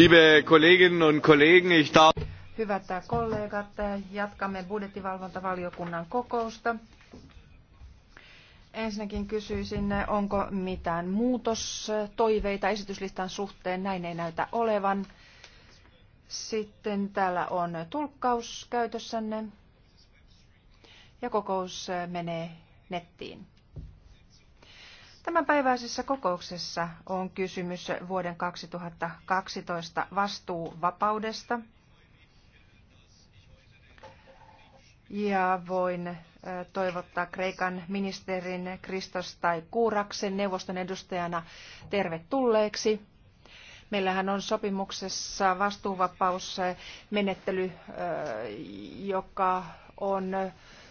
Liebe Kolleginnen und Kollegen, ich darf... Hyvät kollegat, jatkamme budjettivalvontavaliokunnan kokousta. Ensinnäkin kysyisin, onko mitään muutostoiveita esityslistan suhteen. Näin ei näytä olevan. Sitten täällä on tulkkaus käytössänne ja kokous menee nettiin. Tämänpäiväisessä kokouksessa on kysymys vuoden 2012 vastuuvapaudesta. Ja voin toivottaa Kreikan ministerin Kristos tai Kuuraksen neuvoston edustajana tervetulleeksi. Meillähän on sopimuksessa vastuuvapausmenettely, joka on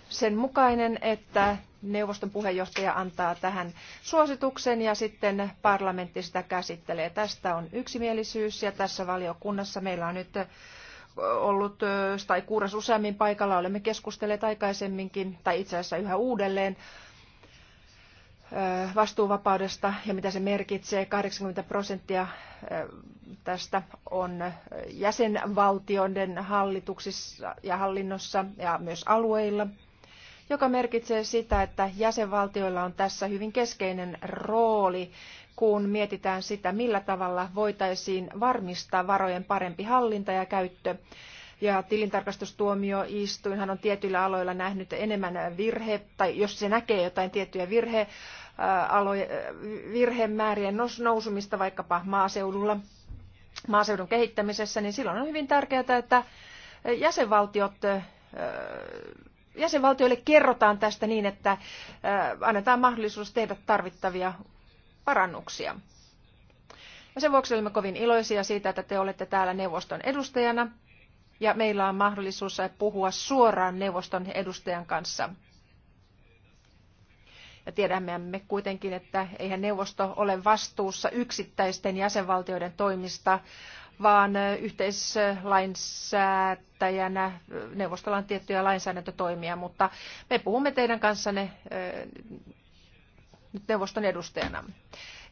sen mukainen, että neuvoston puheenjohtaja antaa tähän suosituksen ja sitten parlamentti sitä käsittelee. Tästä on yksimielisyys ja tässä valiokunnassa meillä on nyt ollut tai kuuras useammin paikalla. Olemme keskustelleet aikaisemminkin tai itse asiassa yhä uudelleen vastuuvapaudesta ja mitä se merkitsee. 80 prosenttia tästä on jäsenvaltioiden hallituksissa ja hallinnossa ja myös alueilla – joka merkitsee sitä, että jäsenvaltioilla on tässä hyvin keskeinen rooli, kun mietitään sitä, millä tavalla voitaisiin varmistaa varojen parempi hallinta ja käyttö. Ja tilintarkastustuomioistuinhan on tietyillä aloilla nähnyt enemmän virhe, tai jos se näkee jotain tiettyjä virhe, virhemäärien nousumista vaikkapa maaseudulla, maaseudun kehittämisessä, niin silloin on hyvin tärkeää, että jäsenvaltiot jäsenvaltioille kerrotaan tästä niin, että äh, annetaan mahdollisuus tehdä tarvittavia parannuksia. Ja sen vuoksi olemme kovin iloisia siitä, että te olette täällä neuvoston edustajana ja meillä on mahdollisuus puhua suoraan neuvoston edustajan kanssa. Ja tiedämme kuitenkin, että eihän neuvosto ole vastuussa yksittäisten jäsenvaltioiden toimista, vaan yhteislainsäätäjänä neuvostolla on tiettyjä lainsäädäntötoimia, mutta me puhumme teidän kanssanne nyt neuvoston edustajana.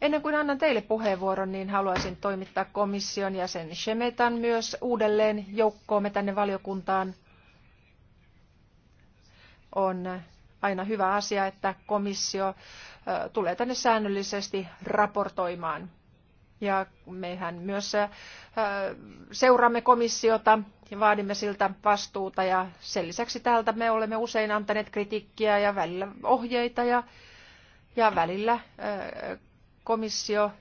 Ennen kuin annan teille puheenvuoron, niin haluaisin toimittaa komission jäsen Shemetan myös uudelleen joukkoomme tänne valiokuntaan. On aina hyvä asia, että komissio tulee tänne säännöllisesti raportoimaan. Ja mehän myös äh, seuraamme komissiota ja vaadimme siltä vastuuta ja sen lisäksi täältä me olemme usein antaneet kritiikkiä ja välillä ohjeita ja, ja välillä äh, komissio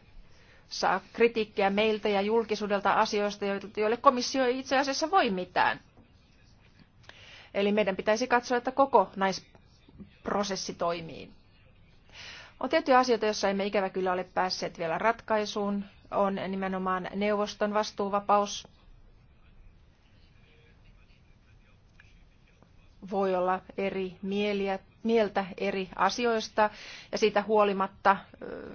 saa kritiikkiä meiltä ja julkisuudelta asioista, joille komissio ei itse asiassa voi mitään. Eli meidän pitäisi katsoa, että koko naisprosessi toimii. On tiettyjä asioita, joissa emme ikävä kyllä ole päässeet vielä ratkaisuun. On nimenomaan neuvoston vastuuvapaus. Voi olla eri mieliä, mieltä eri asioista ja siitä huolimatta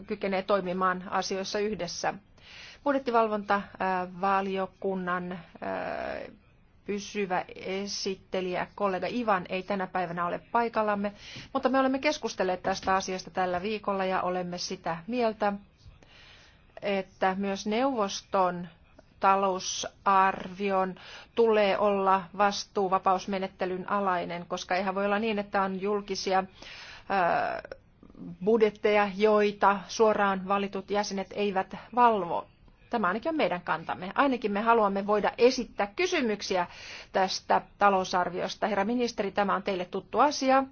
kykenee toimimaan asioissa yhdessä budjettivalvontavaliokunnan pysyvä esittelijä, kollega Ivan, ei tänä päivänä ole paikallamme, mutta me olemme keskustelleet tästä asiasta tällä viikolla ja olemme sitä mieltä, että myös neuvoston talousarvion tulee olla vastuuvapausmenettelyn alainen, koska eihän voi olla niin, että on julkisia budjetteja, joita suoraan valitut jäsenet eivät valvo. Tämä ainakin on meidän kantamme. Ainakin me haluamme voida esittää kysymyksiä tästä talousarviosta. Herra ministeri, tämä on teille tuttu asia.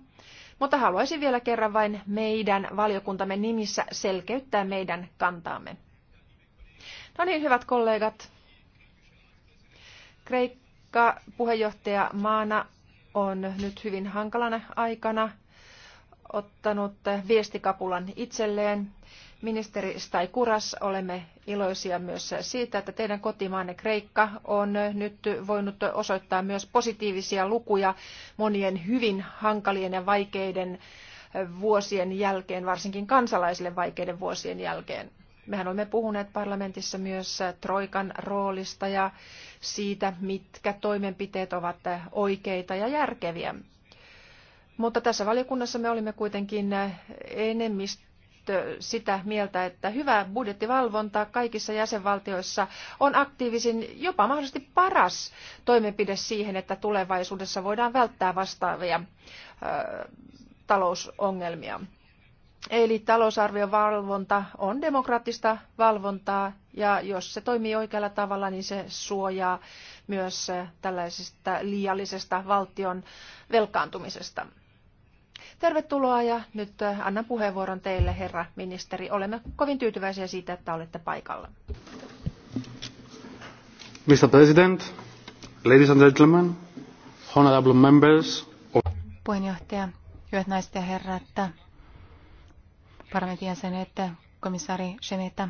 Mutta haluaisin vielä kerran vain meidän valiokuntamme nimissä selkeyttää meidän kantaamme. No niin, hyvät kollegat. Kreikka puheenjohtaja Maana on nyt hyvin hankalana aikana ottanut viestikapulan itselleen Ministeri Staikuras, olemme iloisia myös siitä, että teidän kotimaanne Kreikka on nyt voinut osoittaa myös positiivisia lukuja monien hyvin hankalien ja vaikeiden vuosien jälkeen, varsinkin kansalaisille vaikeiden vuosien jälkeen. Mehän olemme puhuneet parlamentissa myös Troikan roolista ja siitä, mitkä toimenpiteet ovat oikeita ja järkeviä. Mutta tässä valiokunnassa me olimme kuitenkin enemmistö sitä mieltä, että hyvä budjettivalvonta kaikissa jäsenvaltioissa on aktiivisin, jopa mahdollisesti paras toimenpide siihen, että tulevaisuudessa voidaan välttää vastaavia talousongelmia. Eli talousarvion valvonta on demokraattista valvontaa ja jos se toimii oikealla tavalla, niin se suojaa myös tällaisesta liiallisesta valtion velkaantumisesta. Tervetuloa ja nyt äh, annan puheenvuoron teille, herra ministeri. Olemme kovin tyytyväisiä siitä, että olette paikalla. Mr. President, ladies and gentlemen, honorable members of... Puheenjohtaja, hyvät naiset ja herrat, parlamentin jäsenet, komissaari Shemeta.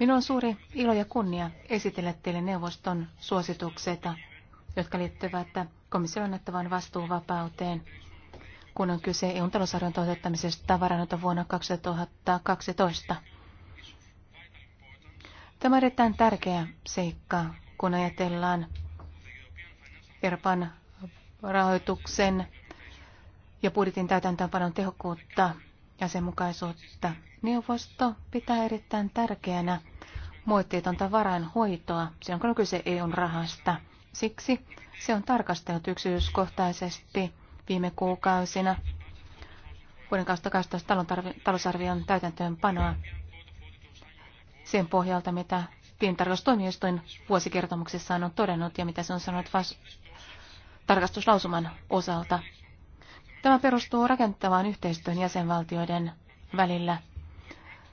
Minun on suuri ilo ja kunnia esitellä teille neuvoston suositukset, jotka liittyvät Komission annettavan vastuuvapauteen, kun on kyse EUn talousarvion toteuttamisesta tavaranota vuonna 2012. Tämä on erittäin tärkeä seikka, kun ajatellaan Euroopan rahoituksen ja budjetin täytäntöönpanon tehokkuutta ja sen mukaisuutta. Neuvosto pitää erittäin tärkeänä moitteetonta varainhoitoa, silloin kun on kyse EUn rahasta. Siksi se on tarkasteltu yksityiskohtaisesti viime kuukausina vuoden 2012 talon talousarvion täytäntöönpanoa sen pohjalta, mitä tilintarkastustoimijoistoin vuosikertomuksessaan on todennut ja mitä se on sanonut tarkastuslausuman osalta. Tämä perustuu rakentavaan yhteistyön jäsenvaltioiden välillä.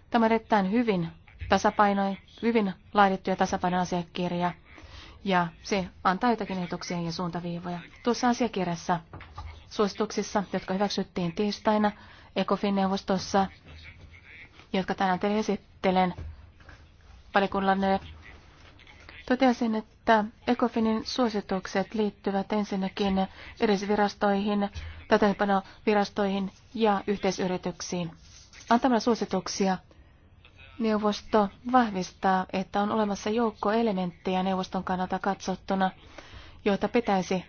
Tämä on erittäin hyvin, tasapaino, hyvin laadittu ja tasapainoinen asiakirja, ja se antaa jotakin ehdotuksia ja suuntaviivoja. Tuossa asiakirjassa suosituksissa, jotka hyväksyttiin tiistaina ECOFIN-neuvostossa, jotka tänään teille esittelen valikunnalle, totesin, että ECOFINin suositukset liittyvät ensinnäkin erisvirastoihin, täytäntöpanovirastoihin ja yhteisyrityksiin. Antamalla suosituksia Neuvosto vahvistaa, että on olemassa joukko elementtejä neuvoston kannalta katsottuna, joita pitäisi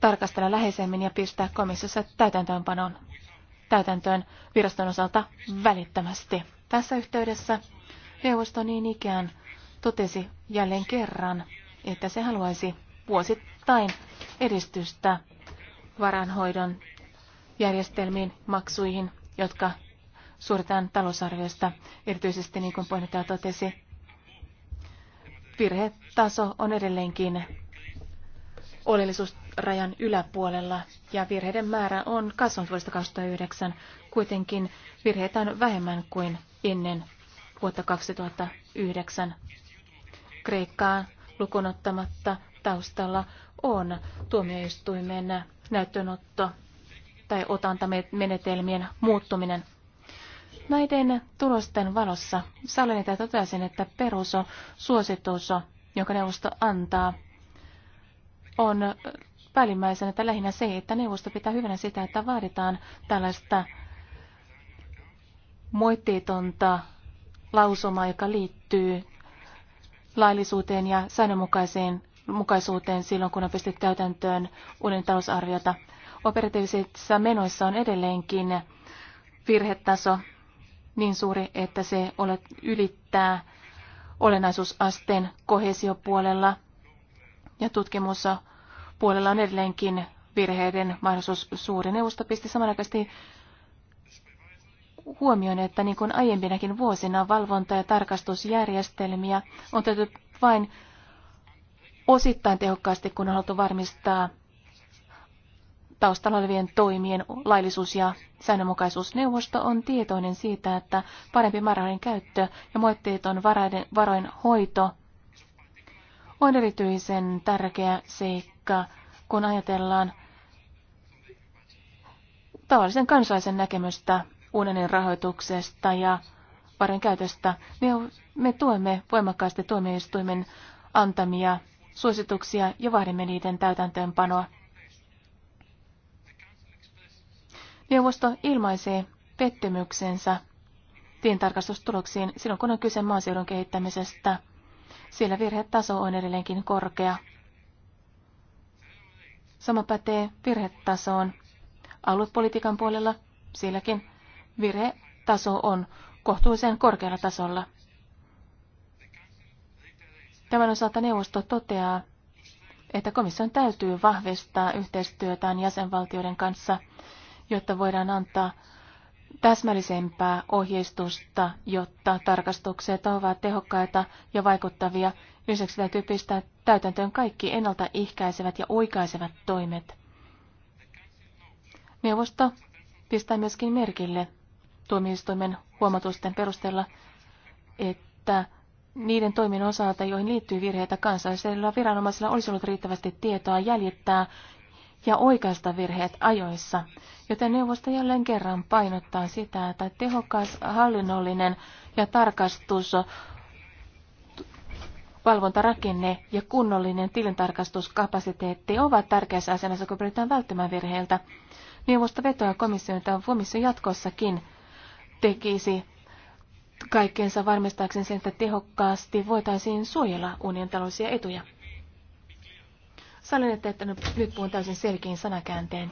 tarkastella läheisemmin ja pistää komissiossa täytäntöönpanon täytäntöön viraston osalta välittömästi. Tässä yhteydessä neuvosto niin ikään totesi jälleen kerran, että se haluaisi vuosittain edistystä varanhoidon järjestelmiin, maksuihin, jotka suoritetaan talousarviosta, erityisesti niin kuin puheenjohtaja totesi. Virhetaso on edelleenkin oleellisuusrajan yläpuolella ja virheiden määrä on kasvanut vuodesta 2009. Kuitenkin virheitä on vähemmän kuin ennen vuotta 2009. Kreikkaa lukunottamatta taustalla on tuomioistuimen näyttönotto tai otantamenetelmien muuttuminen. Näiden tulosten valossa sallin, että totesin, että peruso, suositus, jonka neuvosto antaa, on päällimmäisenä, että lähinnä se, että neuvosto pitää hyvänä sitä, että vaaditaan tällaista moitteetonta lausumaa, joka liittyy laillisuuteen ja säännönmukaiseen mukaisuuteen silloin, kun on pystytty täytäntöön uuden talousarviota. Operatiivisissa menoissa on edelleenkin virhetaso niin suuri, että se olet, ylittää olennaisuusasteen kohesiopuolella ja tutkimussa puolella on edelleenkin virheiden mahdollisuus suuri. Neuvosto pisti samanaikaisesti huomioon, että niin kuin aiempinakin vuosina valvonta- ja tarkastusjärjestelmiä on tehty vain osittain tehokkaasti, kun on haluttu varmistaa taustalla olevien toimien laillisuus ja säännönmukaisuusneuvosto on tietoinen siitä, että parempi määrärahojen käyttö ja moitteeton varaiden, varoin hoito on erityisen tärkeä seikka, kun ajatellaan tavallisen kansalaisen näkemystä unionin rahoituksesta ja varojen käytöstä. Me, me tuemme voimakkaasti tuomioistuimen antamia suosituksia ja vaadimme niiden täytäntöönpanoa. Neuvosto ilmaisee pettymyksensä tientarkastustuloksiin silloin, kun on kyse maaseudun kehittämisestä. Siellä virhetaso on edelleenkin korkea. Sama pätee virhetasoon. Aluepolitiikan puolella sielläkin virhetaso on kohtuullisen korkealla tasolla. Tämän osalta neuvosto toteaa, että komission täytyy vahvistaa yhteistyötään jäsenvaltioiden kanssa jotta voidaan antaa täsmällisempää ohjeistusta, jotta tarkastukset ovat tehokkaita ja vaikuttavia. Lisäksi täytyy pistää täytäntöön kaikki ennaltaehkäisevät ja oikaisevat toimet. Neuvosto pistää myöskin merkille tuomioistuimen huomatusten perusteella, että niiden toimin osalta, joihin liittyy virheitä kansallisella viranomaisilla olisi ollut riittävästi tietoa jäljittää ja oikaista virheet ajoissa, joten neuvosto jälleen kerran painottaa sitä, että tehokas hallinnollinen ja tarkastus valvontarakenne ja kunnollinen tilintarkastuskapasiteetti ovat tärkeässä asemassa, kun pyritään välttämään virheiltä. Neuvosto vetoaa komission, että komissio jatkossakin tekisi kaikkeensa varmistaakseen sen, että tehokkaasti voitaisiin suojella unionin taloudellisia etuja. Sallinette, että nyt puhun täysin selkein sanakäänteen.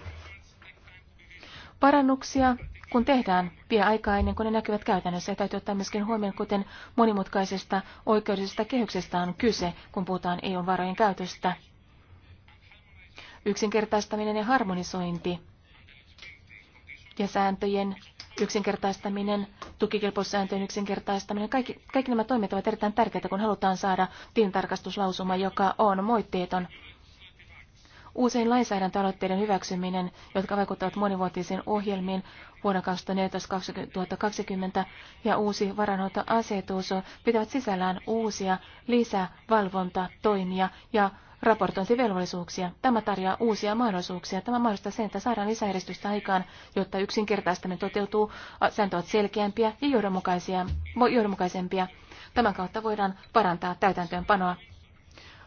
Parannuksia, kun tehdään, vie aikaa ennen kuin ne näkyvät käytännössä. Ja täytyy ottaa myöskin huomioon, kuten monimutkaisesta oikeudellisesta kehyksestä on kyse, kun puhutaan eu varojen käytöstä. Yksinkertaistaminen ja harmonisointi ja sääntöjen yksinkertaistaminen, tukikelpoissääntöjen yksinkertaistaminen, kaikki, kaikki nämä toimet ovat erittäin tärkeitä, kun halutaan saada tilintarkastuslausuma, joka on moitteeton Usein lainsäädäntöaloitteiden hyväksyminen, jotka vaikuttavat monivuotisiin ohjelmiin vuonna 2014-2020 ja uusi varanhoitoasetus pitävät sisällään uusia lisävalvontatoimia ja raportointivelvollisuuksia. Tämä tarjoaa uusia mahdollisuuksia. Tämä mahdollistaa sen, että saadaan lisäjärjestystä aikaan, jotta yksinkertaistaminen toteutuu, sääntö ovat selkeämpiä ja johdonmukaisempia. Tämän kautta voidaan parantaa täytäntöönpanoa.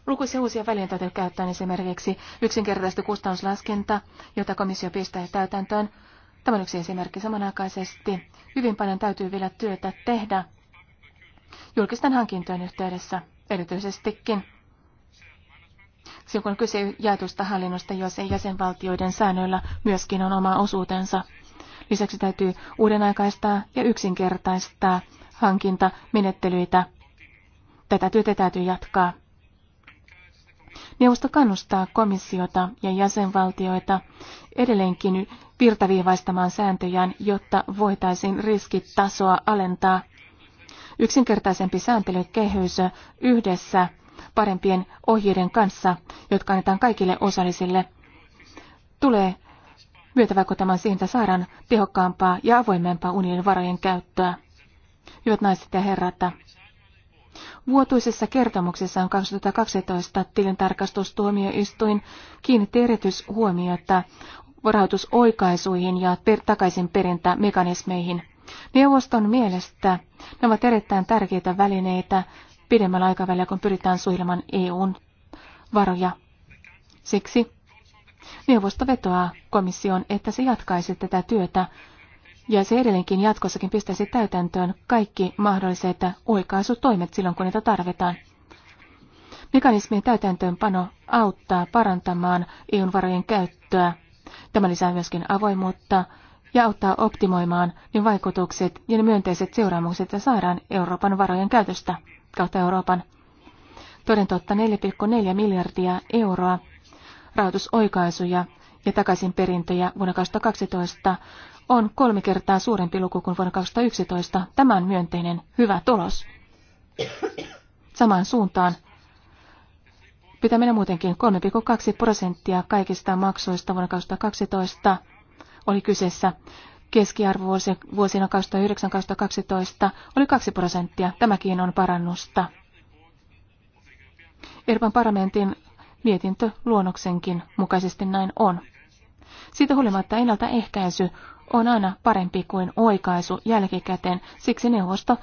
Lukuisia uusia välineitä täytyy käyttää esimerkiksi yksinkertaista kustannuslaskenta, jota komissio pistää täytäntöön. Tämä on yksi esimerkki samanaikaisesti. Hyvin paljon täytyy vielä työtä tehdä julkisten hankintojen yhteydessä erityisestikin. Silloin kun on kyse jaetusta hallinnosta, jos ei jäsenvaltioiden säännöillä myöskin on oma osuutensa. Lisäksi täytyy uudenaikaistaa ja yksinkertaistaa hankintamenettelyitä. Tätä työtä täytyy jatkaa. Neuvosto kannustaa komissiota ja jäsenvaltioita edelleenkin virtaviivaistamaan sääntöjään, jotta voitaisiin riskitasoa alentaa. Yksinkertaisempi sääntelykehys yhdessä parempien ohjeiden kanssa, jotka annetaan kaikille osallisille, tulee myötävaikuttamaan siihen, että saadaan tehokkaampaa ja avoimempaa unionin varojen käyttöä. Hyvät naiset ja herrat, Vuotuisessa kertomuksessaan 2012 tilintarkastustuomioistuin kiinnitti erityishuomiota varautusoikaisuihin ja per- takaisinperintämekanismeihin. Neuvoston mielestä ne ovat erittäin tärkeitä välineitä pidemmällä aikavälillä, kun pyritään suojelemaan EUn varoja. Siksi neuvosto vetoaa komission, että se jatkaisi tätä työtä ja se edelleenkin jatkossakin pistäisi täytäntöön kaikki mahdolliset oikaisutoimet silloin, kun niitä tarvitaan. Mekanismien täytäntöönpano auttaa parantamaan EUn varojen käyttöä. Tämä lisää myöskin avoimuutta ja auttaa optimoimaan niin vaikutukset ja ne myönteiset seuraamukset, ja saadaan Euroopan varojen käytöstä kautta Euroopan. Toden totta 4,4 miljardia euroa rahoitusoikaisuja ja takaisinperintöjä vuonna 2012 on kolme kertaa suurempi luku kuin vuonna 2011. Tämä on myönteinen hyvä tulos. Samaan suuntaan Pitää mennä muutenkin 3,2 prosenttia kaikista maksuista vuonna 2012 oli kyseessä. Keskiarvo vuosina 2009-2012 oli 2 prosenttia. Tämäkin on parannusta. Euroopan parlamentin mietintö luonnoksenkin mukaisesti näin on. Siitä huolimatta ennaltaehkäisy on aina parempi kuin oikaisu jälkikäteen. Siksi neuvosto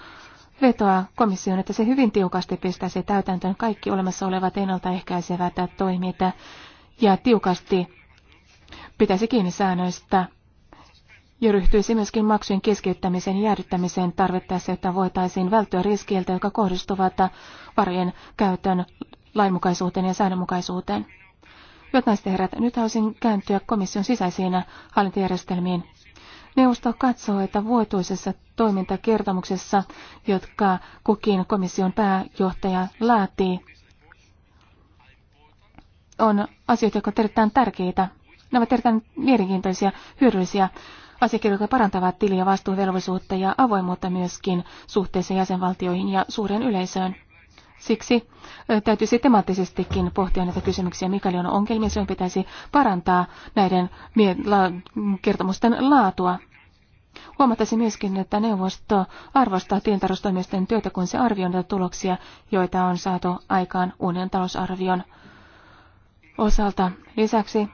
vetoaa komissioon, että se hyvin tiukasti pistäisi täytäntöön kaikki olemassa olevat ennaltaehkäisevät toimit ja tiukasti pitäisi kiinni säännöistä ja ryhtyisi myöskin maksujen keskeyttämiseen ja jäädyttämiseen tarvittaessa, että voitaisiin välttyä riskiltä, joka kohdistuvat varien käytön lainmukaisuuteen ja säännönmukaisuuteen. Jotain herrat, nyt haluaisin kääntyä komission sisäisiin hallintajärjestelmiin Neuvosto katsoo, että vuotuisessa toimintakertomuksessa, jotka kukin komission pääjohtaja laatii, on asioita, jotka ovat erittäin tärkeitä. Ne ovat erittäin mielenkiintoisia, hyödyllisiä asiakirjoja, parantavat tili- ja vastuuvelvollisuutta ja avoimuutta myöskin suhteessa jäsenvaltioihin ja suureen yleisöön. Siksi täytyisi temaattisestikin pohtia näitä kysymyksiä. Mikäli on ongelmia, on pitäisi parantaa näiden kertomusten laatua. Huomattaisin myöskin, että neuvosto arvostaa tientaroustoimijoiden työtä, kun se arvioi näitä tuloksia, joita on saatu aikaan uuden talousarvion osalta. Lisäksi,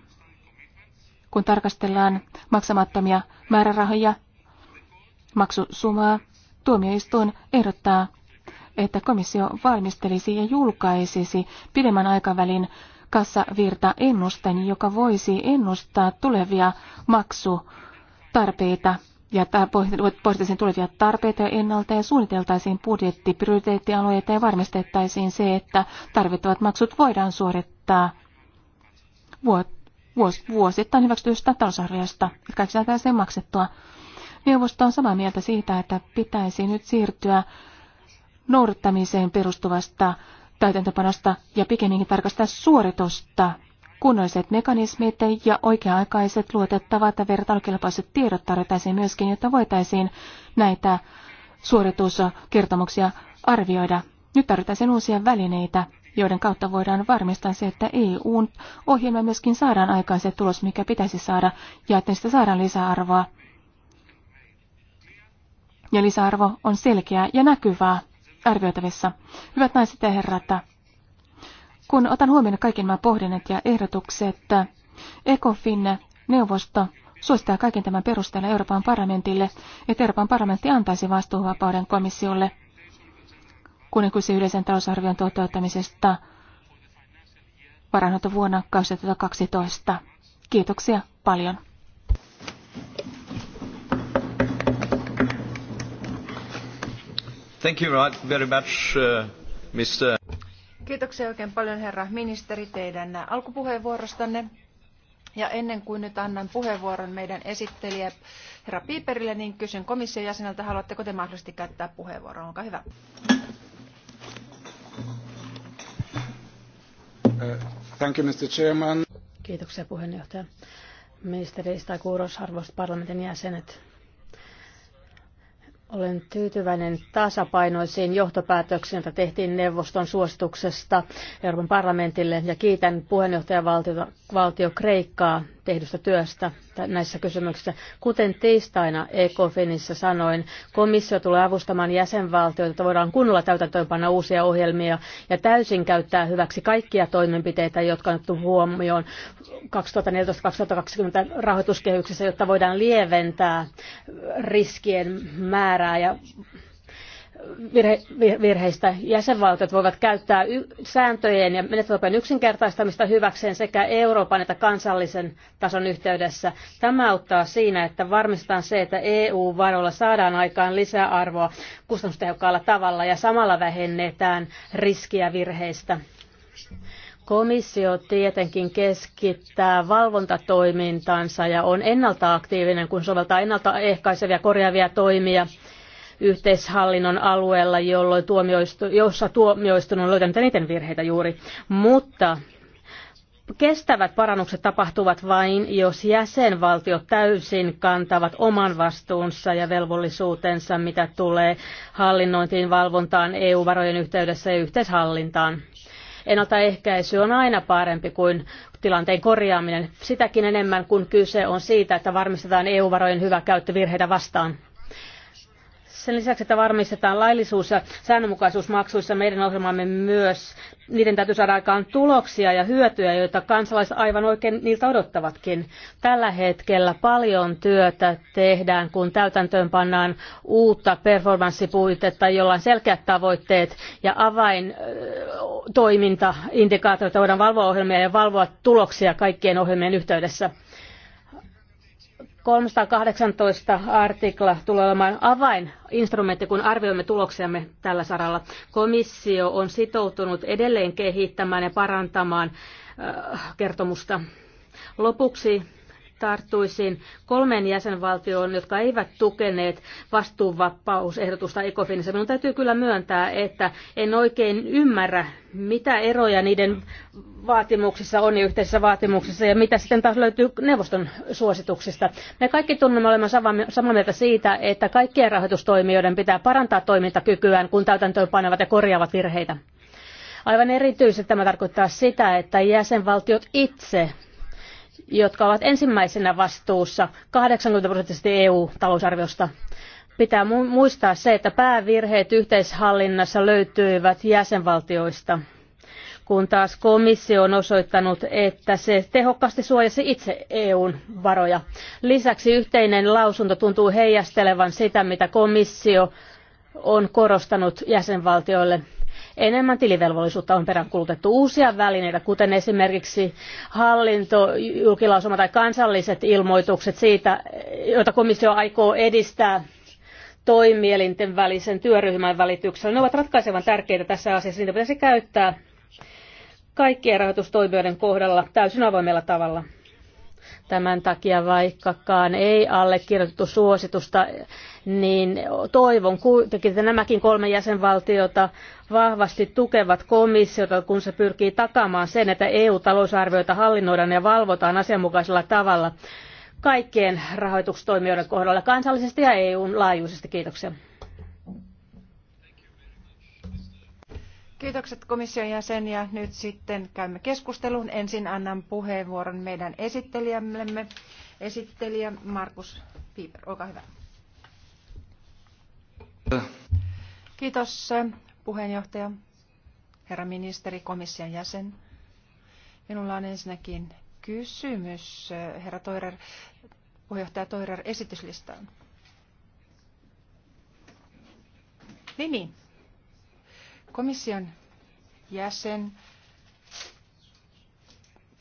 kun tarkastellaan maksamattomia määrärahoja, maksusumaa, tuomioistuin ehdottaa että komissio valmistelisi ja julkaisisi pidemmän aikavälin kassavirtaennusten, joka voisi ennustaa tulevia maksutarpeita ja pohdittaisiin tulevia tarpeita ennalta ja suunniteltaisiin budjetti, prioriteettialueita ja varmistettaisiin se, että tarvittavat maksut voidaan suorittaa vuosittain hyväksytystä talousarviosta. Kaikki saataisiin maksettua. Neuvosto on samaa mieltä siitä, että pitäisi nyt siirtyä noudattamiseen perustuvasta täytäntöpanosta ja pikemminkin tarkastaa suoritusta. Kunnoiset mekanismit ja oikea-aikaiset luotettavat ja vertailukelpoiset tiedot tarvittaisiin myöskin, jotta voitaisiin näitä suorituskertomuksia arvioida. Nyt tarvitaan uusia välineitä, joiden kautta voidaan varmistaa se, että eu ohjelma myöskin saadaan aikaiset tulos, mikä pitäisi saada, ja että sitä saadaan lisäarvoa. Ja lisäarvo on selkeää ja näkyvää arvioitavissa. Hyvät naiset ja herrat, kun otan huomioon kaiken nämä pohdinnat ja ehdotukset, ECOFIN neuvosto suosittaa kaiken tämän perusteella Euroopan parlamentille, että Euroopan parlamentti antaisi vastuuvapauden komissiolle kuninkuisen yleisen talousarvion toteuttamisesta varannut vuonna 2012. Kiitoksia paljon. Uh, Kiitoksia oikein paljon herra ministeri teidän alkupuheenvuorostanne. Ja ennen kuin nyt annan puheenvuoron meidän esittelijä herra Pieperille, niin kysyn komission jäseneltä, haluatteko te mahdollisesti käyttää puheenvuoron? Olkaa hyvä. Uh, thank you, Mr. Chairman. Kiitoksia puheenjohtaja. Ministeri Stakuros, arvoisat parlamentin jäsenet, olen tyytyväinen tasapainoisiin johtopäätöksiin, joita tehtiin neuvoston suosituksesta Euroopan parlamentille ja kiitän puheenjohtajavaltio valtio Kreikkaa tehdystä työstä näissä kysymyksissä. Kuten tiistaina ECOFINissa sanoin, komissio tulee avustamaan jäsenvaltioita, että voidaan kunnolla täytäntöönpanna uusia ohjelmia ja täysin käyttää hyväksi kaikkia toimenpiteitä, jotka on otettu huomioon 2014-2020 rahoituskehyksessä, jotta voidaan lieventää riskien määrää ja virhe, virheistä. Jäsenvaltiot voivat käyttää sääntöjen ja menetelmien yksinkertaistamista hyväkseen sekä Euroopan että kansallisen tason yhteydessä. Tämä auttaa siinä, että varmistetaan se, että EU-varoilla saadaan aikaan lisäarvoa kustannustehokkaalla tavalla ja samalla vähennetään riskiä virheistä. Komissio tietenkin keskittää valvontatoimintansa ja on ennalta aktiivinen, kun soveltaa ennaltaehkäiseviä korjaavia toimia – yhteishallinnon alueella, jolloin tuomioistu, jossa tuomioistuin on löytänyt eniten virheitä juuri. Mutta kestävät parannukset tapahtuvat vain, jos jäsenvaltiot täysin kantavat oman vastuunsa ja velvollisuutensa, mitä tulee hallinnointiin, valvontaan, EU-varojen yhteydessä ja yhteishallintaan. Ennaltaehkäisy on aina parempi kuin tilanteen korjaaminen, sitäkin enemmän kuin kyse on siitä, että varmistetaan EU-varojen hyvä käyttö virheitä vastaan. Sen lisäksi, että varmistetaan laillisuus ja säännönmukaisuus maksuissa, meidän ohjelmamme myös, niiden täytyy saada aikaan tuloksia ja hyötyjä, joita kansalaiset aivan oikein niiltä odottavatkin. Tällä hetkellä paljon työtä tehdään, kun täytäntöön pannaan uutta performanssipuitetta, jolla on selkeät tavoitteet ja avain toiminta, indikaatioita voidaan valvoa ohjelmia ja valvoa tuloksia kaikkien ohjelmien yhteydessä 318 artikla tulee olemaan avaininstrumentti, kun arvioimme tuloksiamme tällä saralla. Komissio on sitoutunut edelleen kehittämään ja parantamaan äh, kertomusta. Lopuksi tarttuisin kolmeen jäsenvaltioon, jotka eivät tukeneet vastuunvapausehdotusta ECOFINissa. Minun täytyy kyllä myöntää, että en oikein ymmärrä, mitä eroja niiden vaatimuksissa on ja yhteisissä vaatimuksissa ja mitä sitten taas löytyy neuvoston suosituksista. Me kaikki tunnemme olemaan samaa mieltä siitä, että kaikkien rahoitustoimijoiden pitää parantaa toimintakykyään, kun täytäntöön ja korjaavat virheitä. Aivan erityisesti tämä tarkoittaa sitä, että jäsenvaltiot itse jotka ovat ensimmäisenä vastuussa 80 prosenttisesti EU-talousarviosta. Pitää muistaa se, että päävirheet yhteishallinnassa löytyivät jäsenvaltioista, kun taas komissio on osoittanut, että se tehokkaasti suojasi itse EUn varoja. Lisäksi yhteinen lausunto tuntuu heijastelevan sitä, mitä komissio on korostanut jäsenvaltioille – Enemmän tilivelvollisuutta on peräänkulutettu uusia välineitä, kuten esimerkiksi hallinto, julkilausuma tai kansalliset ilmoitukset siitä, joita komissio aikoo edistää toimielinten välisen työryhmän välityksellä. Ne ovat ratkaisevan tärkeitä tässä asiassa. Niitä pitäisi käyttää kaikkien rahoitustoimijoiden kohdalla täysin avoimella tavalla. Tämän takia vaikkakaan ei allekirjoitettu suositusta, niin toivon kuitenkin, että nämäkin kolme jäsenvaltiota vahvasti tukevat komissiota, kun se pyrkii takaamaan sen, että EU-talousarvioita hallinnoidaan ja valvotaan asianmukaisella tavalla kaikkien rahoitustoimijoiden kohdalla kansallisesti ja EUn laajuisesti. Kiitoksia. Kiitokset komission jäsen ja nyt sitten käymme keskustelun. Ensin annan puheenvuoron meidän esittelijämme, esittelijä Markus Piiper, olkaa hyvä. Kiitos puheenjohtaja, herra ministeri, komission jäsen. Minulla on ensinnäkin kysymys, herra Toirer, puheenjohtaja Toirer, esityslistaan. Niin, niin komission jäsen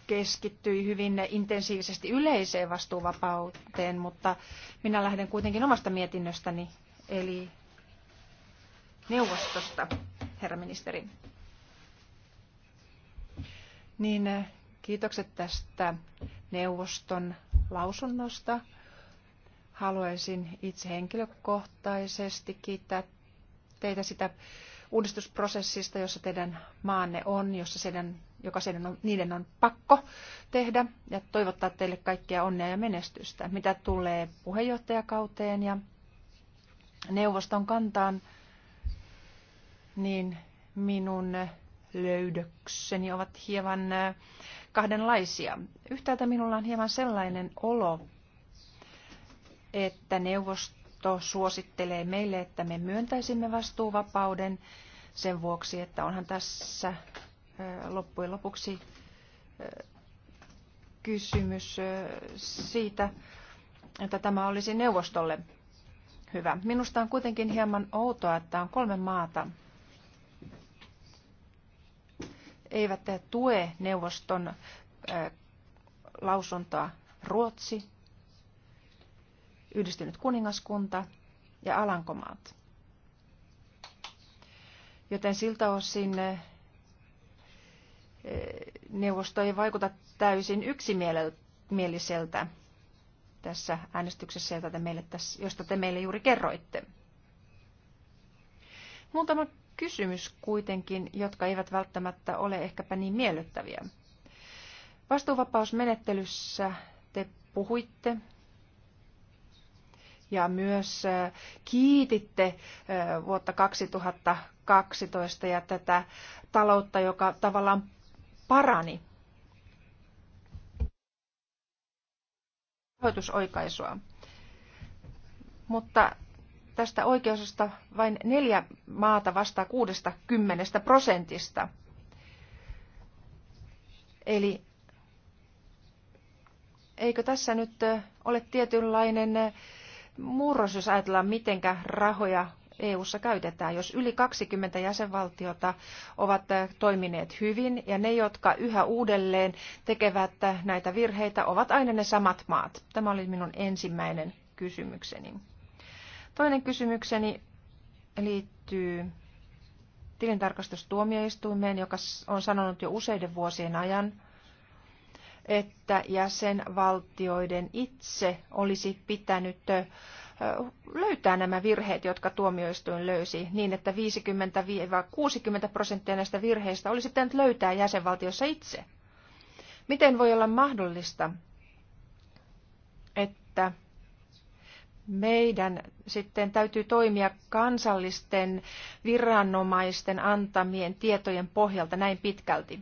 keskittyi hyvin intensiivisesti yleiseen vastuuvapauteen, mutta minä lähden kuitenkin omasta mietinnöstäni, eli neuvostosta, herra ministeri. Niin eh, kiitokset tästä neuvoston lausunnosta. Haluaisin itse henkilökohtaisesti kiittää teitä sitä uudistusprosessista, jossa teidän maanne on, jossa seidän, joka seidän on, niiden on pakko tehdä ja toivottaa teille kaikkia onnea ja menestystä. Mitä tulee puheenjohtajakauteen ja neuvoston kantaan, niin minun löydökseni ovat hieman kahdenlaisia. Yhtäältä minulla on hieman sellainen olo, että neuvosto neuvosto suosittelee meille, että me myöntäisimme vastuuvapauden sen vuoksi, että onhan tässä loppujen lopuksi kysymys siitä, että tämä olisi neuvostolle hyvä. Minusta on kuitenkin hieman outoa, että on kolme maata, eivät tue neuvoston lausuntoa Ruotsi, Yhdistynyt kuningaskunta ja Alankomaat. Joten siltä osin eh, neuvosto ei vaikuta täysin yksimieliseltä tässä äänestyksessä, jota te meille tässä, josta te meille juuri kerroitte. Muutama kysymys kuitenkin, jotka eivät välttämättä ole ehkäpä niin miellyttäviä. Vastuuvapausmenettelyssä te puhuitte ja myös äh, kiititte äh, vuotta 2012 ja tätä taloutta, joka tavallaan parani rahoitusoikaisua. Mutta tästä oikeusosta vain neljä maata vastaa kuudesta kymmenestä prosentista. Eli eikö tässä nyt äh, ole tietynlainen murros, jos ajatellaan, miten rahoja EU:ssa käytetään. Jos yli 20 jäsenvaltiota ovat äh, toimineet hyvin ja ne, jotka yhä uudelleen tekevät äh, näitä virheitä, ovat aina ne samat maat. Tämä oli minun ensimmäinen kysymykseni. Toinen kysymykseni liittyy tilintarkastustuomioistuimeen, joka on sanonut jo useiden vuosien ajan, että jäsenvaltioiden itse olisi pitänyt löytää nämä virheet, jotka tuomioistuin löysi, niin että 50-60 prosenttia näistä virheistä olisi pitänyt löytää jäsenvaltiossa itse. Miten voi olla mahdollista, että meidän sitten täytyy toimia kansallisten viranomaisten antamien tietojen pohjalta näin pitkälti.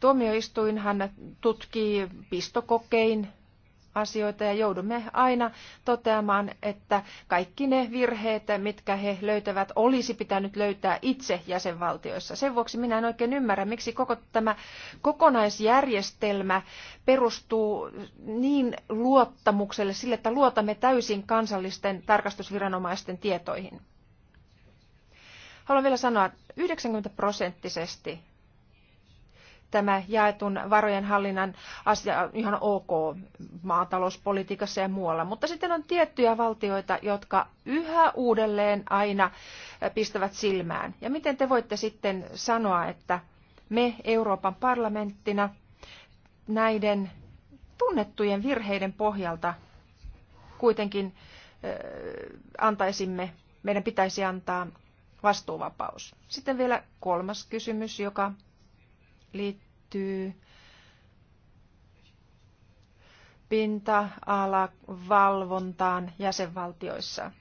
Tuomioistuinhan tutkii pistokokein asioita ja joudumme aina toteamaan, että kaikki ne virheet, mitkä he löytävät, olisi pitänyt löytää itse jäsenvaltioissa. Sen vuoksi minä en oikein ymmärrä, miksi koko tämä kokonaisjärjestelmä perustuu niin luottamukselle sille, että luotamme täysin kansallisten tarkastusviranomaisten tietoihin. Haluan vielä sanoa, että 90 prosenttisesti tämä jaetun varojen hallinnan asia on ihan ok maatalouspolitiikassa ja muualla. Mutta sitten on tiettyjä valtioita, jotka yhä uudelleen aina pistävät silmään. Ja miten te voitte sitten sanoa, että me Euroopan parlamenttina näiden tunnettujen virheiden pohjalta kuitenkin antaisimme, meidän pitäisi antaa vastuuvapaus. Sitten vielä kolmas kysymys, joka liittyy pinta-alavalvontaan jäsenvaltioissa.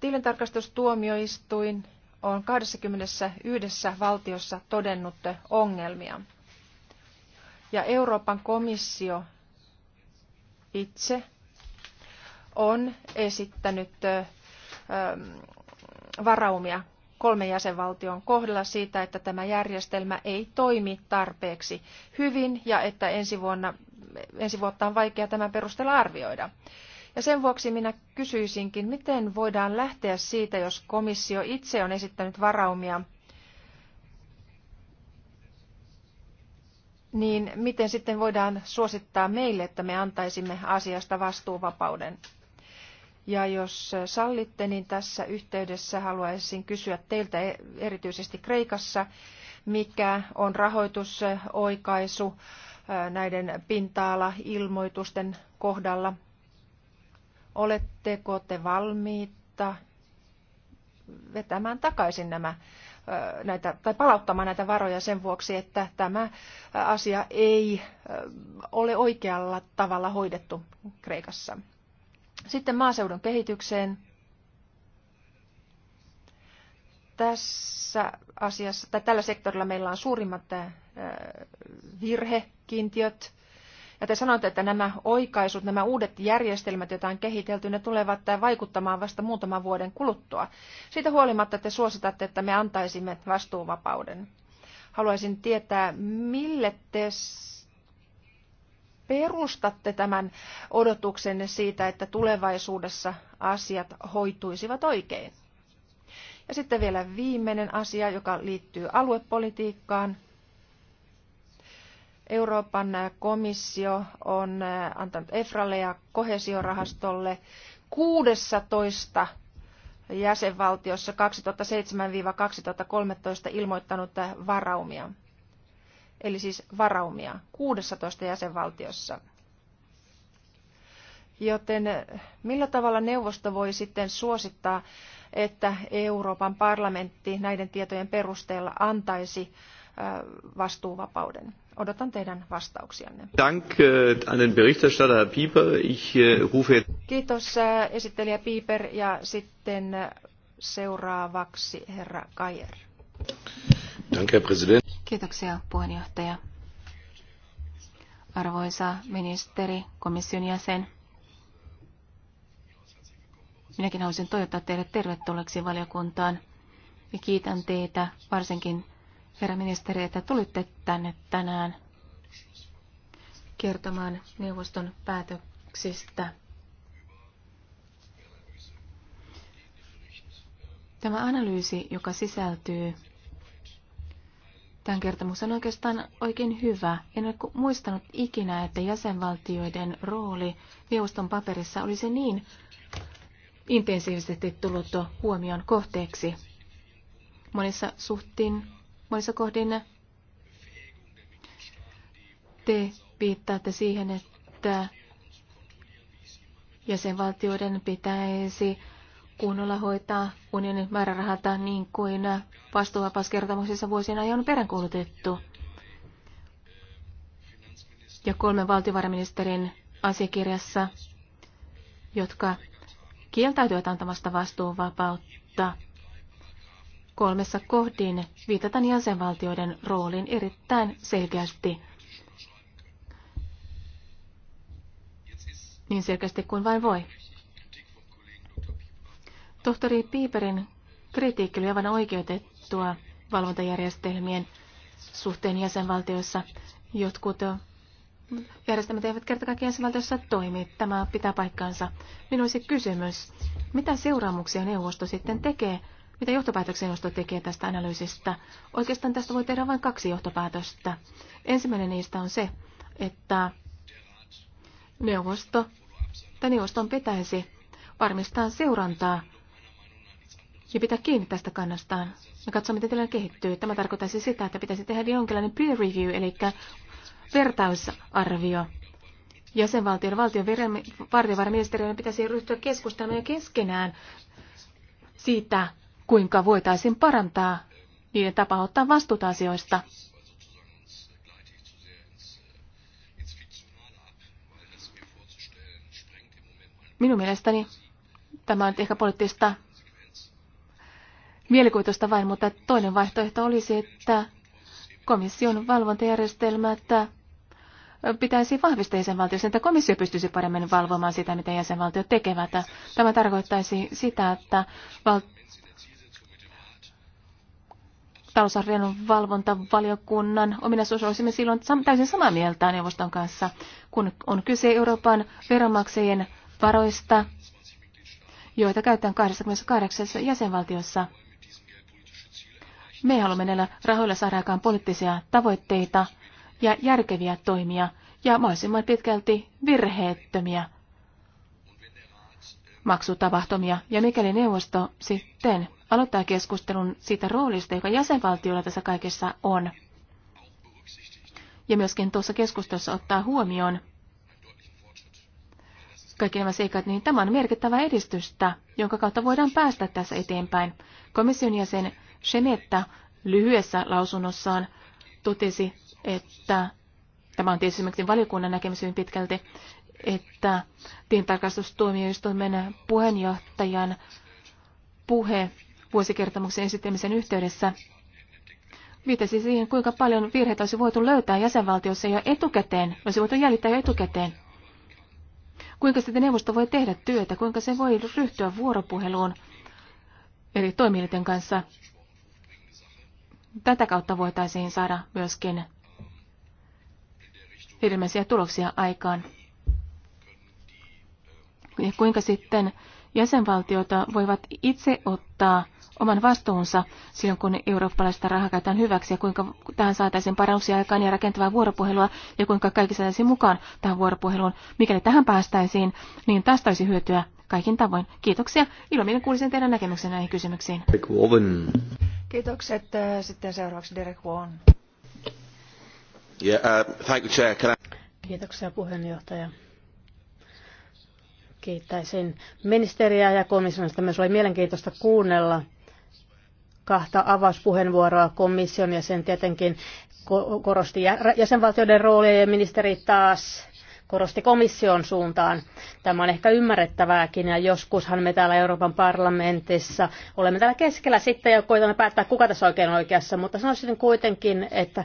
Tilintarkastustuomioistuin on 21 valtiossa todennut ongelmia. Ja Euroopan komissio itse on esittänyt varaumia kolmen jäsenvaltion kohdalla siitä, että tämä järjestelmä ei toimi tarpeeksi hyvin ja että ensi, vuonna, ensi vuotta on vaikea tämän perusteella arvioida. Ja sen vuoksi minä kysyisinkin, miten voidaan lähteä siitä, jos komissio itse on esittänyt varaumia, niin miten sitten voidaan suosittaa meille, että me antaisimme asiasta vastuuvapauden ja jos sallitte, niin tässä yhteydessä haluaisin kysyä teiltä e- erityisesti Kreikassa, mikä on rahoitusoikaisu näiden pinta ilmoitusten kohdalla. Oletteko te valmiita vetämään takaisin nämä, näitä, tai palauttamaan näitä varoja sen vuoksi, että tämä asia ei ole oikealla tavalla hoidettu Kreikassa? Sitten maaseudun kehitykseen. Tässä asiassa, tai tällä sektorilla meillä on suurimmat äh, virhekiintiöt. Ja te sanoitte, että nämä oikaisut, nämä uudet järjestelmät, joita on kehitelty, ne tulevat vaikuttamaan vasta muutaman vuoden kuluttua. Siitä huolimatta te suositatte, että me antaisimme vastuuvapauden. Haluaisin tietää, mille te perustatte tämän odotuksenne siitä, että tulevaisuudessa asiat hoituisivat oikein? Ja sitten vielä viimeinen asia, joka liittyy aluepolitiikkaan. Euroopan komissio on antanut EFRAlle ja kohesiorahastolle 16 jäsenvaltiossa 2007-2013 ilmoittanut varaumia eli siis varaumia 16 jäsenvaltiossa. Joten eh, millä tavalla neuvosto voi sitten suosittaa, että Euroopan parlamentti näiden tietojen perusteella antaisi eh, vastuuvapauden? Odotan teidän vastauksianne. Eh, an den Berichterstatter Ich rufe... Kiitos esittelijä Piper ja sitten seuraavaksi herra Kajer. Kiitoksia puheenjohtaja. Arvoisa ministeri, komission jäsen. Minäkin haluaisin toivottaa teille tervetulleeksi valiokuntaan ja kiitän teitä varsinkin herra ministeri, että tulitte tänne tänään kertomaan neuvoston päätöksistä. Tämä analyysi, joka sisältyy Tämän kertomus on oikeastaan oikein hyvä. En ole muistanut ikinä, että jäsenvaltioiden rooli neuvoston paperissa olisi niin intensiivisesti tullut huomion kohteeksi. Monissa suhtiin, monissa kohdin te viittaatte siihen, että jäsenvaltioiden pitäisi kunnolla hoitaa unionin määrärahata niin kuin vastuuvapauskertomuksissa vuosien ajan on peräänkuulutettu. Ja kolmen valtiovarainministerin asiakirjassa, jotka kieltäytyvät antamasta vastuuvapautta. Kolmessa kohdin viitataan jäsenvaltioiden rooliin erittäin selkeästi. Niin selkeästi kuin vain voi. Tohtori Piiperin kritiikki oli aivan oikeutettua valvontajärjestelmien suhteen jäsenvaltioissa. Jotkut järjestelmät eivät kerta kaikkiaan jäsenvaltiossa toimi. Tämä pitää paikkaansa. Minun olisi kysymys, mitä seuraamuksia neuvosto sitten tekee? Mitä johtopäätöksiä neuvosto tekee tästä analyysistä? Oikeastaan tästä voi tehdä vain kaksi johtopäätöstä. Ensimmäinen niistä on se, että neuvosto tai neuvoston pitäisi varmistaa seurantaa ja pitää kiinni tästä kannastaan ja katsoa, miten tilanne kehittyy. Tämä tarkoittaisi sitä, että pitäisi tehdä jonkinlainen peer review, eli vertausarvio. Jäsenvaltion valtion valtiovarainministeriön pitäisi ryhtyä keskustelemaan keskenään siitä, kuinka voitaisiin parantaa niiden tapa ottaa vastuuta asioista. Minun mielestäni tämä on ehkä poliittista mielikuvitusta vain, mutta toinen vaihtoehto olisi, että komission valvontajärjestelmät pitäisi vahvistaa jäsenvaltioissa, että komissio pystyisi paremmin valvomaan sitä, mitä jäsenvaltiot tekevät. Tämä tarkoittaisi sitä, että val- talousarvion valvontavaliokunnan ominaisuus olisimme silloin täysin samaa mieltä neuvoston kanssa, kun on kyse Euroopan veronmaksajien varoista, joita käytetään 28 jäsenvaltiossa. Me haluamme näillä rahoilla saada aikaan poliittisia tavoitteita ja järkeviä toimia ja mahdollisimman pitkälti virheettömiä maksutapahtumia. Ja mikäli neuvosto sitten aloittaa keskustelun siitä roolista, joka jäsenvaltiolla tässä kaikessa on, ja myöskin tuossa keskustelussa ottaa huomioon kaikki nämä seikat, niin tämä on merkittävä edistystä, jonka kautta voidaan päästä tässä eteenpäin. Komission jäsen Shenetta lyhyessä lausunnossaan totesi, että tämä on tietysti valiokunnan näkemys hyvin pitkälti, että tientarkastustuomioistuimen puheenjohtajan puhe vuosikertomuksen esittämisen yhteydessä viitasi siihen, kuinka paljon virheitä olisi voitu löytää jäsenvaltiossa jo etukäteen, olisi voitu jäljittää jo etukäteen. Kuinka sitten neuvosto voi tehdä työtä, kuinka se voi ryhtyä vuoropuheluun eri toimijoiden kanssa Tätä kautta voitaisiin saada myöskin ilmeisiä tuloksia aikaan. Ja kuinka sitten jäsenvaltiota voivat itse ottaa oman vastuunsa silloin, kun eurooppalaista rahaa käytetään hyväksi ja kuinka tähän saataisiin parannuksia aikaan ja rakentavaa vuoropuhelua ja kuinka kaikki saataisiin mukaan tähän vuoropuheluun. Mikäli tähän päästäisiin, niin tästä olisi hyötyä kaikin tavoin. Kiitoksia. Ilomielin kuulisin teidän näkemyksen näihin kysymyksiin. Kiitokset. Äh, sitten seuraavaksi Derek Vaughan. Yeah, uh, thank you, Chair. Can I... Kiitoksia puheenjohtaja. Kiittäisin ministeriä ja komissionista. Myös oli mielenkiintoista kuunnella kahta avauspuheenvuoroa komission ja sen tietenkin korosti jäsenvaltioiden roolia ja ministeri taas korosti komission suuntaan. Tämä on ehkä ymmärrettävääkin ja joskushan me täällä Euroopan parlamentissa olemme täällä keskellä sitten ja koitamme päättää, kuka tässä oikein oikeassa, mutta sanoisin kuitenkin, että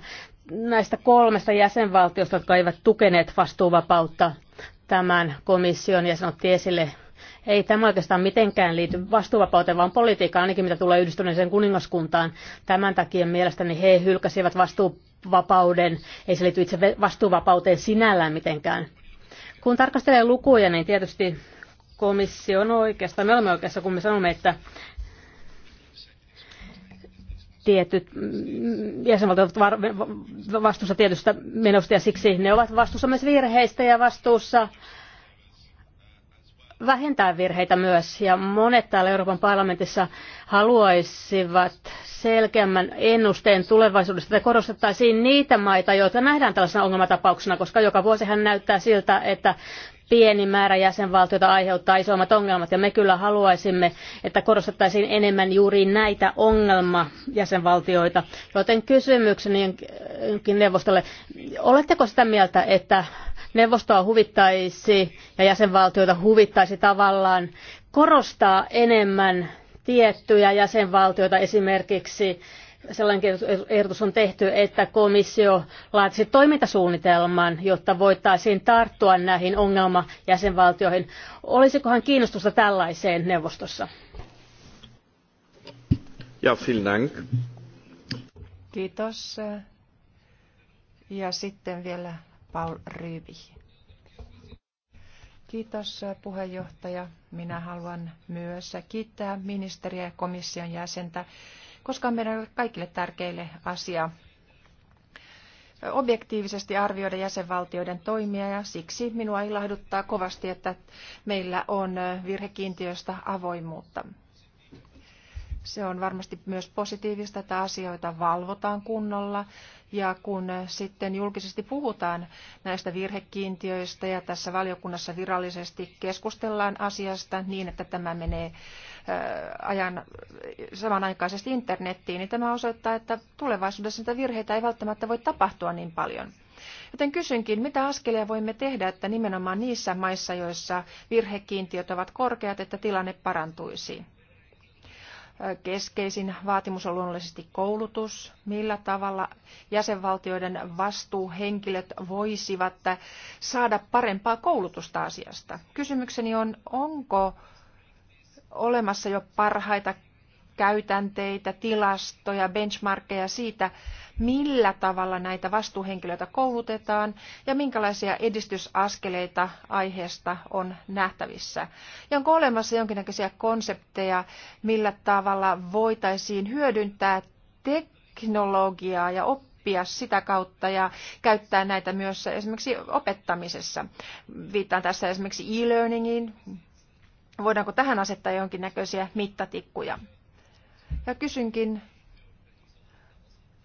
näistä kolmesta jäsenvaltiosta, jotka eivät tukeneet vastuuvapautta tämän komission ja sanottiin esille ei tämä oikeastaan mitenkään liity vastuuvapauteen, vaan politiikkaan, ainakin mitä tulee yhdistyneeseen kuningaskuntaan. Tämän takia mielestäni he hylkäsivät vastuuvapauden, ei se liity itse vastuuvapauteen sinällään mitenkään. Kun tarkastelee lukuja, niin tietysti komissio on oikeastaan, me olemme oikeassa, kun me sanomme, että tietyt jäsenvaltiot ovat vastuussa tietystä menosta ja siksi ne ovat vastuussa myös virheistä ja vastuussa vähentää virheitä myös. Ja monet täällä Euroopan parlamentissa haluaisivat selkeämmän ennusteen tulevaisuudesta, että korostettaisiin niitä maita, joita nähdään tällaisena ongelmatapauksena, koska joka vuosihan näyttää siltä, että pieni määrä jäsenvaltioita aiheuttaa isommat ongelmat, ja me kyllä haluaisimme, että korostettaisiin enemmän juuri näitä ongelmajäsenvaltioita. Joten kysymykseni neuvostolle, oletteko sitä mieltä, että neuvostoa huvittaisi ja jäsenvaltioita huvittaisi tavallaan korostaa enemmän tiettyjä jäsenvaltioita esimerkiksi sellainen ehdotus on tehty, että komissio laatisi toimintasuunnitelman, jotta voitaisiin tarttua näihin ongelmajäsenvaltioihin. Olisikohan kiinnostusta tällaiseen neuvostossa? Ja, Finland? Kiitos. Ja sitten vielä Paul Rybich. Kiitos puheenjohtaja. Minä haluan myös kiittää ministeriä ja komission jäsentä, koska on meidän kaikille tärkeille asia objektiivisesti arvioida jäsenvaltioiden toimia ja siksi minua ilahduttaa kovasti, että meillä on virhekiintiöstä avoimuutta. Se on varmasti myös positiivista, että asioita valvotaan kunnolla ja kun sitten julkisesti puhutaan näistä virhekiintiöistä ja tässä valiokunnassa virallisesti keskustellaan asiasta niin, että tämä menee ajan samanaikaisesti internettiin, niin tämä osoittaa, että tulevaisuudessa niitä virheitä ei välttämättä voi tapahtua niin paljon. Joten kysynkin, mitä askelia voimme tehdä, että nimenomaan niissä maissa, joissa virhekiintiöt ovat korkeat, että tilanne parantuisi? Keskeisin vaatimus on luonnollisesti koulutus, millä tavalla jäsenvaltioiden vastuuhenkilöt voisivat saada parempaa koulutusta asiasta. Kysymykseni on, onko olemassa jo parhaita käytänteitä, tilastoja, benchmarkkeja siitä, millä tavalla näitä vastuuhenkilöitä koulutetaan ja minkälaisia edistysaskeleita aiheesta on nähtävissä. Ja onko olemassa jonkinnäköisiä konsepteja, millä tavalla voitaisiin hyödyntää teknologiaa ja oppia sitä kautta ja käyttää näitä myös esimerkiksi opettamisessa. Viittaan tässä esimerkiksi e-learningiin. Voidaanko tähän asettaa jonkinnäköisiä mittatikkuja? Ja kysynkin,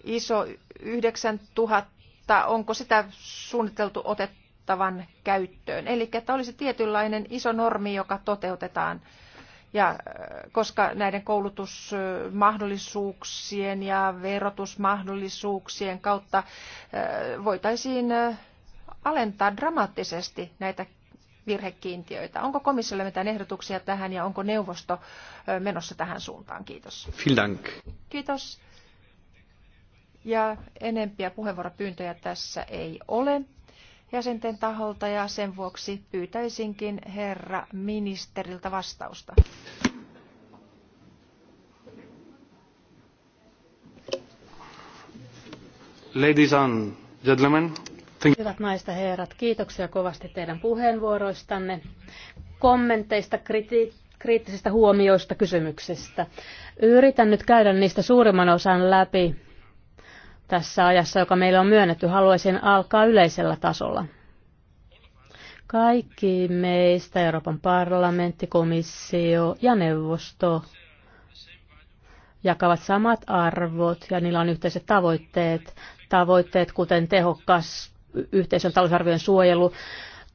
ISO 9000, onko sitä suunniteltu otettavan käyttöön? Eli että olisi tietynlainen iso normi, joka toteutetaan ja äh, koska näiden koulutusmahdollisuuksien ja verotusmahdollisuuksien kautta äh, voitaisiin äh, alentaa dramaattisesti näitä virhekiintiöitä. Onko komissiolle mitään ehdotuksia tähän ja onko neuvosto menossa tähän suuntaan? Kiitos. Dank. Kiitos. Ja enempiä puheenvuoropyyntöjä tässä ei ole jäsenten taholta ja sen vuoksi pyytäisinkin herra ministeriltä vastausta. Ladies and gentlemen, Hyvät naiset ja herrat, kiitoksia kovasti teidän puheenvuoroistanne, kommenteista, kriti- kriittisistä huomioista, kysymyksistä. Yritän nyt käydä niistä suurimman osan läpi tässä ajassa, joka meille on myönnetty. Haluaisin alkaa yleisellä tasolla. Kaikki meistä, Euroopan parlamentti, komissio ja neuvosto, jakavat samat arvot ja niillä on yhteiset tavoitteet. Tavoitteet kuten tehokas yhteisön talousarvion suojelu,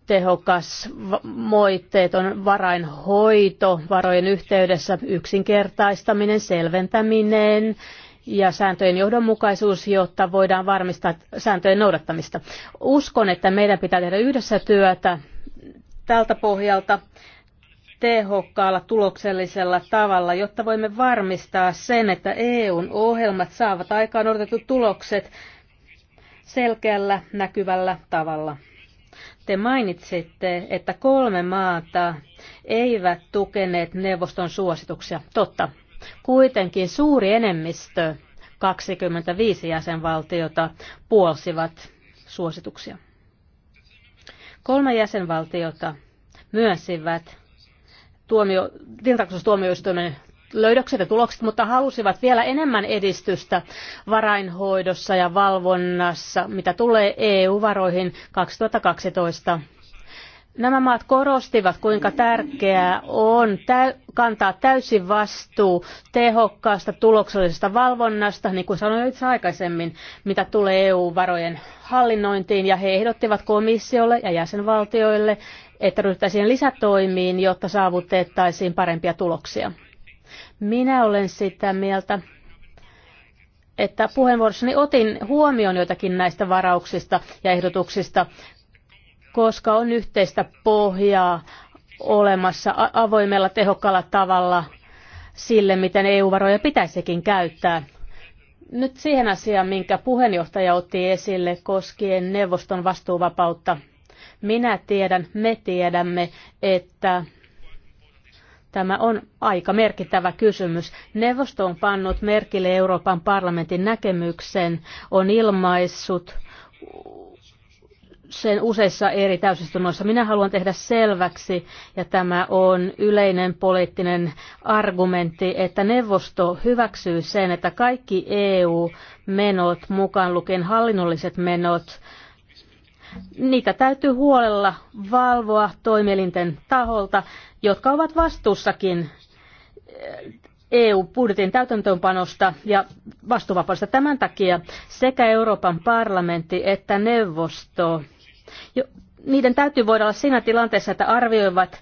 tehokas moitteeton varainhoito varojen yhteydessä, yksinkertaistaminen, selventäminen ja sääntöjen johdonmukaisuus, jotta voidaan varmistaa sääntöjen noudattamista. Uskon, että meidän pitää tehdä yhdessä työtä tältä pohjalta tehokkaalla tuloksellisella tavalla, jotta voimme varmistaa sen, että EUn ohjelmat saavat aikaan odotetut tulokset selkeällä näkyvällä tavalla. Te mainitsitte, että kolme maata eivät tukeneet neuvoston suosituksia. Totta. Kuitenkin suuri enemmistö, 25 jäsenvaltiota, puolsivat suosituksia. Kolme jäsenvaltiota myönsivät tuomio, tuomioistuimen löydökset ja tulokset, mutta halusivat vielä enemmän edistystä varainhoidossa ja valvonnassa, mitä tulee EU-varoihin 2012. Nämä maat korostivat, kuinka tärkeää on kantaa täysin vastuu tehokkaasta tuloksellisesta valvonnasta, niin kuin sanoin itse aikaisemmin, mitä tulee EU-varojen hallinnointiin, ja he ehdottivat komissiolle ja jäsenvaltioille, että ryhtäisiin lisätoimiin, jotta saavutettaisiin parempia tuloksia. Minä olen sitä mieltä, että puheenvuorossani otin huomioon joitakin näistä varauksista ja ehdotuksista, koska on yhteistä pohjaa olemassa avoimella tehokkaalla tavalla sille, miten EU-varoja pitäisikin käyttää. Nyt siihen asiaan, minkä puheenjohtaja otti esille koskien neuvoston vastuuvapautta. Minä tiedän, me tiedämme, että Tämä on aika merkittävä kysymys. Neuvosto on pannut merkille Euroopan parlamentin näkemyksen, on ilmaissut sen useissa eri täysistunnoissa. Minä haluan tehdä selväksi, ja tämä on yleinen poliittinen argumentti, että neuvosto hyväksyy sen, että kaikki EU-menot, mukaan lukien hallinnolliset menot, niitä täytyy huolella valvoa toimielinten taholta, jotka ovat vastuussakin EU-budjetin eh, e täytäntöönpanosta ja vastuuvapaudesta. Tämän takia sekä Euroopan parlamentti että neuvosto, niiden täytyy voida olla siinä tilanteessa, että arvioivat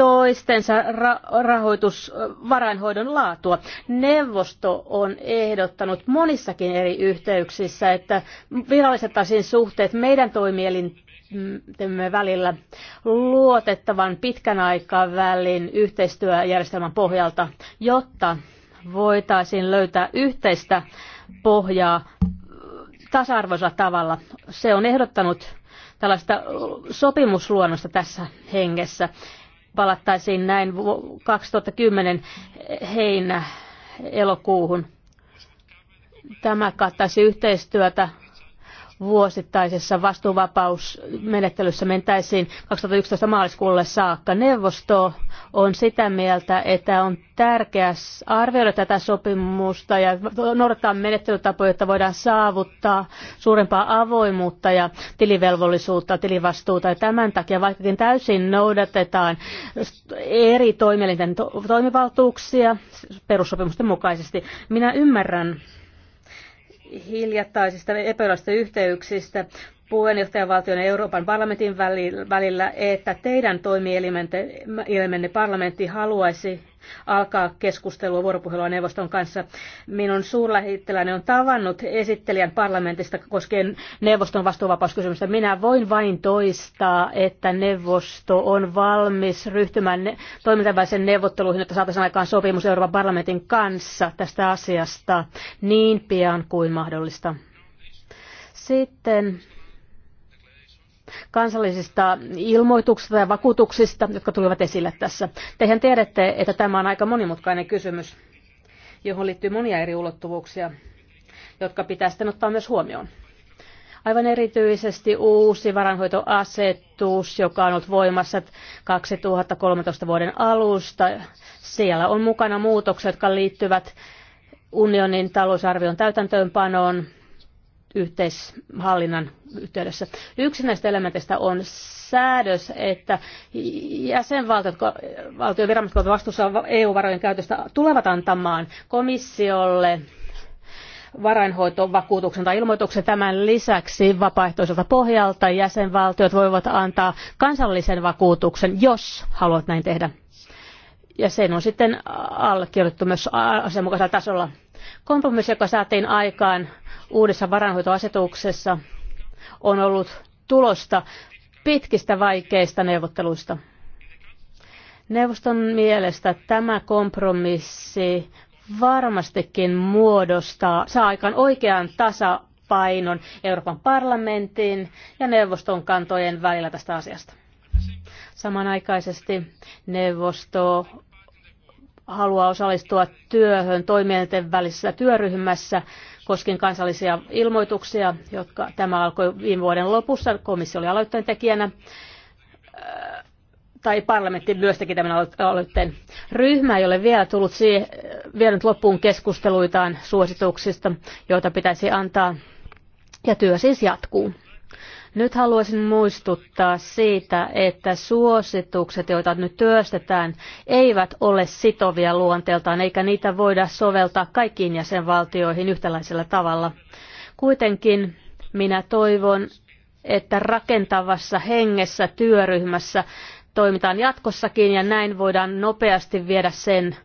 toistensa ra- rahoitusvarainhoidon laatua. Neuvosto on ehdottanut monissakin eri yhteyksissä, että viralliset asian suhteet meidän toimielin välillä luotettavan pitkän aikavälin yhteistyöjärjestelmän pohjalta, jotta voitaisiin löytää yhteistä pohjaa tasa-arvoisella tavalla. Se on ehdottanut tällaista sopimusluonnosta tässä hengessä palattaisiin näin 2010 heinä elokuuhun. Tämä kattaisi yhteistyötä vuosittaisessa vastuuvapausmenettelyssä mentäisiin 2011 maaliskuulle saakka. Neuvosto on sitä mieltä, että on tärkeää arvioida tätä sopimusta ja noudattaa menettelytapoja, jotta voidaan saavuttaa suurempaa avoimuutta ja tilivelvollisuutta, tilivastuuta. Ja tämän takia vaikkakin täysin noudatetaan eri toimielinten toimivaltuuksia perussopimusten mukaisesti. Minä ymmärrän hiljattaisista epäilyistä yhteyksistä puheenjohtajavaltion ja Euroopan parlamentin välillä, että teidän toimielimenne parlamentti haluaisi alkaa keskustelua vuoropuhelua neuvoston kanssa. Minun suurlähettiläni on tavannut esittelijän parlamentista koskien neuvoston vastuuvapauskysymystä. Minä voin vain toistaa, että neuvosto on valmis ryhtymään ne- toimintaväisen neuvotteluihin, että saataisiin aikaan sopimus Euroopan parlamentin kanssa tästä asiasta niin pian kuin mahdollista. Sitten kansallisista ilmoituksista ja vakuutuksista, jotka tulivat esille tässä. Tehän tiedätte, että tämä on aika monimutkainen kysymys, johon liittyy monia eri ulottuvuuksia, jotka pitää sitten ottaa myös huomioon. Aivan erityisesti uusi varanhoitoasetus, joka on ollut voimassa 2013 vuoden alusta. Siellä on mukana muutokset, jotka liittyvät unionin talousarvion täytäntöönpanoon, yhteishallinnan yhteydessä. Yksi näistä elementeistä on säädös, että jäsenvaltiot, valtion viranomaiset vastuussa EU-varojen käytöstä, tulevat antamaan komissiolle varainhoitovakuutuksen tai ilmoituksen. Tämän lisäksi vapaaehtoiselta pohjalta jäsenvaltiot voivat antaa kansallisen vakuutuksen, jos haluat näin tehdä. Ja sen on sitten allekirjoitettu myös asianmukaisella tasolla Kompromissi, joka saatiin aikaan uudessa varainhoitoasetuksessa, on ollut tulosta pitkistä vaikeista neuvotteluista. Neuvoston mielestä tämä kompromissi varmastikin muodostaa, saa aikaan oikean tasapainon Euroopan parlamentin ja neuvoston kantojen välillä tästä asiasta. Samanaikaisesti neuvosto haluaa osallistua työhön toimielinten välisessä työryhmässä koskien kansallisia ilmoituksia, jotka tämä alkoi viime vuoden lopussa. Komissio oli aloitteen tekijänä äh, tai parlamentti myös teki tämän aloitteen. Ryhmä ei ole vielä tullut siihen, nyt loppuun keskusteluitaan suosituksista, joita pitäisi antaa, ja työ siis jatkuu. Nyt haluaisin muistuttaa siitä, että suositukset, joita nyt työstetään, eivät ole sitovia luonteeltaan, eikä niitä voida soveltaa kaikkiin jäsenvaltioihin yhtäläisellä tavalla. Kuitenkin minä toivon, että rakentavassa hengessä työryhmässä toimitaan jatkossakin ja näin voidaan nopeasti viedä sen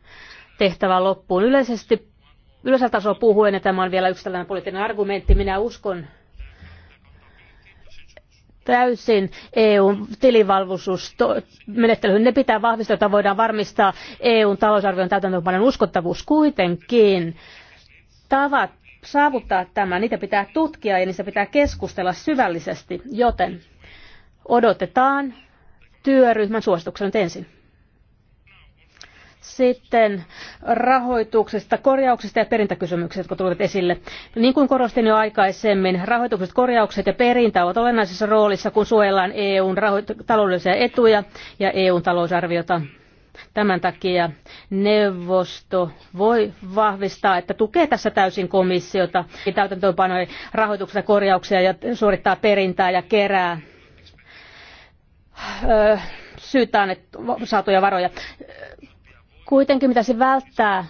tehtävä loppuun. Yleisesti yleisellä tasolla puhuen, ja tämä on vielä yksi tällainen poliittinen argumentti, minä uskon täysin EUn tilivalvoisuusmenettelyyn. Ne pitää vahvistaa, jotta voidaan varmistaa EUn talousarvion täytäntöönpanon uskottavuus. Kuitenkin tavat saavuttaa tämä, niitä pitää tutkia ja niistä pitää keskustella syvällisesti, joten odotetaan työryhmän suosituksen ensin. Sitten rahoituksesta, korjauksista ja perintäkysymyksistä, jotka tulivat esille. Niin kuin korostin jo aikaisemmin, rahoitukset, korjaukset ja perintä ovat olennaisessa roolissa, kun suojellaan EUn taloudellisia etuja ja EUn talousarviota. Tämän takia neuvosto voi vahvistaa, että tukee tässä täysin komissiota, niin täytäntöönpanoi rahoituksesta korjauksia ja suorittaa perintää ja kerää öö, syytään saatuja varoja Kuitenkin pitäisi välttää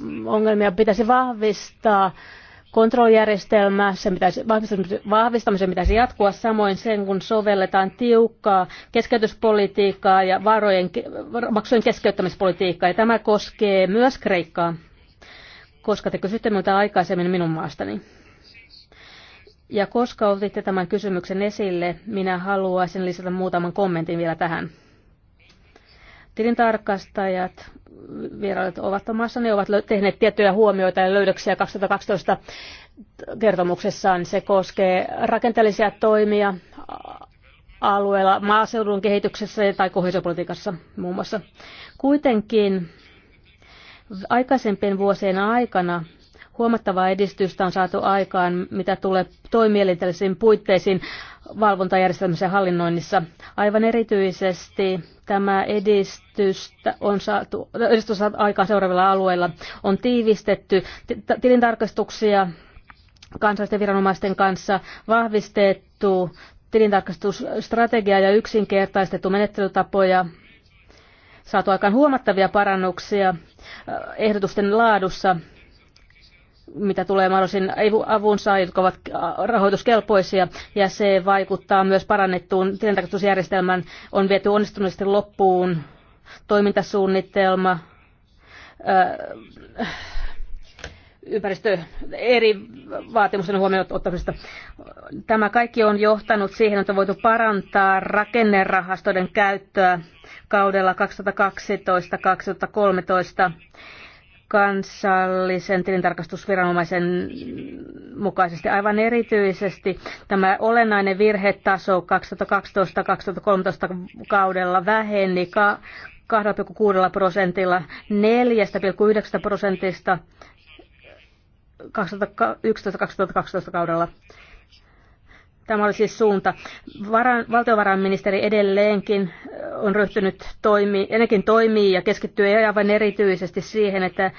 mm, ongelmia, pitäisi vahvistaa kontrollijärjestelmää, sen pitäisi, vahvistamisen pitäisi jatkua samoin sen, kun sovelletaan tiukkaa keskeytyspolitiikkaa ja varojen, maksujen keskeyttämispolitiikkaa. Ja tämä koskee myös Kreikkaa, koska te kysytte minulta aikaisemmin minun maastani. Ja koska otitte tämän kysymyksen esille, minä haluaisin lisätä muutaman kommentin vielä tähän. Tilintarkastajat vierailijat ovat omassa, ne ovat tehneet tiettyjä huomioita ja löydöksiä 2012 kertomuksessaan. Se koskee rakenteellisia toimia alueella maaseudun kehityksessä tai kohesiopolitiikassa muun muassa. Kuitenkin aikaisempien vuosien aikana huomattavaa edistystä on saatu aikaan, mitä tulee toimielintellisiin puitteisiin valvontajärjestelmässä ja hallinnoinnissa. Aivan erityisesti tämä edistystä on saatu, edistys aikaan seuraavilla alueilla on tiivistetty tilintarkastuksia kansallisten viranomaisten kanssa, vahvistettu tilintarkastusstrategiaa ja yksinkertaistettu menettelytapoja, saatu aikaan huomattavia parannuksia äh, ehdotusten laadussa mitä tulee avun saa, jotka ovat rahoituskelpoisia, ja se vaikuttaa myös parannettuun tilintarkastusjärjestelmään. On viety onnistuneesti loppuun toimintasuunnitelma, ympäristö eri vaatimusten huomioon ottamisesta. Tämä kaikki on johtanut siihen, että on voitu parantaa rakennerahastoiden käyttöä kaudella 2012-2013 kansallisen tilintarkastusviranomaisen mukaisesti aivan erityisesti tämä olennainen virhetaso 2012-2013 kaudella väheni 2,6 prosentilla 4,9 prosentista 2011-2012 kaudella. Tämä oli siis suunta. Varan, valtiovarainministeri edelleenkin on ryhtynyt toimii, ennenkin toimii ja keskittyy aivan erityisesti siihen, että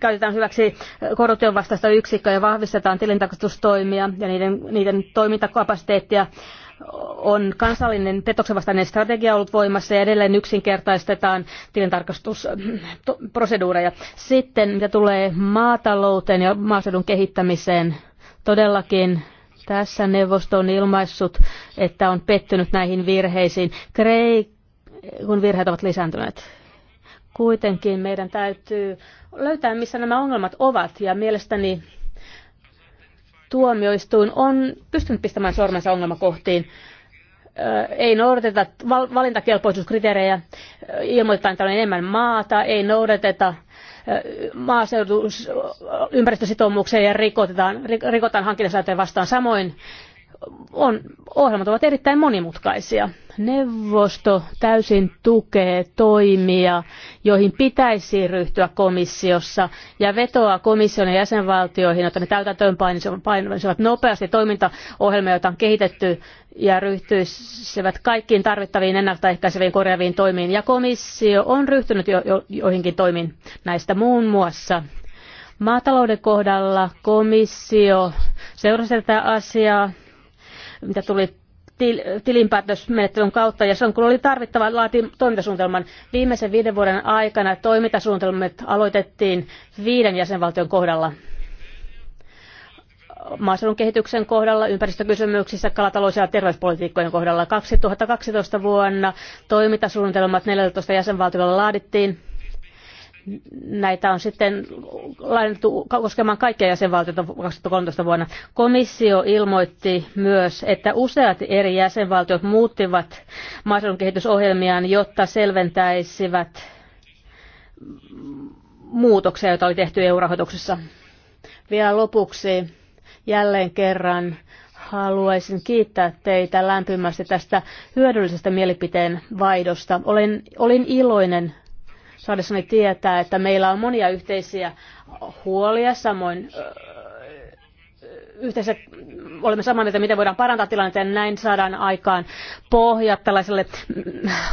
käytetään hyväksi korruption vastaista yksikköä ja vahvistetaan tilintarkastustoimia ja niiden, niiden toimintakapasiteettia on kansallinen petoksenvastainen strategia ollut voimassa ja edelleen yksinkertaistetaan tilintarkastusproseduureja. Sitten mitä tulee maatalouteen ja maaseudun kehittämiseen, todellakin tässä neuvosto on ilmaissut, että on pettynyt näihin virheisiin, Krei, kun virheet ovat lisääntyneet. Kuitenkin meidän täytyy löytää, missä nämä ongelmat ovat, ja mielestäni tuomioistuin on pystynyt pistämään sormensa ongelmakohtiin. Ei noudateta valintakelpoisuuskriteerejä, ilmoitetaan tällainen enemmän maata, ei noudateta maaseudun ympäristösitoumuksia ja rikotetaan, rikotaan hankintasääntöjä vastaan. Samoin on, ohjelmat ovat erittäin monimutkaisia. Neuvosto täysin tukee toimia, joihin pitäisi ryhtyä komissiossa ja vetoaa komission ja jäsenvaltioihin, että ne täytäntöön painisivat nopeasti toimintaohjelmia, joita on kehitetty ja ryhtyisivät kaikkiin tarvittaviin ennaltaehkäiseviin korjaaviin toimiin. Ja komissio on ryhtynyt jo, jo, joihinkin toimiin näistä muun muassa maatalouden kohdalla komissio seurasi tätä asiaa mitä tuli tilinpäätösmenettelyn kautta ja silloin kun oli tarvittava laati toimintasuunnitelman. Viimeisen viiden vuoden aikana toimintasuunnitelmat aloitettiin viiden jäsenvaltion kohdalla maaseudun kehityksen kohdalla, ympäristökysymyksissä, kalatalous- ja terveyspolitiikkojen kohdalla. 2012 vuonna toimintasuunnitelmat 14 jäsenvaltiolla laadittiin näitä on sitten laajennettu koskemaan kaikkia jäsenvaltioita 2013 vuonna. Komissio ilmoitti myös, että useat eri jäsenvaltiot muuttivat maaseudun kehitysohjelmiaan, jotta selventäisivät muutoksia, joita oli tehty EU-rahoituksessa. Vielä lopuksi jälleen kerran haluaisin kiittää teitä lämpimästi tästä hyödyllisestä mielipiteen vaihdosta. olin iloinen saadessani tietää, että meillä on monia yhteisiä huolia, samoin yhteensä olemme samaa mieltä, miten voidaan parantaa tilannetta ja näin saadaan aikaan pohja tällaiselle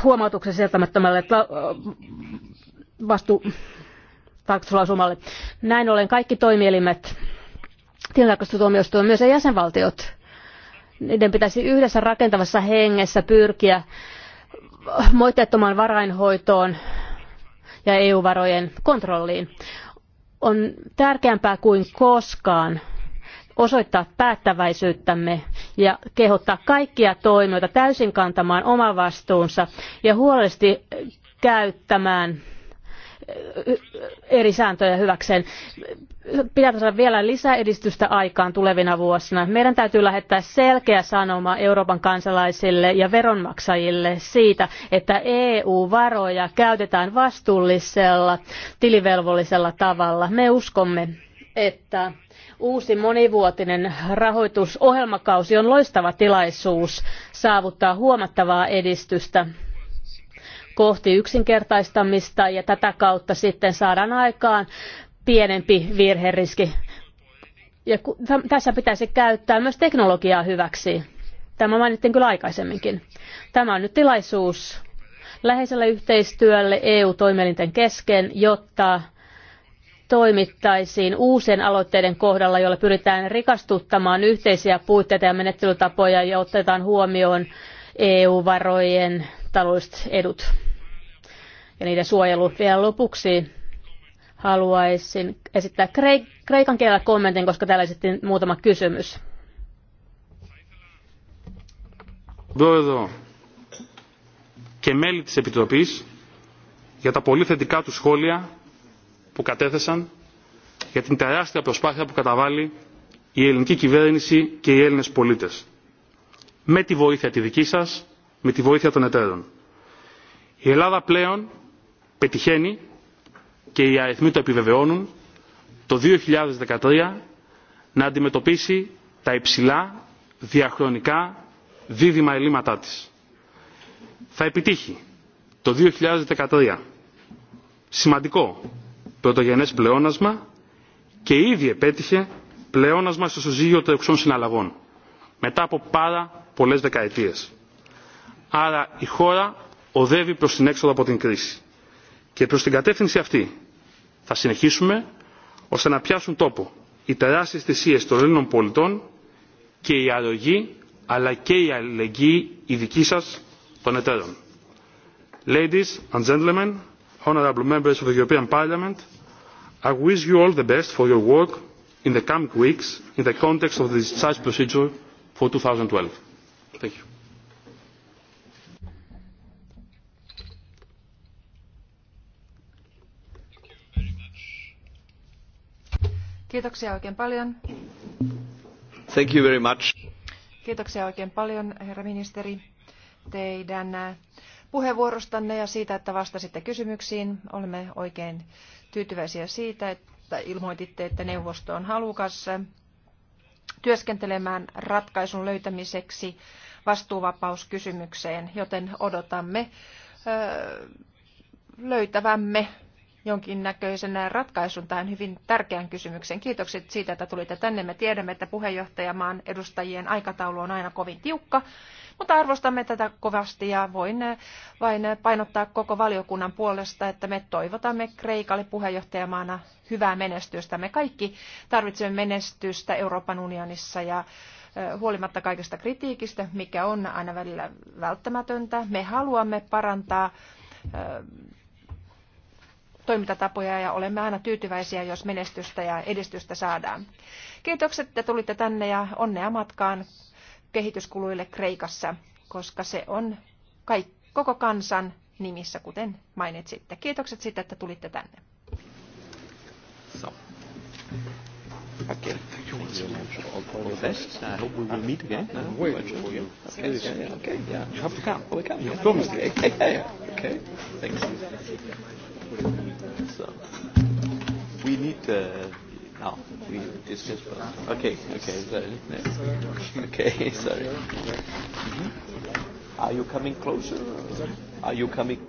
huomautuksen sieltämättömälle vastu tarkastuslausumalle. Näin ollen kaikki toimielimet, tilintarkastustuomioistuin, myös jäsenvaltiot, niiden pitäisi yhdessä rakentavassa hengessä pyrkiä moitteettomaan varainhoitoon ja EU-varojen kontrolliin. On tärkeämpää kuin koskaan osoittaa päättäväisyyttämme ja kehottaa kaikkia toimijoita täysin kantamaan oma vastuunsa ja huolellisesti käyttämään eri sääntöjä hyväkseen. Pitää saada vielä lisää edistystä aikaan tulevina vuosina. Meidän täytyy lähettää selkeä sanoma Euroopan kansalaisille ja veronmaksajille siitä, että EU-varoja käytetään vastuullisella, tilivelvollisella tavalla. Me uskomme, että uusi monivuotinen rahoitusohjelmakausi on loistava tilaisuus saavuttaa huomattavaa edistystä kohti yksinkertaistamista ja tätä kautta sitten saadaan aikaan pienempi virheriski. Ja tässä pitäisi käyttää myös teknologiaa hyväksi. Tämä mainittiin kyllä aikaisemminkin. Tämä on nyt tilaisuus läheiselle yhteistyölle EU-toimielinten kesken, jotta toimittaisiin uusien aloitteiden kohdalla, joilla pyritään rikastuttamaan yhteisiä puitteita ja menettelytapoja ja otetaan huomioon EU-varojen taloudelliset edut ja niiden suojelu. Vielä lopuksi haluaisin esittää kreikan kielellä kommentin, koska täällä esitettiin muutama kysymys. Πρόεδρο και μέλη της Επιτροπής για τα πολύ θετικά του σχόλια που κατέθεσαν για την τεράστια προσπάθεια που καταβάλει η ελληνική κυβέρνηση και οι Έλληνες πολίτες. Με τη βοήθεια τη δική σας με τη βοήθεια των εταίρων. Η Ελλάδα πλέον πετυχαίνει και οι αριθμοί το επιβεβαιώνουν το 2013 να αντιμετωπίσει τα υψηλά διαχρονικά δίδυμα ελλείμματά της. Θα επιτύχει το 2013 σημαντικό πρωτογενές πλεόνασμα και ήδη επέτυχε πλεόνασμα στο συζύγιο τρεξών συναλλαγών μετά από πάρα πολλές δεκαετίες. Άρα η χώρα οδεύει προς την έξοδο από την κρίση. Και προς την κατεύθυνση αυτή θα συνεχίσουμε ώστε να πιάσουν τόπο οι τεράστιες θυσίες των Ελλήνων πολιτών και η αρρωγή αλλά και η αλληλεγγύη η δική σας των εταίρων. Ladies and gentlemen, honorable members of the European Parliament, I wish you all the best for your work in the coming weeks in the context of the discharge procedure for 2012. Thank you. Kiitoksia oikein paljon. Thank you very much. Kiitoksia oikein paljon, herra ministeri, teidän äh, puheenvuorostanne ja siitä, että vastasitte kysymyksiin. Olemme oikein tyytyväisiä siitä, että ilmoititte, että neuvosto on halukas äh, työskentelemään ratkaisun löytämiseksi vastuuvapauskysymykseen, joten odotamme äh, löytävämme jonkinnäköisenä ratkaisun tähän hyvin tärkeään kysymykseen. Kiitokset siitä, että tulitte tänne. Me tiedämme, että puheenjohtajamaan edustajien aikataulu on aina kovin tiukka, mutta arvostamme tätä kovasti ja voin vain painottaa koko valiokunnan puolesta, että me toivotamme Kreikalle puheenjohtajamaana hyvää menestystä. Me kaikki tarvitsemme menestystä Euroopan unionissa ja huolimatta kaikesta kritiikistä, mikä on aina välillä välttämätöntä, me haluamme parantaa toimintatapoja ja olemme aina tyytyväisiä, jos menestystä ja edistystä saadaan. Kiitokset, että tulitte tänne ja onnea matkaan kehityskuluille Kreikassa, koska se on kaikki, koko kansan nimissä, kuten mainitsitte. Kiitokset siitä, että tulitte tänne. So. Okay. Thank you we need so we need uh, now we discuss first. Okay, okay, sorry. Okay, sorry. Mm-hmm. Are you coming closer? Are you coming?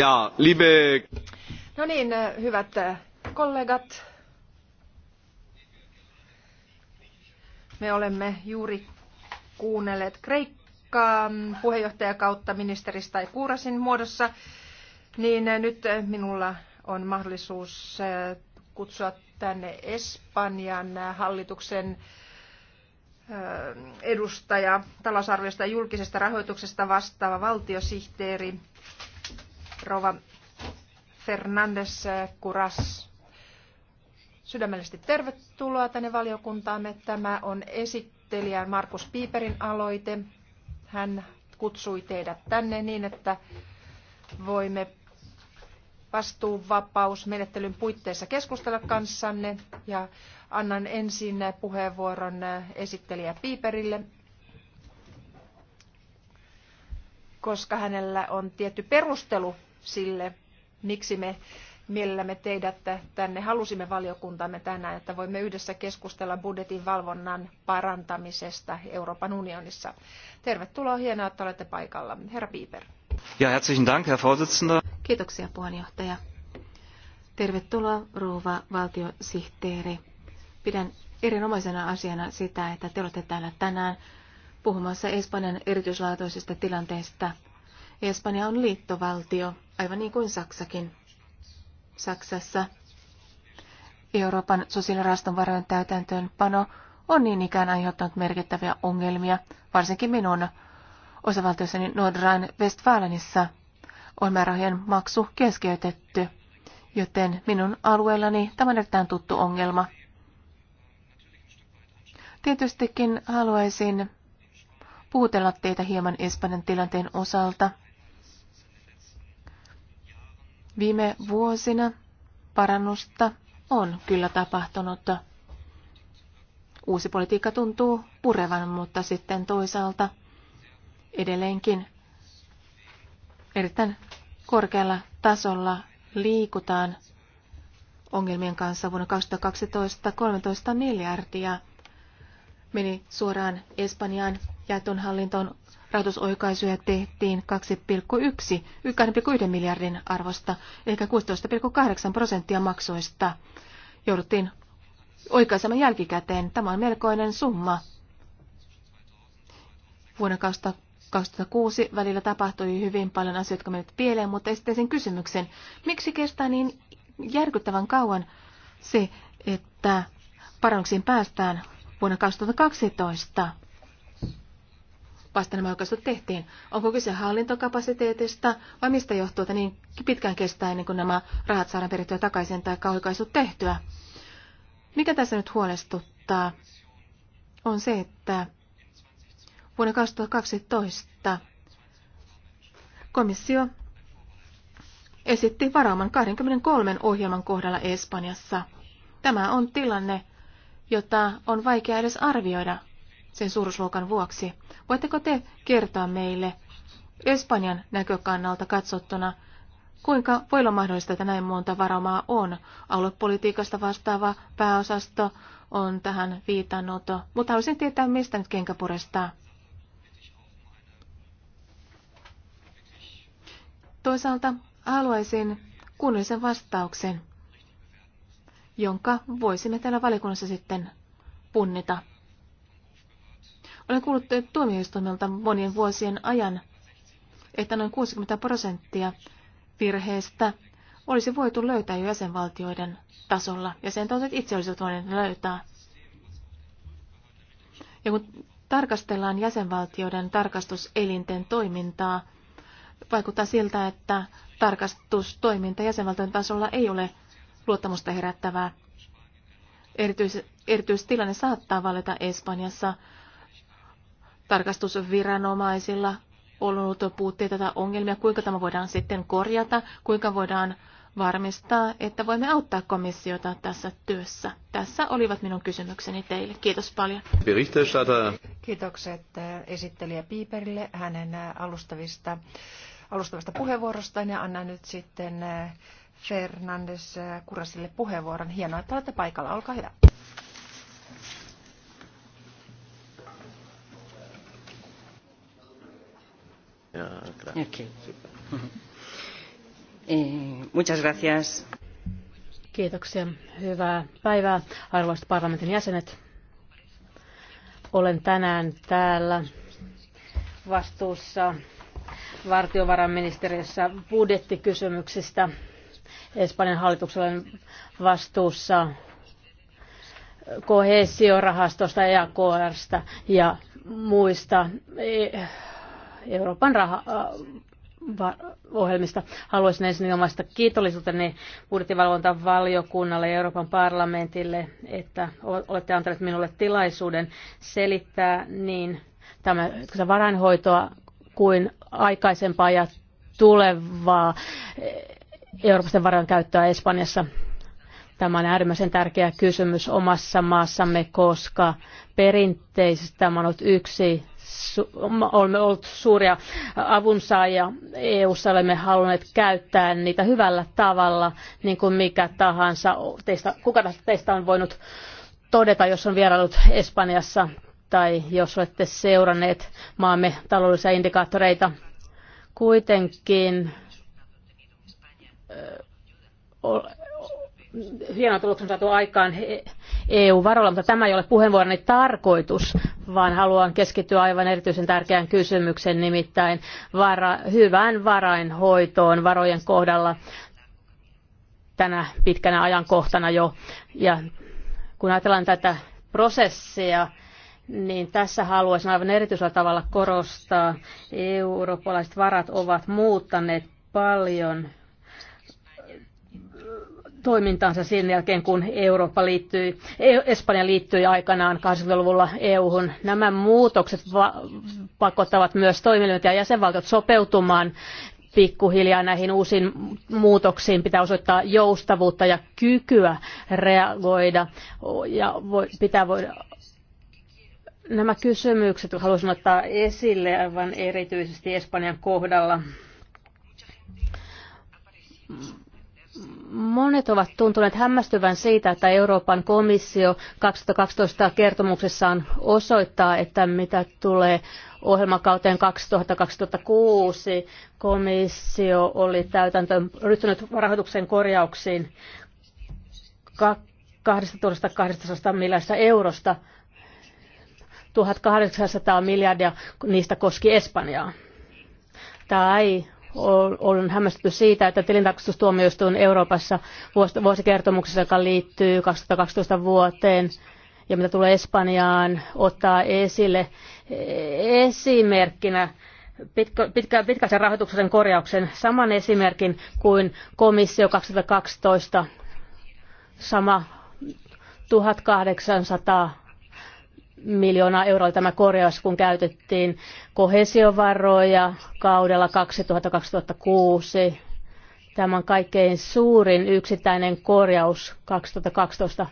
Ja, No niin, äh, hyvät äh, kollegat. Me olemme juuri kuunnelleet Kreikkaa puheenjohtajakautta ministeristä tai kuurasin muodossa. Niin äh, nyt minulla on mahdollisuus kutsua tänne Espanjan hallituksen edustaja, talousarviosta ja julkisesta rahoituksesta vastaava valtiosihteeri rouva Fernandes Kuras. Sydämellisesti tervetuloa tänne valiokuntaamme. Tämä on esittelijän Markus Piiperin aloite. Hän kutsui teidät tänne niin, että voimme vastuuvapausmenettelyn puitteissa keskustella kanssanne ja annan ensin puheenvuoron esittelijä Piiperille, koska hänellä on tietty perustelu sille, miksi me mielellämme teidät tänne halusimme valiokuntamme tänään, että voimme yhdessä keskustella budjetin valvonnan parantamisesta Euroopan unionissa. Tervetuloa, hienoa, että olette paikalla. Herra Bieber. Ja herzlichen Dank, Herr Vorsitzender. Kiitoksia, puheenjohtaja. Tervetuloa, rouva valtiosihteeri. Pidän erinomaisena asiana sitä, että te olette täällä tänään puhumassa Espanjan erityislaatuisesta tilanteesta – Espanja on liittovaltio, aivan niin kuin Saksakin. Saksassa Euroopan sosiaaliraston varojen täytäntöönpano on niin ikään aiheuttanut merkittäviä ongelmia, varsinkin minun osavaltiossani Nordrhein-Westfalenissa on määrärahojen maksu keskeytetty, joten minun alueellani tämä on erittäin tuttu ongelma. Tietystikin haluaisin puutella teitä hieman Espanjan tilanteen osalta Viime vuosina parannusta on kyllä tapahtunut. Uusi politiikka tuntuu purevan, mutta sitten toisaalta edelleenkin erittäin korkealla tasolla liikutaan ongelmien kanssa vuonna 2012 13 miljardia meni suoraan Espanjaan. Jaeton hallinton rahoitusoikaisuja tehtiin 2,1 2,1 miljardin arvosta, eli 16,8 prosenttia maksuista jouduttiin oikaisemaan jälkikäteen. Tämä on melkoinen summa. Vuonna 2006 välillä tapahtui hyvin paljon asioita, jotka menivät pieleen, mutta esittäisin kysymyksen, miksi kestää niin järkyttävän kauan se, että parannuksiin päästään vuonna 2012 vasta nämä oikeastaan tehtiin. Onko kyse hallintokapasiteetista vai mistä johtuu, että niin pitkään kestää ennen kuin nämä rahat saadaan perittyä takaisin tai oikaisut tehtyä? Mikä tässä nyt huolestuttaa on se, että vuonna 2012 komissio esitti varauman 23 ohjelman kohdalla Espanjassa. Tämä on tilanne, jota on vaikea edes arvioida sen suuruusluokan vuoksi. Voitteko te kertoa meille Espanjan näkökannalta katsottuna, kuinka voi olla mahdollista, että näin monta varomaa on? Aluepolitiikasta vastaava pääosasto on tähän viitannut, mutta haluaisin tietää, mistä nyt kenkä purestaa. Toisaalta haluaisin kunnollisen vastauksen jonka voisimme täällä valiokunnassa sitten punnita. Olen kuullut tuomioistuimelta monien vuosien ajan, että noin 60 prosenttia virheestä olisi voitu löytää jo jäsenvaltioiden tasolla. ja sen Jäsenvaltiot itse olisivat voineet löytää. Ja kun tarkastellaan jäsenvaltioiden tarkastuselinten toimintaa, vaikuttaa siltä, että tarkastustoiminta jäsenvaltion tasolla ei ole luottamusta herättävää. Erityis, erityistilanne saattaa valita Espanjassa. Tarkastusviranomaisilla on ollut puutteita tai ongelmia. Kuinka tämä voidaan sitten korjata? Kuinka voidaan varmistaa, että voimme auttaa komissiota tässä työssä. Tässä olivat minun kysymykseni teille. Kiitos paljon. Kiitokset äh, esittelijä Piiperille hänen äh, alustavista, alustavasta puheenvuorostaan ja annan nyt sitten äh, Fernandes äh, Kurasille puheenvuoron. Hienoa, että olette paikalla. Olkaa hyvä. Eh, Kiitoksia. Hyvää päivää, arvoisat parlamentin jäsenet. Olen tänään täällä vastuussa valtiovarainministeriössä budjettikysymyksistä Espanjan hallituksella on vastuussa kohesiorahastosta, EAKRsta ja muista e, Euroopan raha, ohjelmista. Haluaisin ensin omasta kiitollisuuteni budjettivalvontavaliokunnalle valiokunnalle ja Euroopan parlamentille, että olette antaneet minulle tilaisuuden selittää niin tämä varainhoitoa kuin aikaisempaa ja tulevaa Euroopan varojen käyttöä Espanjassa. Tämä on äärimmäisen tärkeä kysymys omassa maassamme, koska perinteisesti tämä on ollut yksi olemme olleet suuria avunsaajia EU-ssa, olemme halunneet käyttää niitä hyvällä tavalla, niin kuin mikä tahansa, teistä, kuka tahansa teistä on voinut todeta, jos on vierailut Espanjassa tai jos olette seuranneet maamme taloudellisia indikaattoreita. Kuitenkin hieno tuloksen saatu aikaan EU-varoilla, e mutta tämä ei ole puheenvuoroni tarkoitus, vaan haluan keskittyä aivan erityisen tärkeään kysymykseen, nimittäin vara, hyvään varainhoitoon varojen kohdalla tänä pitkänä ajankohtana jo. Ja kun ajatellaan tätä prosessia, niin tässä haluaisin aivan erityisellä tavalla korostaa, EU-eurooppalaiset varat ovat muuttaneet paljon toimintansa sen jälkeen, kun Eurooppa liittyi, e- Espanja liittyi aikanaan 80-luvulla EU-hun. Nämä muutokset pakottavat myös toimielimet ja jäsenvaltiot sopeutumaan pikkuhiljaa näihin uusiin muutoksiin pitää osoittaa joustavuutta ja kykyä reagoida ja voi, pitää voida Nämä kysymykset haluaisin ottaa esille aivan erityisesti Espanjan kohdalla. Monet ovat tuntuneet hämmästyvän siitä, että Euroopan komissio 2012 kertomuksessaan osoittaa, että mitä tulee ohjelmakauteen 2000-2006, komissio oli täytäntöön ryhtynyt rahoituksen korjauksiin 200 miljardista eurosta. 1800 miljardia niistä koski Espanjaa. Tai olen hämmästynyt siitä, että tilintarkastustuomioistuin Euroopassa vuosikertomuksessa, joka liittyy 2012 vuoteen ja mitä tulee Espanjaan, ottaa esille esimerkkinä pitkä, pitkä, pitkäisen rahoituksen korjauksen saman esimerkin kuin komissio 2012 sama 1800 miljoonaa euroa oli tämä korjaus, kun käytettiin kohesiovaroja kaudella 2000-2006. Tämä on kaikkein suurin yksittäinen korjaus 2012,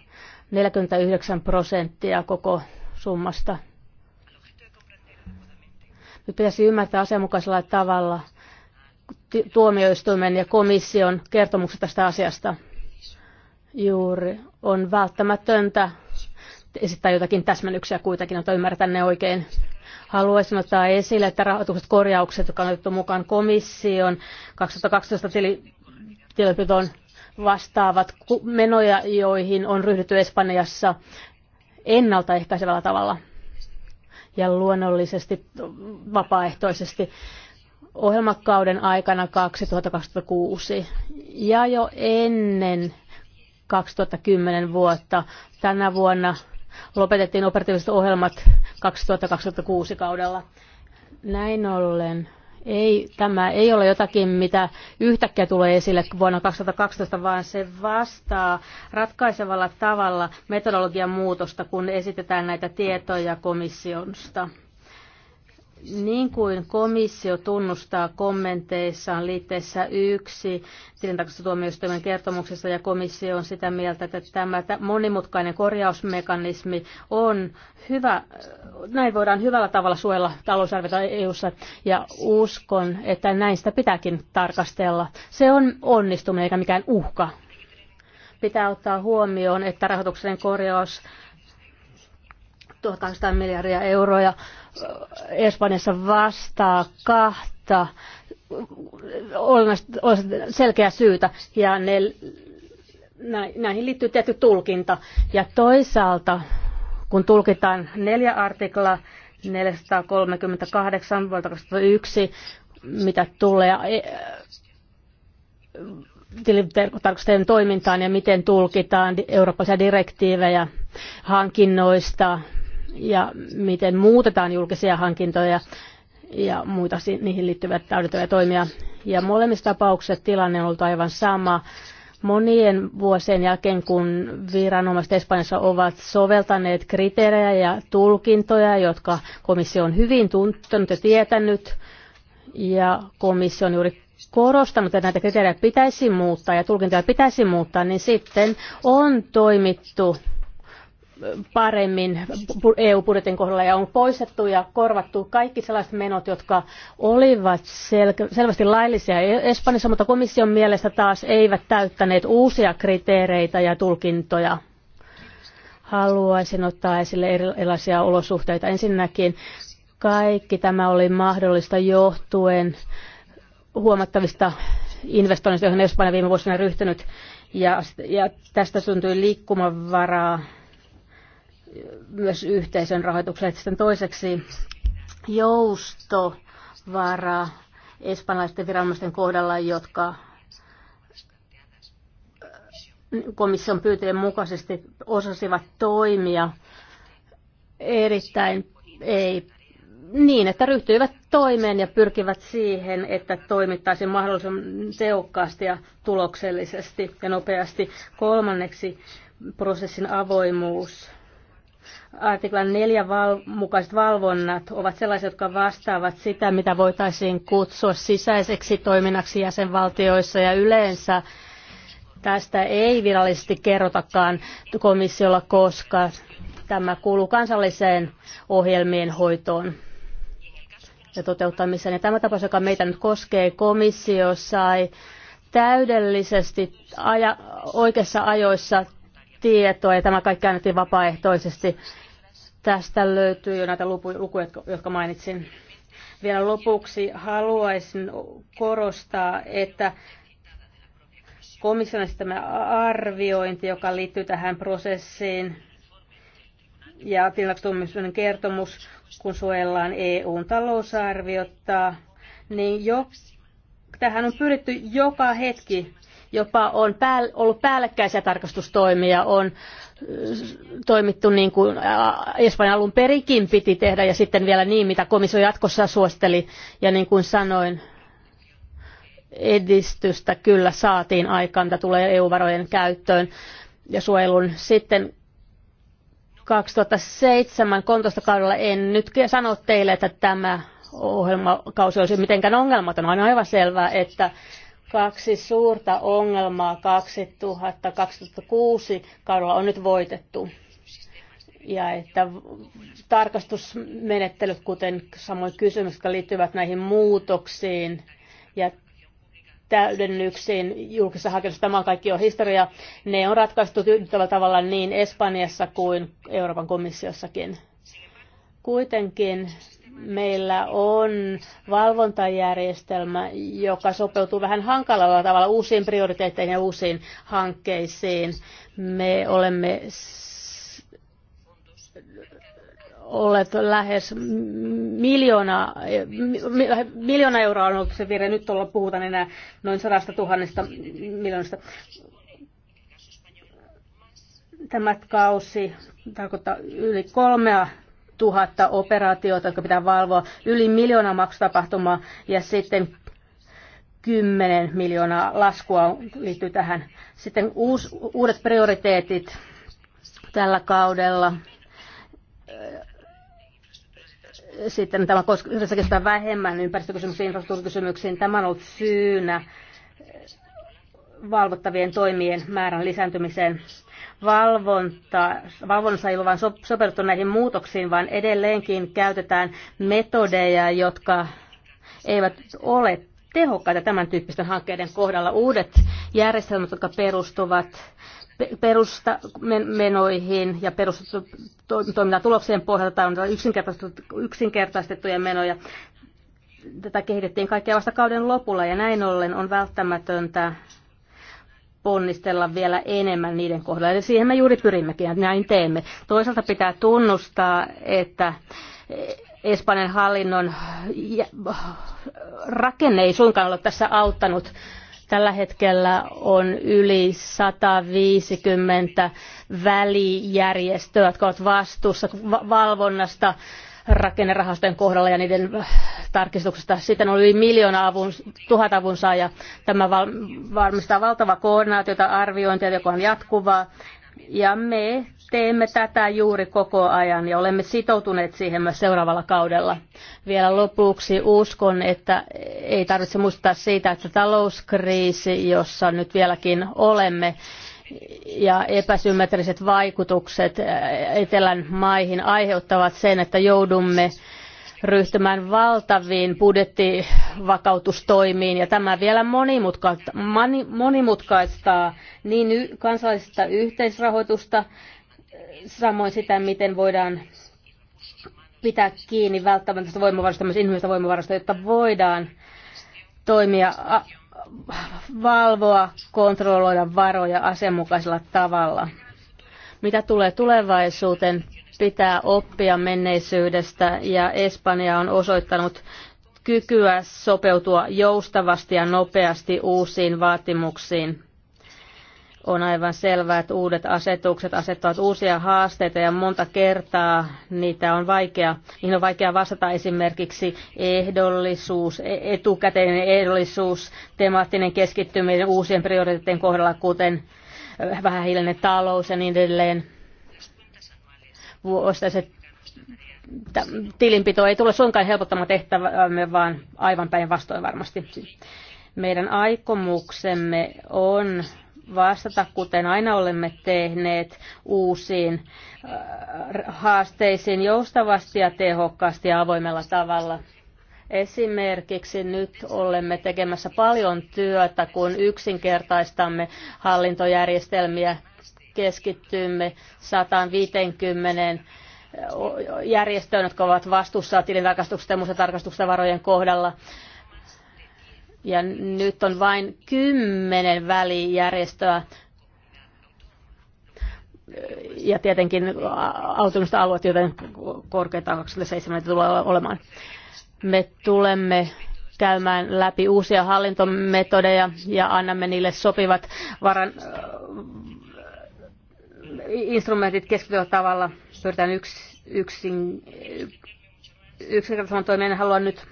49 prosenttia koko summasta. Nyt pitäisi ymmärtää asianmukaisella tavalla tuomioistuimen ja komission kertomukset tästä asiasta. Juuri on välttämätöntä esittää jotakin täsmennyksiä kuitenkin, jotta ymmärtän ne oikein. Haluaisin ottaa esille, että rahoitukset korjaukset, jotka on otettu mukaan komission 2012 tilinpitoon vastaavat menoja, joihin on ryhdytty Espanjassa ennaltaehkäisevällä tavalla ja luonnollisesti vapaaehtoisesti ohjelmakauden aikana 2026 ja jo ennen 2010 vuotta tänä vuonna lopetettiin operatiiviset ohjelmat 2000-2006 kaudella. Näin ollen ei, tämä ei ole jotakin, mitä yhtäkkiä tulee esille vuonna 2012, vaan se vastaa ratkaisevalla tavalla metodologian muutosta, kun esitetään näitä tietoja komissiosta. Niin kuin komissio tunnustaa kommenteissaan liitteessä yksi tilintarkastustuomioistuimen kertomuksessa ja komissio on sitä mieltä, että tämä monimutkainen korjausmekanismi on hyvä, näin voidaan hyvällä tavalla suojella talousarvioita eu ja uskon, että näin sitä pitääkin tarkastella. Se on onnistuminen eikä mikään uhka. Pitää ottaa huomioon, että rahoituksen korjaus 1800 miljardia euroa ja Espanjassa vastaa kahta selkeää syytä ja ne, näihin liittyy tietty tulkinta. Ja toisaalta, kun tulkitaan neljä artiklaa 438 vuotta 2001, mitä tulee e- tilintarkastajien toimintaan ja miten tulkitaan eurooppalaisia direktiivejä hankinnoista, ja miten muutetaan julkisia hankintoja ja muita niihin liittyviä täydentäviä toimia. Ja molemmissa tapauksissa tilanne on ollut aivan sama. Monien vuosien jälkeen, kun viranomaiset Espanjassa ovat soveltaneet kriteerejä ja tulkintoja, jotka komissio on hyvin tuntenut ja tietänyt, ja komissio on juuri korostanut, että näitä kriteerejä pitäisi muuttaa ja tulkintoja pitäisi muuttaa, niin sitten on toimittu paremmin EU-budjetin kohdalla ja on poistettu ja korvattu kaikki sellaiset menot, jotka olivat sel- selvästi laillisia Espanjassa, mutta komission mielestä taas eivät täyttäneet uusia kriteereitä ja tulkintoja. Haluaisin ottaa esille erilaisia olosuhteita. Ensinnäkin kaikki tämä oli mahdollista johtuen huomattavista investoinneista, joihin Espanja viime vuosina ryhtynyt, ja, ja tästä syntyi liikkumavaraa myös yhteisön rahoitukselle. Sitten toiseksi joustovara espanjalaisten viranomaisten kohdalla, jotka äh, komission pyyteen mukaisesti osasivat toimia erittäin ei niin, että ryhtyivät toimeen ja pyrkivät siihen, että toimittaisiin mahdollisimman tehokkaasti ja tuloksellisesti ja nopeasti. Kolmanneksi prosessin avoimuus artiklan neljä val- mukaiset valvonnat ovat sellaisia, jotka vastaavat sitä, mitä voitaisiin kutsua sisäiseksi toiminnaksi jäsenvaltioissa ja yleensä tästä ei virallisesti kerrotakaan komissiolla, koska tämä kuuluu kansalliseen ohjelmien hoitoon ja toteuttamiseen. Ja tämä tapaus, joka meitä nyt koskee, komissio sai täydellisesti aja, oikeassa ajoissa tietoa ja tämä kaikki annettiin vapaaehtoisesti. Tästä löytyy jo näitä lukuja, jotka mainitsin. Vielä lopuksi haluaisin korostaa, että komission tämä arviointi, joka liittyy tähän prosessiin, ja tilastuomioistuimen kertomus, kun suojellaan EUn talousarviota, niin jo, tähän on pyritty joka hetki, jopa on pää, ollut päällekkäisiä tarkastustoimia, on toimittu niin kuin Espanjan alun perikin piti tehdä ja sitten vielä niin, mitä komissio jatkossa suosteli. Ja niin kuin sanoin, edistystä kyllä saatiin aikaan, mitä tulee EU-varojen käyttöön ja suojelun. Sitten 2007 13 kaudella en nyt sano teille, että tämä ohjelmakausi olisi mitenkään ongelmaton. On aivan selvää, että kaksi suurta ongelmaa 2000-2006 kaudella on nyt voitettu. Ja että tarkastusmenettelyt, kuten samoin kysymys, jotka liittyvät näihin muutoksiin ja täydennyksiin julkisessa hakemuksessa, tämä on kaikki on historia, ne on ratkaistu tyydyttävällä tavalla niin Espanjassa kuin Euroopan komissiossakin. Kuitenkin meillä on valvontajärjestelmä, joka sopeutuu vähän hankalalla tavalla uusiin prioriteetteihin ja uusiin hankkeisiin. Me olemme olleet lähes miljoona, miljoona euroa on ollut se virhe. Nyt ollaan puhutaan enää noin sadasta tuhannesta miljoonasta. Tämä kausi tarkoittaa yli kolmea tuhatta operaatiota, jotka pitää valvoa, yli miljoona maksutapahtumaa ja sitten 10 miljoonaa laskua liittyy tähän. Sitten uus, uudet prioriteetit tällä kaudella. Sitten tämä yhdessä kestää vähemmän ympäristökysymyksiin, infrastruktuurikysymyksiin. Tämä on ollut syynä valvottavien toimien määrän lisääntymiseen valvonta, valvonnassa ei ole vain näihin muutoksiin, vaan edelleenkin käytetään metodeja, jotka eivät ole tehokkaita tämän tyyppisten hankkeiden kohdalla. Uudet järjestelmät, jotka perustuvat perustamenoihin ja perustoiminnan tulokseen pohjalta on yksinkertaistettuja menoja. Tätä kehitettiin kaikkea vasta kauden lopulla ja näin ollen on välttämätöntä ponnistella vielä enemmän niiden kohdalla. Ja siihen me juuri pyrimmekin, että näin teemme. Toisaalta pitää tunnustaa, että Espanjan hallinnon rakenne ei suinkaan ole tässä auttanut. Tällä hetkellä on yli 150 välijärjestöä, jotka ovat vastuussa valvonnasta rakennerahastojen kohdalla ja niiden äh, tarkistuksesta. Sitten oli miljoona avun, tuhat avun saaja. Tämä val, varmistaa valtava koordinaatiota, arviointia, joka on jatkuvaa. Ja me teemme tätä juuri koko ajan ja olemme sitoutuneet siihen myös seuraavalla kaudella. Vielä lopuksi uskon, että ei tarvitse muistaa siitä, että talouskriisi, jossa nyt vieläkin olemme, ja epäsymmetriset vaikutukset etelän maihin aiheuttavat sen, että joudumme ryhtymään valtaviin budjettivakautustoimiin ja tämä vielä monimutkaistaa niin kansallista yhteisrahoitusta, samoin sitä, miten voidaan pitää kiinni välttämättä voimavarasta, myös inhimillistä voimavarasta, jotta voidaan toimia valvoa, kontrolloida varoja asianmukaisella tavalla. Mitä tulee tulevaisuuteen, pitää oppia menneisyydestä ja Espanja on osoittanut kykyä sopeutua joustavasti ja nopeasti uusiin vaatimuksiin on aivan selvää, että uudet asetukset asettavat uusia haasteita ja monta kertaa niitä on vaikea, niihin on vaikea vastata esimerkiksi ehdollisuus, etukäteinen ehdollisuus, temaattinen keskittyminen uusien prioriteettien kohdalla, kuten äh, vähähiilinen talous ja niin edelleen. Vuosittaiset tilinpito ei tule suinkaan helpottamaan tehtävämme, vaan aivan päinvastoin varmasti. Meidän aikomuksemme on vastata, kuten aina olemme tehneet uusiin äh, haasteisiin joustavasti ja tehokkaasti ja avoimella tavalla. Esimerkiksi nyt olemme tekemässä paljon työtä, kun yksinkertaistamme hallintojärjestelmiä, keskittymme 150 järjestöön, jotka ovat vastuussa tilintarkastuksesta ja muista tarkastuksista varojen kohdalla ja nyt on vain kymmenen välijärjestöä, ja tietenkin autonomista alueet, joten korkeintaan 27 tulee olemaan. Me tulemme käymään läpi uusia hallintometodeja ja annamme niille sopivat varan, äh, instrumentit keskityllä tavalla. Pyritään yks, yksin, yksinkertaisella toimia. En nyt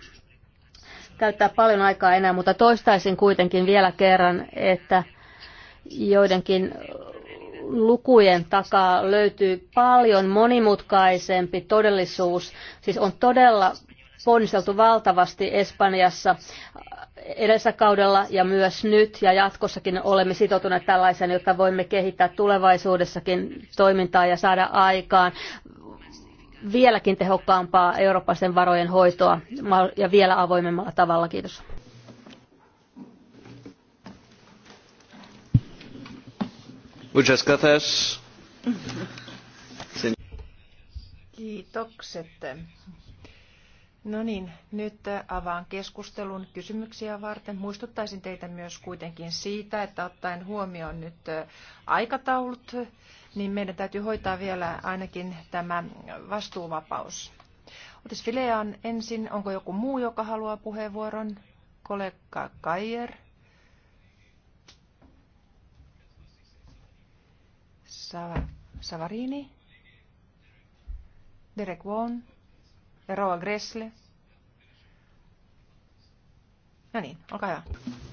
käyttää paljon aikaa enää, mutta toistaisin kuitenkin vielä kerran, että joidenkin lukujen takaa löytyy paljon monimutkaisempi todellisuus. Siis on todella ponniseltu valtavasti Espanjassa edessä kaudella ja myös nyt ja jatkossakin olemme sitoutuneet tällaisen, jotta voimme kehittää tulevaisuudessakin toimintaa ja saada aikaan vieläkin tehokkaampaa eurooppalaisten varojen hoitoa ja vielä avoimemmalla tavalla. Kiitos. Muchas gracias. Kiitokset. No niin, nyt avaan keskustelun kysymyksiä varten. Muistuttaisin teitä myös kuitenkin siitä, että ottaen huomioon nyt aikataulut, niin meidän täytyy hoitaa vielä ainakin tämä vastuuvapaus. Otis Filea ensin. Onko joku muu, joka haluaa puheenvuoron? Kollega Kajer. Savarini. Derek Vaughan. Roa Gressle. No niin, olkaa hyvä.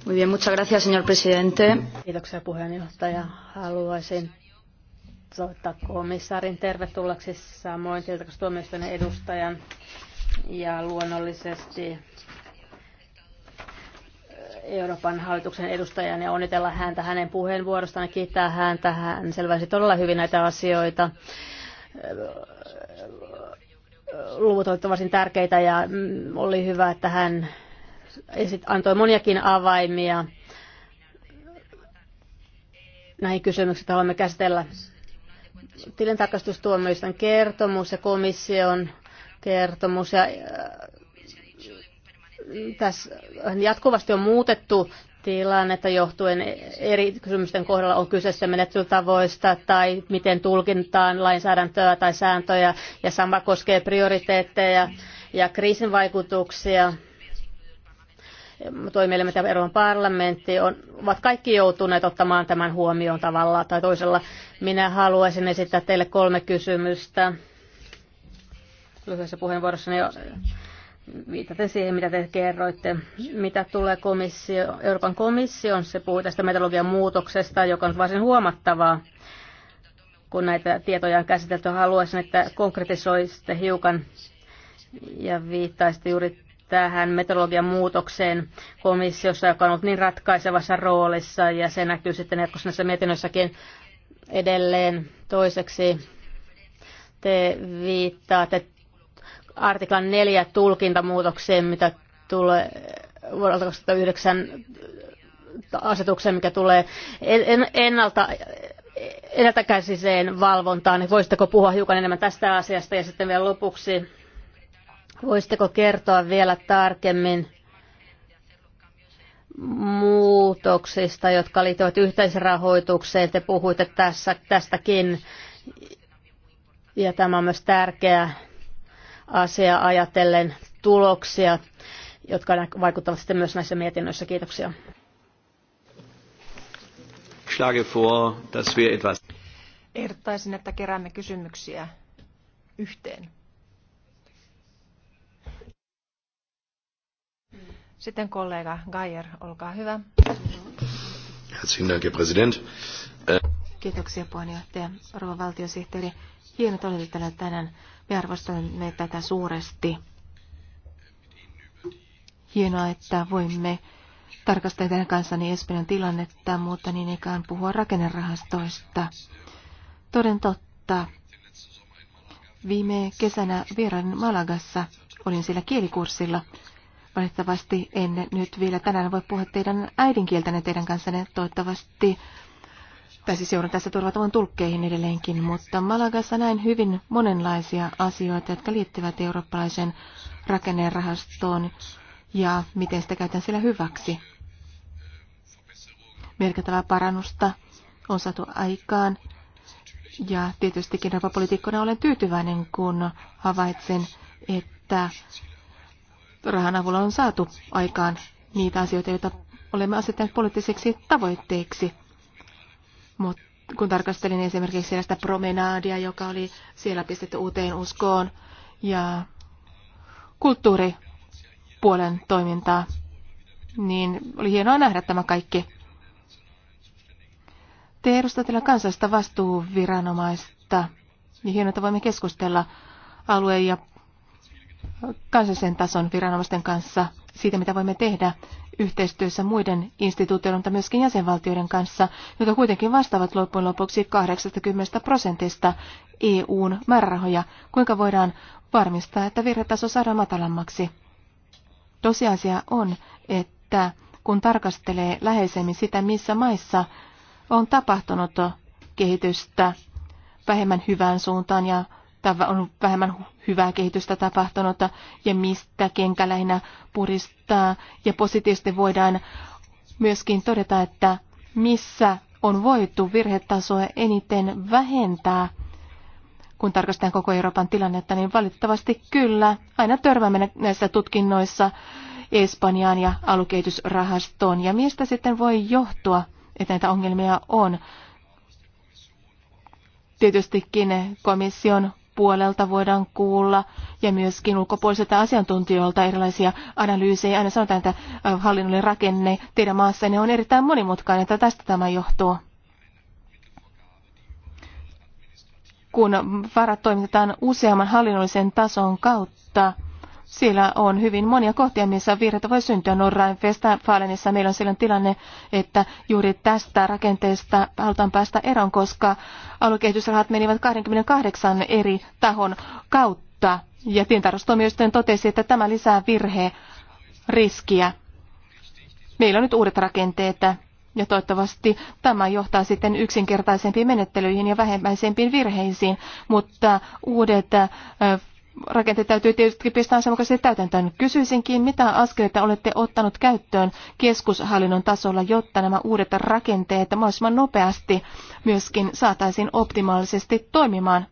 Muy bien, muchas gracias, señor presidente. Kiitoksia puheenjohtaja. Haluaisin toivottaa komissaarin tervetulleeksi samoin tiltakustuomioistuimen edustajan ja luonnollisesti eh, Euroopan hallituksen edustajan ja onnitella häntä hänen puheenvuorostaan ja kiittää häntä. Hän selväsi todella hyvin näitä asioita. Eh, luvut olivat varsin tärkeitä ja mm, oli hyvä, että hän antoi moniakin avaimia näihin kysymyksiin, joita haluamme käsitellä tilintarkastustuomioistuin kertomus ja komission kertomus ja äh, tässä jatkuvasti on muutettu tilannetta johtuen eri kysymysten kohdalla on kyseessä menettelytavoista tai miten tulkintaan lainsäädäntöä tai sääntöjä ja sama koskee prioriteetteja ja kriisin vaikutuksia toimielimet ja Euroopan parlamentti on, ovat kaikki joutuneet ottamaan tämän huomioon tavalla tai toisella. Minä haluaisin esittää teille kolme kysymystä lyhyessä puheenvuorossani viitaten siihen, mitä te kerroitte. Mitä tulee komissio, Euroopan komission, se puhui tästä metodologian muutoksesta, joka on varsin huomattavaa, kun näitä tietoja on käsitelty. Haluaisin, että konkretisoisitte hiukan ja viittaisitte juuri tähän metodologian muutokseen komissiossa, joka on ollut niin ratkaisevassa roolissa ja se näkyy sitten jatkossa näissä mietinnöissäkin edelleen. Toiseksi te viittaatte artiklan neljä tulkintamuutokseen, mitä tulee vuodelta 2009 asetukseen, mikä tulee ennalta ennaltakäsiseen valvontaan, niin voisitteko puhua hiukan enemmän tästä asiasta ja sitten vielä lopuksi Voisitteko kertoa vielä tarkemmin muutoksista, jotka liittyvät yhteisrahoitukseen? Te puhuitte tässä, tästäkin, ja tämä on myös tärkeä asia ajatellen tuloksia, jotka vaikuttavat sitten myös näissä mietinnöissä. Kiitoksia. Schlage vor, dass wir etwas... Ehdottaisin, että keräämme kysymyksiä yhteen. Sitten kollega Geier, olkaa hyvä. Herzlichen Dank, Herr Präsident. Äh, Kiitoksia puheenjohtaja, rouva valtiosihteeri. hieno olette tänään. Me arvostamme tätä suuresti. Hienoa, että voimme tarkastella teidän kanssani Espanjan tilannetta, mutta niin ikään puhua rakennerahastoista. Toden totta. Viime kesänä vierailin Malagassa. Olin siellä kielikurssilla. Valitettavasti en nyt vielä tänään voi puhua teidän äidinkieltänne teidän kanssanne. Toivottavasti pääsi siis tässä turvatavan tulkkeihin edelleenkin, mutta Malagassa näin hyvin monenlaisia asioita, jotka liittyvät eurooppalaisen rakennerahastoon ja miten sitä käytetään sillä hyväksi. Merkittävää parannusta on saatu aikaan ja tietystikin rapapolitiikkona olen tyytyväinen, kun havaitsen, että rahan avulla on saatu aikaan niitä asioita, joita olemme asettaneet poliittiseksi tavoitteeksi. Mut kun tarkastelin esimerkiksi sellaista promenaadia, joka oli siellä pistetty uuteen uskoon, ja kulttuuripuolen toimintaa, niin oli hienoa nähdä tämä kaikki. Te edustatella kansallista vastuuviranomaista, niin hienoa, että voimme keskustella alue- ja kansallisen tason viranomaisten kanssa siitä, mitä voimme tehdä yhteistyössä muiden instituutioiden, mutta myöskin jäsenvaltioiden kanssa, jotka kuitenkin vastaavat loppujen lopuksi 80 prosentista EUn määrärahoja. Kuinka voidaan varmistaa, että virretaso saadaan matalammaksi? Tosiasia on, että kun tarkastelee läheisemmin sitä, missä maissa on tapahtunut kehitystä vähemmän hyvään suuntaan ja on vähemmän hyvää kehitystä tapahtunut ja mistä kenkä lähinnä puristaa. Ja positiivisesti voidaan myöskin todeta, että missä on voitu virhetasoa eniten vähentää. Kun tarkastetaan koko Euroopan tilannetta, niin valitettavasti kyllä. Aina törmäämme näissä tutkinnoissa Espanjaan ja alukehitysrahastoon. Ja mistä sitten voi johtua, että näitä ongelmia on? Tietystikin komission puolelta voidaan kuulla ja myöskin ulkopuolisilta asiantuntijoilta erilaisia analyysejä. Aina sanotaan, että hallinnollinen rakenne teidän maassanne on erittäin monimutkainen, että tästä tämä johtuu. Kun varat toimitetaan useamman hallinnollisen tason kautta, siellä on hyvin monia kohtia, missä virheitä voi syntyä. Norrain Westfalenissa meillä on silloin tilanne, että juuri tästä rakenteesta halutaan päästä eroon, koska aluekehitysrahat menivät 28 eri tahon kautta. Ja tientarvostuomioistuin totesi, että tämä lisää virheriskiä. Meillä on nyt uudet rakenteet ja toivottavasti tämä johtaa sitten yksinkertaisempiin menettelyihin ja vähemmäisempiin virheisiin, mutta uudet rakenteet täytyy tietysti pistää asianmukaisesti täytäntöön. Kysyisinkin, mitä askeleita olette ottanut käyttöön keskushallinnon tasolla, jotta nämä uudet rakenteet mahdollisimman nopeasti myöskin saataisiin optimaalisesti toimimaan?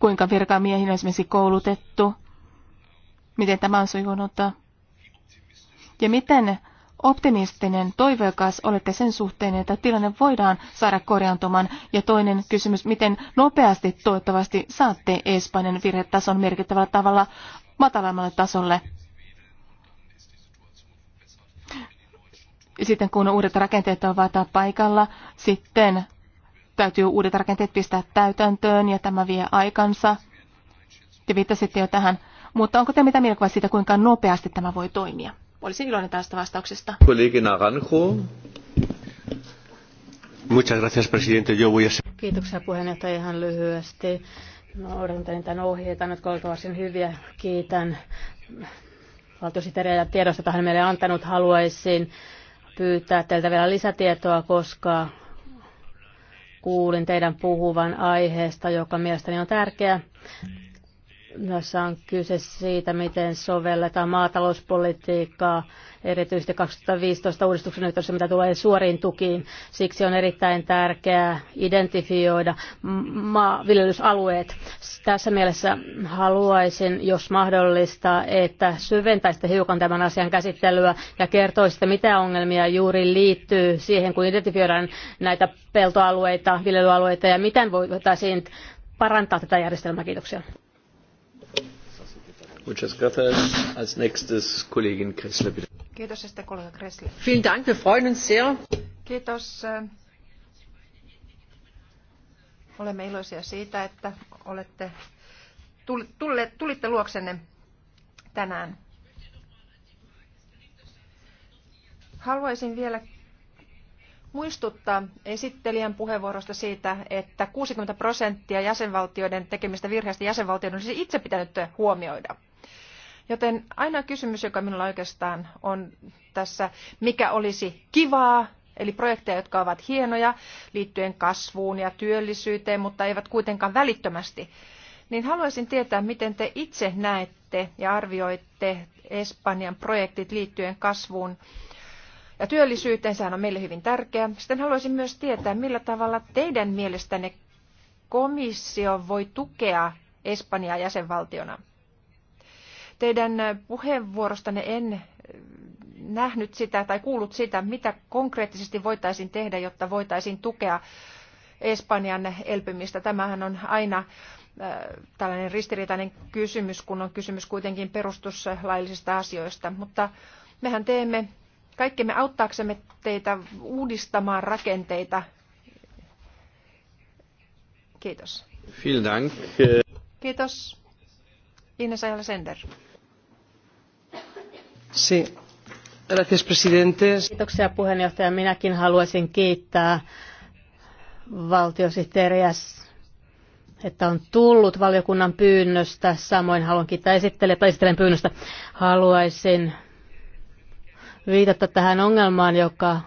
Kuinka virkamiehiä on esimerkiksi koulutettu? Miten tämä on sujunut? Ja miten optimistinen, toiveikas olette sen suhteen, että tilanne voidaan saada korjaantumaan? Ja toinen kysymys, miten nopeasti toivottavasti saatte Espanjan virhetason merkittävällä tavalla matalammalle tasolle? Sitten kun uudet rakenteet ovat paikalla, sitten täytyy uudet rakenteet pistää täytäntöön ja tämä vie aikansa. Te viittasitte jo tähän, mutta onko te mitä mielikuvaa siitä, kuinka nopeasti tämä voi toimia? Olisin iloinen tästä vastauksesta. Muchas gracias, presidente. Yo voy a... Kiitoksia puheenjohtaja ihan lyhyesti. No, odotan tämän ohjeita, jotka ovat varsin hyviä. Kiitän valtiosihteeriä ja tiedosta, tähän meille antanut. Haluaisin pyytää teiltä vielä lisätietoa, koska kuulin teidän puhuvan aiheesta, joka mielestäni on tärkeä. Tässä on kyse siitä, miten sovelletaan maatalouspolitiikkaa, erityisesti 2015 uudistuksen yhteydessä, mitä tulee suoriin tukiin. Siksi on erittäin tärkeää identifioida viljelysalueet. Tässä mielessä haluaisin, jos mahdollista, että syventäisitte hiukan tämän asian käsittelyä ja kertoisitte, mitä ongelmia juuri liittyy siihen, kun identifioidaan näitä peltoalueita, viljelyalueita ja miten voitaisiin parantaa tätä järjestelmää. Kiitoksia. Kressler, Kiitos Kressler. wir freuen uns sehr. Kiitos. Olemme iloisia siitä, että olette tulle, tulitte luoksenne tänään. Haluaisin vielä muistuttaa esittelijän puheenvuorosta siitä, että 60 prosenttia jäsenvaltioiden tekemistä virheistä jäsenvaltioiden olisi itse pitänyt huomioida. Joten aina kysymys, joka minulla oikeastaan on tässä, mikä olisi kivaa, eli projekteja, jotka ovat hienoja liittyen kasvuun ja työllisyyteen, mutta eivät kuitenkaan välittömästi, niin haluaisin tietää, miten te itse näette ja arvioitte Espanjan projektit liittyen kasvuun ja työllisyyteen, sehän on meille hyvin tärkeä. Sitten haluaisin myös tietää, millä tavalla teidän mielestänne komissio voi tukea Espanjaa jäsenvaltiona. Teidän puheenvuorostanne en nähnyt sitä tai kuullut sitä, mitä konkreettisesti voitaisiin tehdä, jotta voitaisiin tukea Espanjan elpymistä. Tämähän on aina äh, tällainen ristiriitainen kysymys, kun on kysymys kuitenkin perustuslaillisista asioista. Mutta mehän teemme kaikkemme auttaaksemme teitä uudistamaan rakenteita. Kiitos. Vielen Dank. Kiitos. Ines Ajala-Sender arvoisa puhemies puheenjohtaja. Minäkin haluaisin kiittää valtiosihteeriä, että on tullut valiokunnan pyynnöstä. Samoin haluan kiittää esittelijä tai esittelijän pyynnöstä. Haluaisin viitata tähän ongelmaan, joka,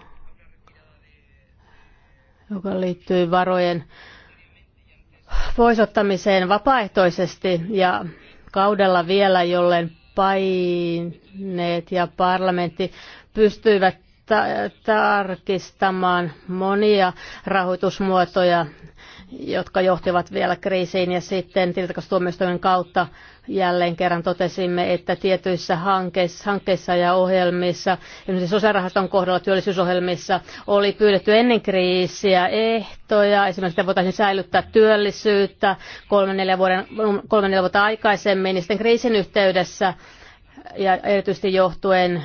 joka liittyy varojen poisottamiseen vapaaehtoisesti ja kaudella vielä, jollen paineet ja parlamentti pystyivät ta- tarkistamaan monia rahoitusmuotoja jotka johtivat vielä kriisiin ja sitten tilintakastuomioistuimen kautta jälleen kerran totesimme, että tietyissä hankkeissa, hankkeissa ja ohjelmissa, esimerkiksi sosiaalirahaston kohdalla työllisyysohjelmissa, oli pyydetty ennen kriisiä ehtoja, esimerkiksi että voitaisiin säilyttää työllisyyttä kolmen neljä, vuoden, kolme, neljä vuotta aikaisemmin, niin sitten kriisin yhteydessä ja erityisesti johtuen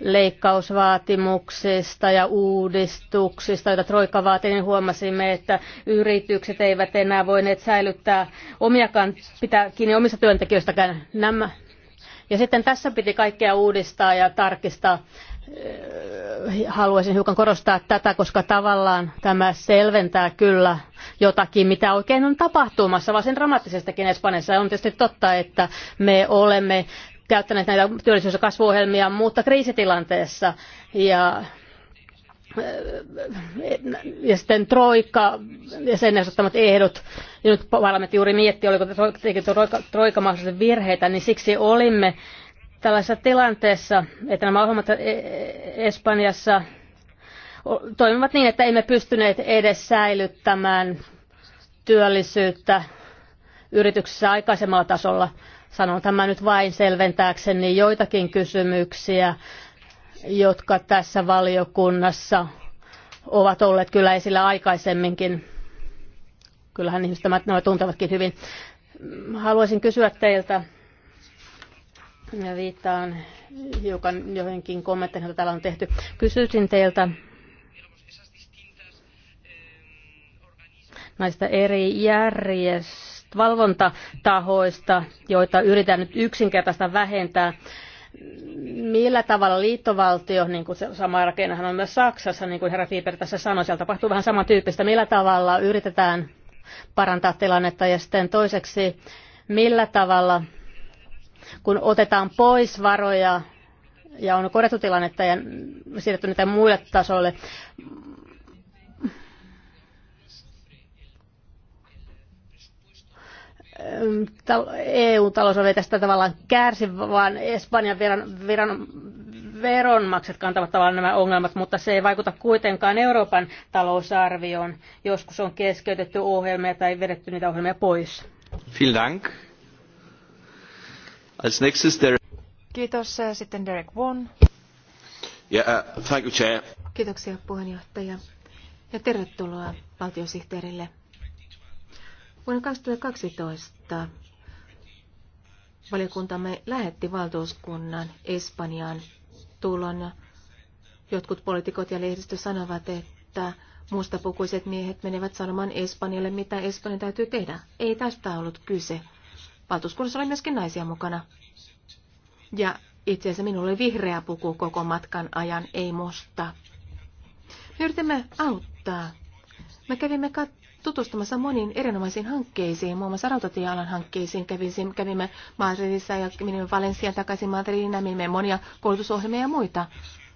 leikkausvaatimuksista ja uudistuksista, joita Troika vaatii, niin huomasimme, että yritykset eivät enää voineet säilyttää omiakaan, pitää kiinni omista työntekijöistäkään nämä. Ja sitten tässä piti kaikkea uudistaa ja tarkistaa. Äh, haluaisin hiukan korostaa tätä, koska tavallaan tämä selventää kyllä jotakin, mitä oikein on tapahtumassa, varsin dramaattisestakin Espanjassa. On tietysti totta, että me olemme käyttäneet näitä työllisyys- ja kasvuohjelmia, mutta kriisitilanteessa ja ja sitten Troika ja sen asettamat ehdot. Ja nyt parlamentti juuri mietti, oliko Troika, troika mahdollisesti virheitä, niin siksi olimme tällaisessa tilanteessa, että nämä ohjelmat e- Espanjassa toimivat niin, että emme pystyneet edes säilyttämään työllisyyttä yrityksissä aikaisemmalla tasolla. Sanon tämä nyt vain selventääkseni joitakin kysymyksiä, jotka tässä valiokunnassa ovat olleet kyllä esillä aikaisemminkin. Kyllähän ihmiset nämä tuntevatkin hyvin. Haluaisin kysyä teiltä, ja viittaan hiukan joihinkin kommentteihin, joita täällä on tehty. Kysyisin teiltä näistä eri järjestöistä valvontatahoista, joita yritetään nyt yksinkertaista vähentää. Millä tavalla liittovaltio, niin kuin se sama rakennehan on myös Saksassa, niin kuin herra Fieber tässä sanoi, siellä tapahtuu vähän samantyyppistä. Millä tavalla yritetään parantaa tilannetta ja sitten toiseksi, millä tavalla, kun otetaan pois varoja ja on korjattu tilannetta ja siirretty niitä muille tasoille, EU-talousalue tästä tavallaan kärsi, vaan Espanjan viran, viran, veronmaksat kantavat tavallaan nämä ongelmat, mutta se ei vaikuta kuitenkaan Euroopan talousarvioon. Joskus on keskeytetty ohjelmia tai vedetty niitä ohjelmia pois. Vielen Dank. Als nächstes der... Kiitos. Äh, sitten Derek Won. Yeah, uh, thank you, Chair. Kiitoksia puheenjohtaja. Ja tervetuloa valtiosihteerille. Vuonna 2012 valiokuntamme lähetti valtuuskunnan Espanjaan tulon. Jotkut poliitikot ja lehdistö sanovat, että mustapukuiset miehet menevät sanomaan Espanjalle, mitä Espanjan täytyy tehdä. Ei tästä ollut kyse. Valtuuskunnassa oli myöskin naisia mukana. Ja itse asiassa minulla oli vihreä puku koko matkan ajan, ei musta. Me yritimme auttaa. Me kävimme kat- tutustumassa moniin erinomaisiin hankkeisiin, muun muassa rautatiealan hankkeisiin. Kävisin, kävimme Madridissa ja menimme Valenssiaan takaisin Madridiin näimme monia koulutusohjelmia ja muita.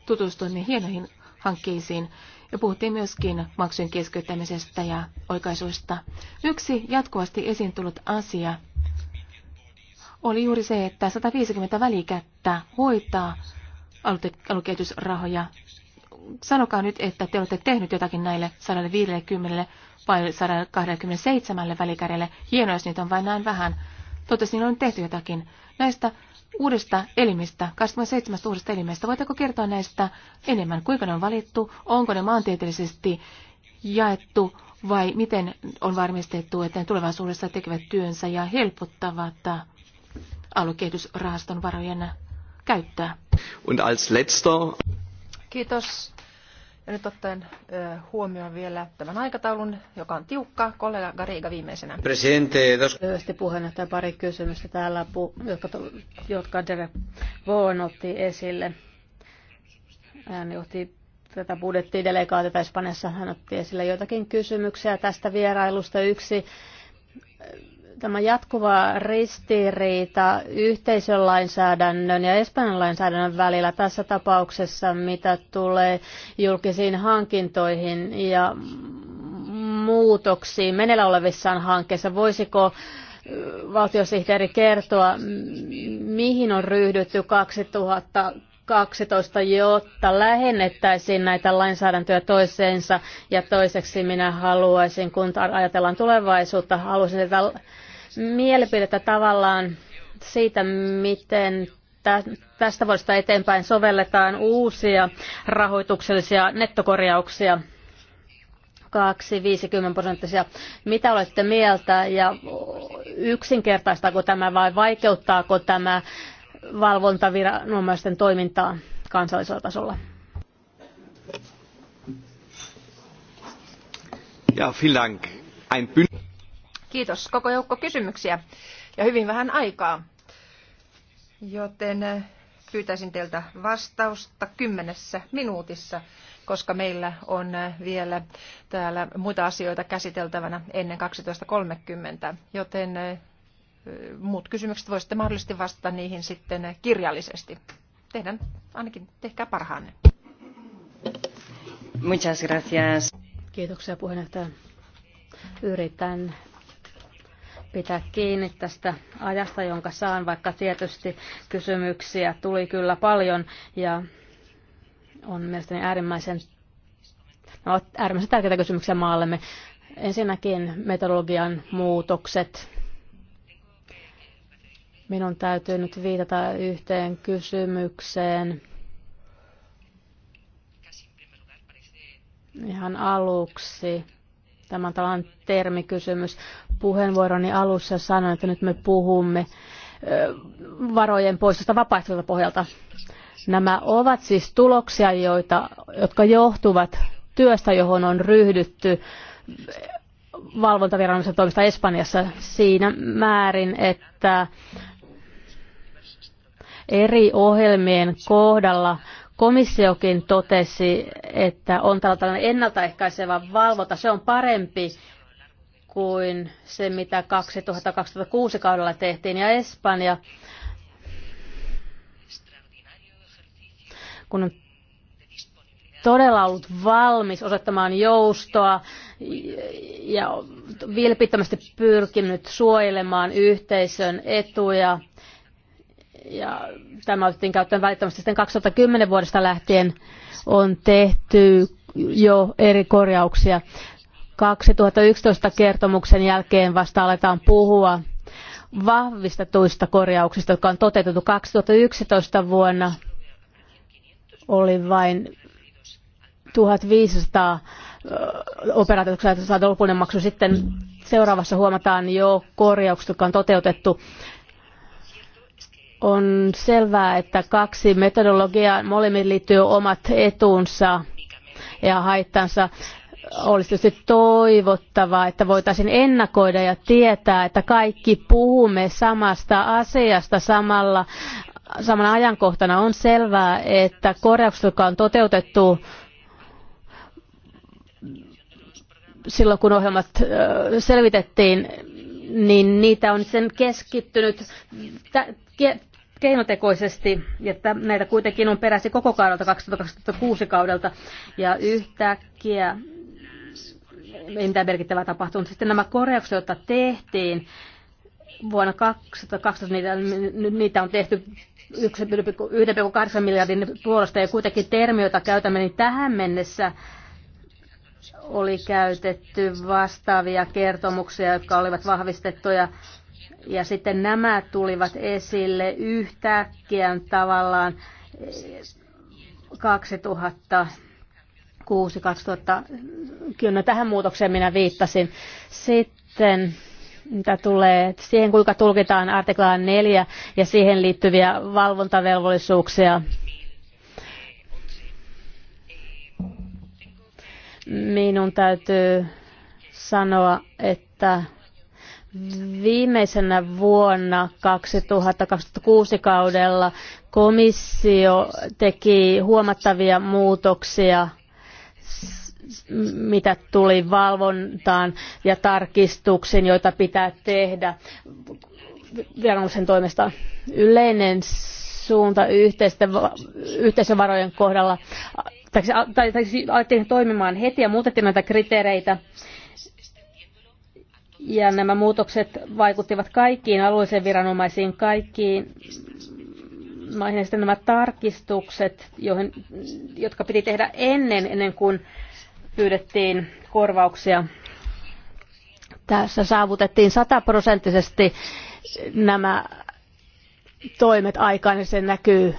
Tutustuimme hienoihin hankkeisiin ja puhuttiin myöskin maksujen keskeyttämisestä ja oikaisuista. Yksi jatkuvasti esiin tullut asia oli juuri se, että 150 välikättä hoitaa alukehitysrahoja sanokaa nyt, että te olette tehnyt jotakin näille 150 vai 127 välikädelle. Hienoa, jos niitä on vain näin vähän. Totesin, niin on tehty jotakin. Näistä uudesta elimistä, 27 uudesta elimestä, voitteko kertoa näistä enemmän? Kuinka ne on valittu? Onko ne maantieteellisesti jaettu vai miten on varmistettu, että ne tulevaisuudessa tekevät työnsä ja helpottavat aluekehitysrahaston varojen käyttöä? Und als letzter... Kiitos. Ja nyt ottaen huomioon vielä tämän aikataulun, joka on tiukka. Kollega Gariga viimeisenä. Presidente, dos... Lyhyesti puheenjohtaja pari kysymystä täällä, jotka, jotka Dere Vaughan otti esille. Hän johti tätä budjettidelegaatiota Espanjassa. Hän otti esille joitakin kysymyksiä tästä vierailusta. Yksi tämä jatkuva ristiriita yhteisön lainsäädännön ja Espanjan lainsäädännön välillä tässä tapauksessa, mitä tulee julkisiin hankintoihin ja muutoksiin meneillä olevissaan hankkeissa. Voisiko valtiosihteeri kertoa, mihin on ryhdytty 2000 12, jotta lähennettäisiin näitä lainsäädäntöjä toiseensa. Ja toiseksi minä haluaisin, kun ajatellaan tulevaisuutta, haluaisin sitä mielipidettä tavallaan siitä, miten tästä vuodesta eteenpäin sovelletaan uusia rahoituksellisia nettokorjauksia 2-50 prosenttisia. Mitä olette mieltä ja yksinkertaistaako tämä vai vaikeuttaako tämä valvontaviranomaisten toimintaa kansallisella tasolla. Ja, Ein Kiitos. Koko joukko kysymyksiä ja hyvin vähän aikaa. Joten eh, pyytäisin teiltä vastausta kymmenessä minuutissa, koska meillä on eh, vielä täällä muita asioita käsiteltävänä ennen 12.30, joten eh, muut kysymykset voisitte mahdollisesti vastata niihin sitten kirjallisesti. Tehdään ainakin, tehkää parhaanne. Muchas gracias. Kiitoksia puheenjohtaja. Yritän pitää kiinni tästä ajasta, jonka saan, vaikka tietysti kysymyksiä tuli kyllä paljon ja on mielestäni äärimmäisen, no, äärimmäisen tärkeitä kysymyksiä maallemme. Ensinnäkin metodologian muutokset, Minun täytyy nyt viitata yhteen kysymykseen. Ihan aluksi. Tämä on tällainen termikysymys. Puheenvuoroni alussa sanoin, että nyt me puhumme varojen poistosta vapaaehtoiselta pohjalta. Nämä ovat siis tuloksia, joita, jotka johtuvat työstä, johon on ryhdytty valvontaviranomaisen toimista Espanjassa siinä määrin, että eri ohjelmien kohdalla komissiokin totesi, että on tällainen ennaltaehkäisevä valvonta. Se on parempi kuin se, mitä 2006 kaudella tehtiin. Ja Espanja, kun on todella ollut valmis osoittamaan joustoa ja vilpittömästi pyrkinyt suojelemaan yhteisön etuja – ja tämä otettiin käyttöön välittömästi sitten 2010 vuodesta lähtien on tehty jo eri korjauksia. 2011 kertomuksen jälkeen vasta aletaan puhua vahvistetuista korjauksista, jotka on toteutettu 2011 vuonna. Oli vain 1500 operaatioita, jotka saada lopullinen maksu sitten seuraavassa huomataan jo korjaukset, jotka on toteutettu on selvää, että kaksi metodologiaa, molemmille liittyy omat etunsa ja haittansa. Olisi tietysti toivottavaa, että voitaisiin ennakoida ja tietää, että kaikki puhumme samasta asiasta samalla, samana ajankohtana. On selvää, että korjaukset, jotka on toteutettu silloin, kun ohjelmat selvitettiin, niin niitä on sen keskittynyt keinotekoisesti, että näitä kuitenkin on peräsi koko kaudelta 2026 kaudelta ja yhtäkkiä ei mitään merkittävää tapahtunut. Sitten nämä korjaukset, joita tehtiin vuonna 2012, niitä, niitä on tehty 1,8 miljardin puolesta ja kuitenkin termi, jota käytämme, niin tähän mennessä oli käytetty vastaavia kertomuksia, jotka olivat vahvistettuja ja sitten nämä tulivat esille yhtäkkiä tavallaan 2000 6 2000, kyllä no, tähän muutokseen minä viittasin. Sitten mitä tulee siihen, kuinka tulkitaan artiklaa 4 ja siihen liittyviä valvontavelvollisuuksia. Minun täytyy sanoa, että Viimeisenä vuonna 2006 kaudella komissio teki huomattavia muutoksia mitä tuli valvontaan ja tarkistuksiin, joita pitää tehdä viranomaisen toimesta. Yleinen suunta yhteisövarojen kohdalla, tai, tai, tai siis alettiin toimimaan heti ja muutettiin näitä kriteereitä ja nämä muutokset vaikuttivat kaikkiin alueeseen viranomaisiin, kaikkiin maihin. Ja sitten nämä tarkistukset, joihin, jotka piti tehdä ennen, ennen kuin pyydettiin korvauksia. Tässä saavutettiin sataprosenttisesti nämä toimet aikaan ja se näkyy.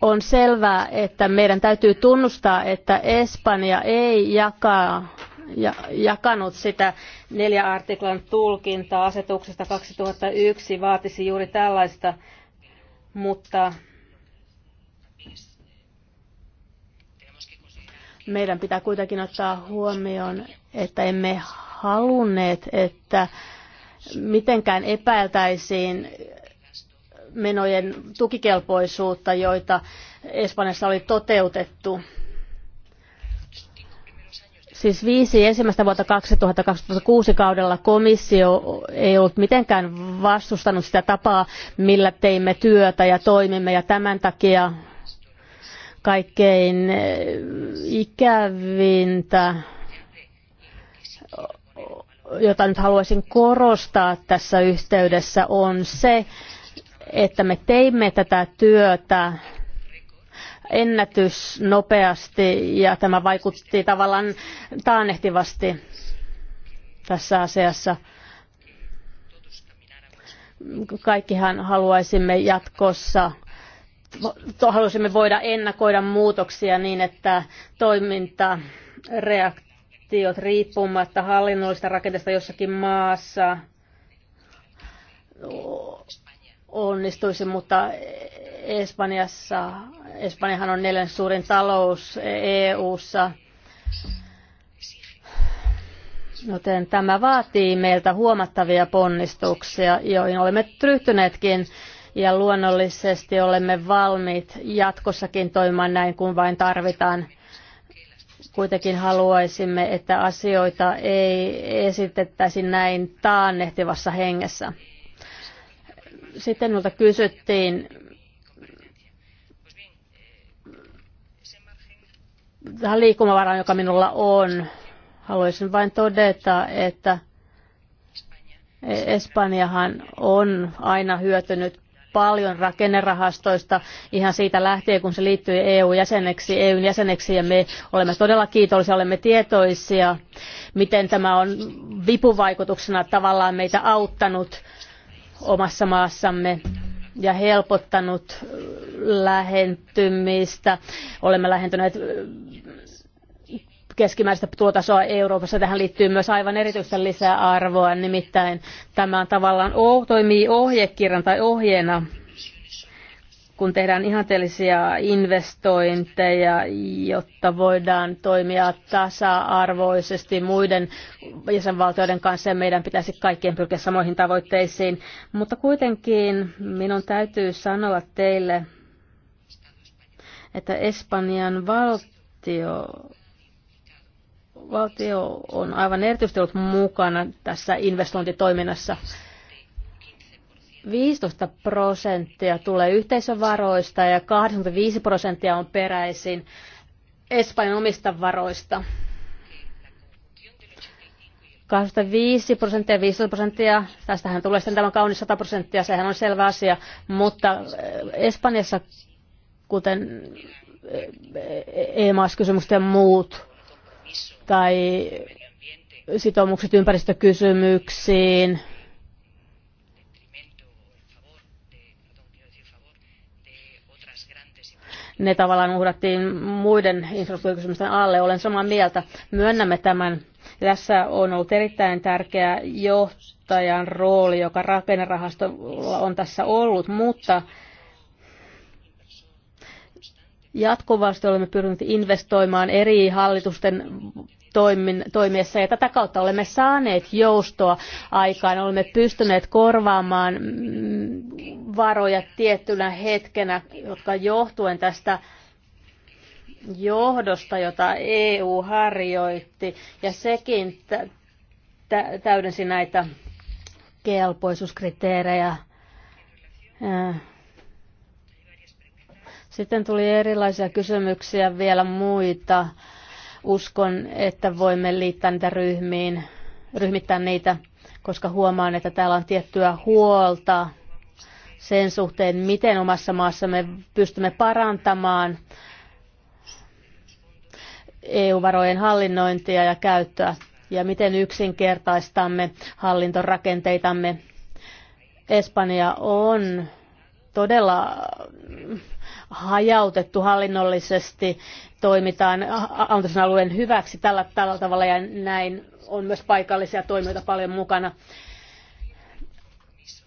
On selvää, että meidän täytyy tunnustaa, että Espanja ei jakaa ja, jakanut sitä neljä artiklan tulkintaa asetuksesta 2001 vaatisi juuri tällaista, mutta meidän pitää kuitenkin ottaa huomioon, että emme halunneet, että mitenkään epäiltäisiin menojen tukikelpoisuutta, joita Espanjassa oli toteutettu Siis viisi ensimmäistä vuotta 2006 kaudella komissio ei ollut mitenkään vastustanut sitä tapaa, millä teimme työtä ja toimimme ja tämän takia kaikkein eh, ikävintä, jota nyt haluaisin korostaa tässä yhteydessä, on se, että me teimme tätä työtä ennätys nopeasti ja tämä vaikutti tavallaan taannehtivasti tässä asiassa. Kaikkihan haluaisimme jatkossa haluaisimme voida ennakoida muutoksia niin, että toiminta reaktiot riippumatta hallinnollista rakenteesta jossakin maassa onnistuisi, mutta Espanjassa, Espanjahan on neljän suurin talous EU-ssa, joten tämä vaatii meiltä huomattavia ponnistuksia, joihin olemme ryhtyneetkin ja luonnollisesti olemme valmiit jatkossakin toimimaan näin, kun vain tarvitaan. Kuitenkin haluaisimme, että asioita ei esitettäisi näin taannehtivassa hengessä. Sitten minulta kysyttiin, tähän liikkumavaraan, joka minulla on, haluaisin vain todeta, että Espanjahan on aina hyötynyt paljon rakennerahastoista ihan siitä lähtien, kun se liittyi EU-jäseneksi, EUn jäseneksi ja me olemme todella kiitollisia, olemme tietoisia, miten tämä on vipuvaikutuksena tavallaan meitä auttanut omassa maassamme ja helpottanut lähentymistä. Olemme lähentyneet eh, keskimääräistä tulotasoa Euroopassa. Tähän liittyy myös aivan erityistä lisäarvoa, nimittäin tämä on tavallaan toimii ohjekirjan tai ohjeena kun tehdään ihanteellisia investointeja, jotta voidaan toimia tasa-arvoisesti muiden jäsenvaltioiden kanssa ja meidän pitäisi kaikkien pyrkiä samoihin tavoitteisiin. Mutta kuitenkin minun täytyy sanoa teille, että Espanjan valtio valtio on aivan erityisesti ollut mukana tässä investointitoiminnassa. 15 prosenttia tulee yhteisövaroista ja 85 prosenttia on peräisin Espanjan omista varoista. 25 prosenttia, 15 prosenttia, tästähän tulee sitten tämä kaunis 100 prosenttia, sehän on selvä asia, mutta eh, Espanjassa, kuten EMAS-kysymykset eh, e ja muut, tai sitoumukset ympäristökysymyksiin, ne tavallaan uhrattiin muiden infrastruktuurikysymysten alle. Olen samaa mieltä. Myönnämme tämän. Tässä on ollut erittäin tärkeä johtajan rooli, joka rakennerahastolla on tässä ollut, mutta jatkuvasti olemme pyrkineet investoimaan eri hallitusten toimiessa ja tätä kautta olemme saaneet joustoa aikaan. Olemme pystyneet korvaamaan mm, varoja tiettynä hetkenä, jotka johtuen tästä johdosta, jota EU harjoitti, ja sekin täydensi näitä kelpoisuuskriteerejä. Äh. Sitten tuli erilaisia kysymyksiä vielä muita Uskon, että voimme liittää niitä ryhmiin, ryhmittää niitä, koska huomaan, että täällä on tiettyä huolta sen suhteen, miten omassa maassamme pystymme parantamaan EU-varojen hallinnointia ja käyttöä ja miten yksinkertaistamme hallintorakenteitamme. Espanja on todella hajautettu hallinnollisesti, toimitaan Antosin alueen hyväksi tällä, tällä tavalla ja näin on myös paikallisia toimijoita paljon mukana.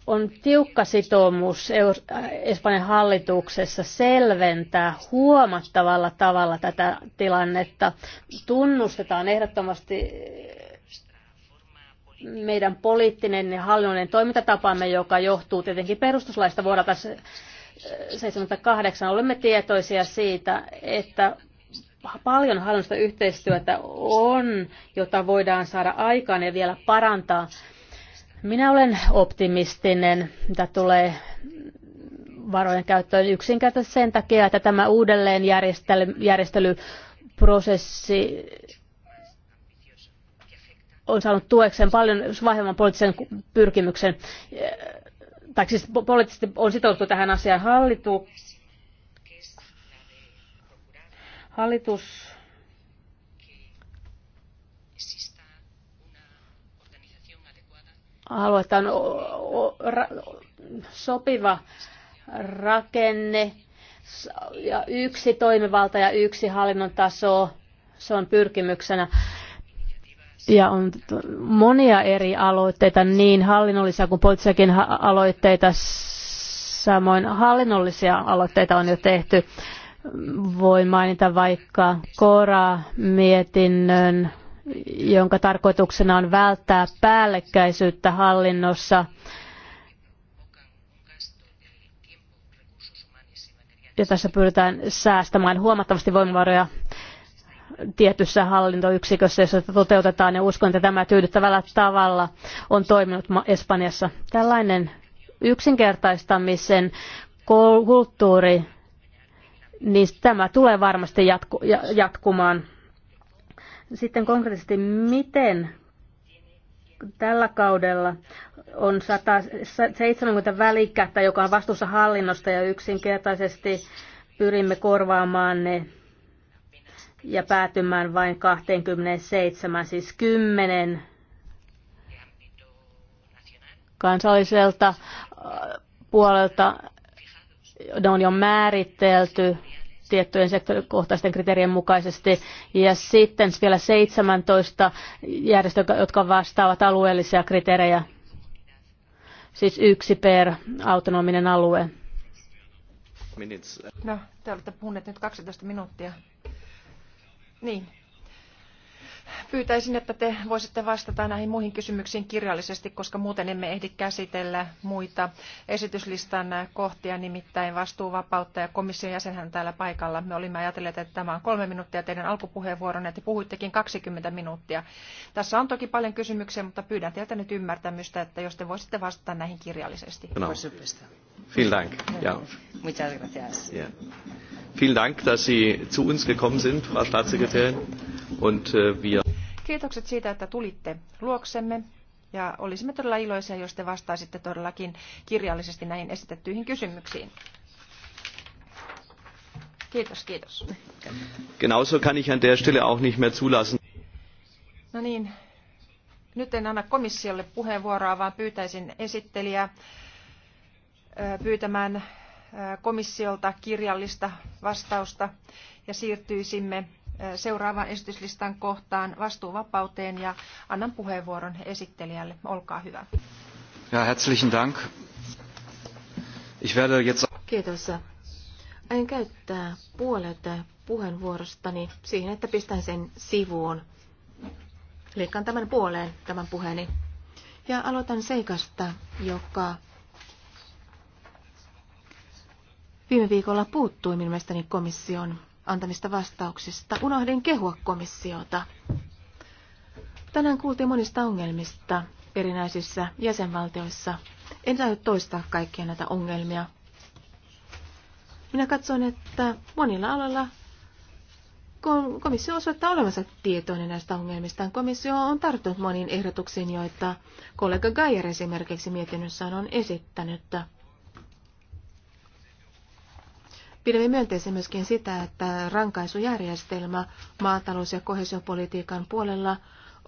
On tiukka sitoumus äh, Espanjan hallituksessa selventää huomattavalla tavalla tätä tilannetta. Tunnustetaan ehdottomasti meidän poliittinen ja hallinnollinen toimintatapamme, joka johtuu tietenkin perustuslaista vuodelta 78 olemme tietoisia siitä, että paljon hallinnosta yhteistyötä on, jota voidaan saada aikaan ja vielä parantaa. Minä olen optimistinen, mitä tulee varojen käyttöön yksinkertaisesti sen takia, että tämä järjestelyprosessi on saanut tueksen paljon vahvemman poliittisen pyrkimyksen tai siis poliittisesti on sitouduttu tähän asiaan hallitu, hallitus haluaa, että on sopiva rakenne ja yksi toimivalta ja yksi hallinnon taso. Se on pyrkimyksenä ja on monia eri aloitteita, niin hallinnollisia kuin poliittisiakin aloitteita, samoin hallinnollisia aloitteita on jo tehty. Voin mainita vaikka KORA-mietinnön, jonka tarkoituksena on välttää päällekkäisyyttä hallinnossa. Ja tässä pyritään säästämään huomattavasti voimavaroja tietyssä hallintoyksikössä, jossa toteutetaan, ja uskon, että tämä tyydyttävällä tavalla on toiminut Espanjassa. Tällainen yksinkertaistamisen kulttuuri, niin tämä tulee varmasti jatku, jatkumaan. Sitten konkreettisesti, miten tällä kaudella on 170 välikättä, joka on vastuussa hallinnosta ja yksinkertaisesti pyrimme korvaamaan ne ja päätymään vain 27, siis 10 kansalliselta äh, puolelta ne on jo määritelty tiettyjen sektorikohtaisten kriteerien mukaisesti. Ja sitten vielä 17 järjestöä, jotka vastaavat alueellisia kriteerejä, siis yksi per autonominen alue. No, te olette puhuneet nyt 12 minuuttia. Niin, Pyytäisin, että te voisitte vastata näihin muihin kysymyksiin kirjallisesti, koska muuten emme ehdi käsitellä muita esityslistan kohtia, nimittäin vastuuvapautta ja komission jäsenhän täällä paikalla. Me olimme ajatelleet, että tämä on kolme minuuttia teidän alkupuheenvuoronne, te puhuittekin kaksikymmentä minuuttia. Tässä on toki paljon kysymyksiä, mutta pyydän teiltä nyt ymmärtämystä, että jos te voisitte vastata näihin kirjallisesti. No. Vielen Dank. Ja. Muchas gracias. Ja. Vielen Dank, dass Sie zu uns gekommen sind, Frau Staatssekretärin. Und, äh, wir... Kiitokset siitä, että tulitte luoksemme. Ja olisimme todella iloisia, jos te vastaisitte todellakin kirjallisesti näihin esitettyihin kysymyksiin. Kiitos, kiitos. Genauso kann ich an der Stelle auch nicht mehr zulassen. No niin, nyt en anna komissiolle puheenvuoroa, vaan pyytäisin esittelijää pyytämään komissiolta kirjallista vastausta ja siirtyisimme seuraavaan esityslistan kohtaan vastuuvapauteen ja annan puheenvuoron esittelijälle. Olkaa hyvä. Ja, herzlichen Dank. Ich werde jetzt... Kiitos. Aion käyttää puolet puheenvuorostani siihen, että pistän sen sivuun. Liikkaan tämän puoleen tämän puheeni. Ja aloitan seikasta, joka viime viikolla puuttui minun mielestäni komission antamista vastauksista. Unohdin kehua komissiota. Tänään kuultiin monista ongelmista erinäisissä jäsenvaltioissa. En saa toistaa kaikkia näitä ongelmia. Minä katson, että monilla aloilla komissio osoittaa olevansa tietoinen näistä ongelmista. Komissio on tarttunut moniin ehdotuksiin, joita kollega Geyer esimerkiksi mietinnössään on esittänyt. Pidämme myönteisen myöskin sitä, että rankaisujärjestelmä maatalous- ja kohesiopolitiikan puolella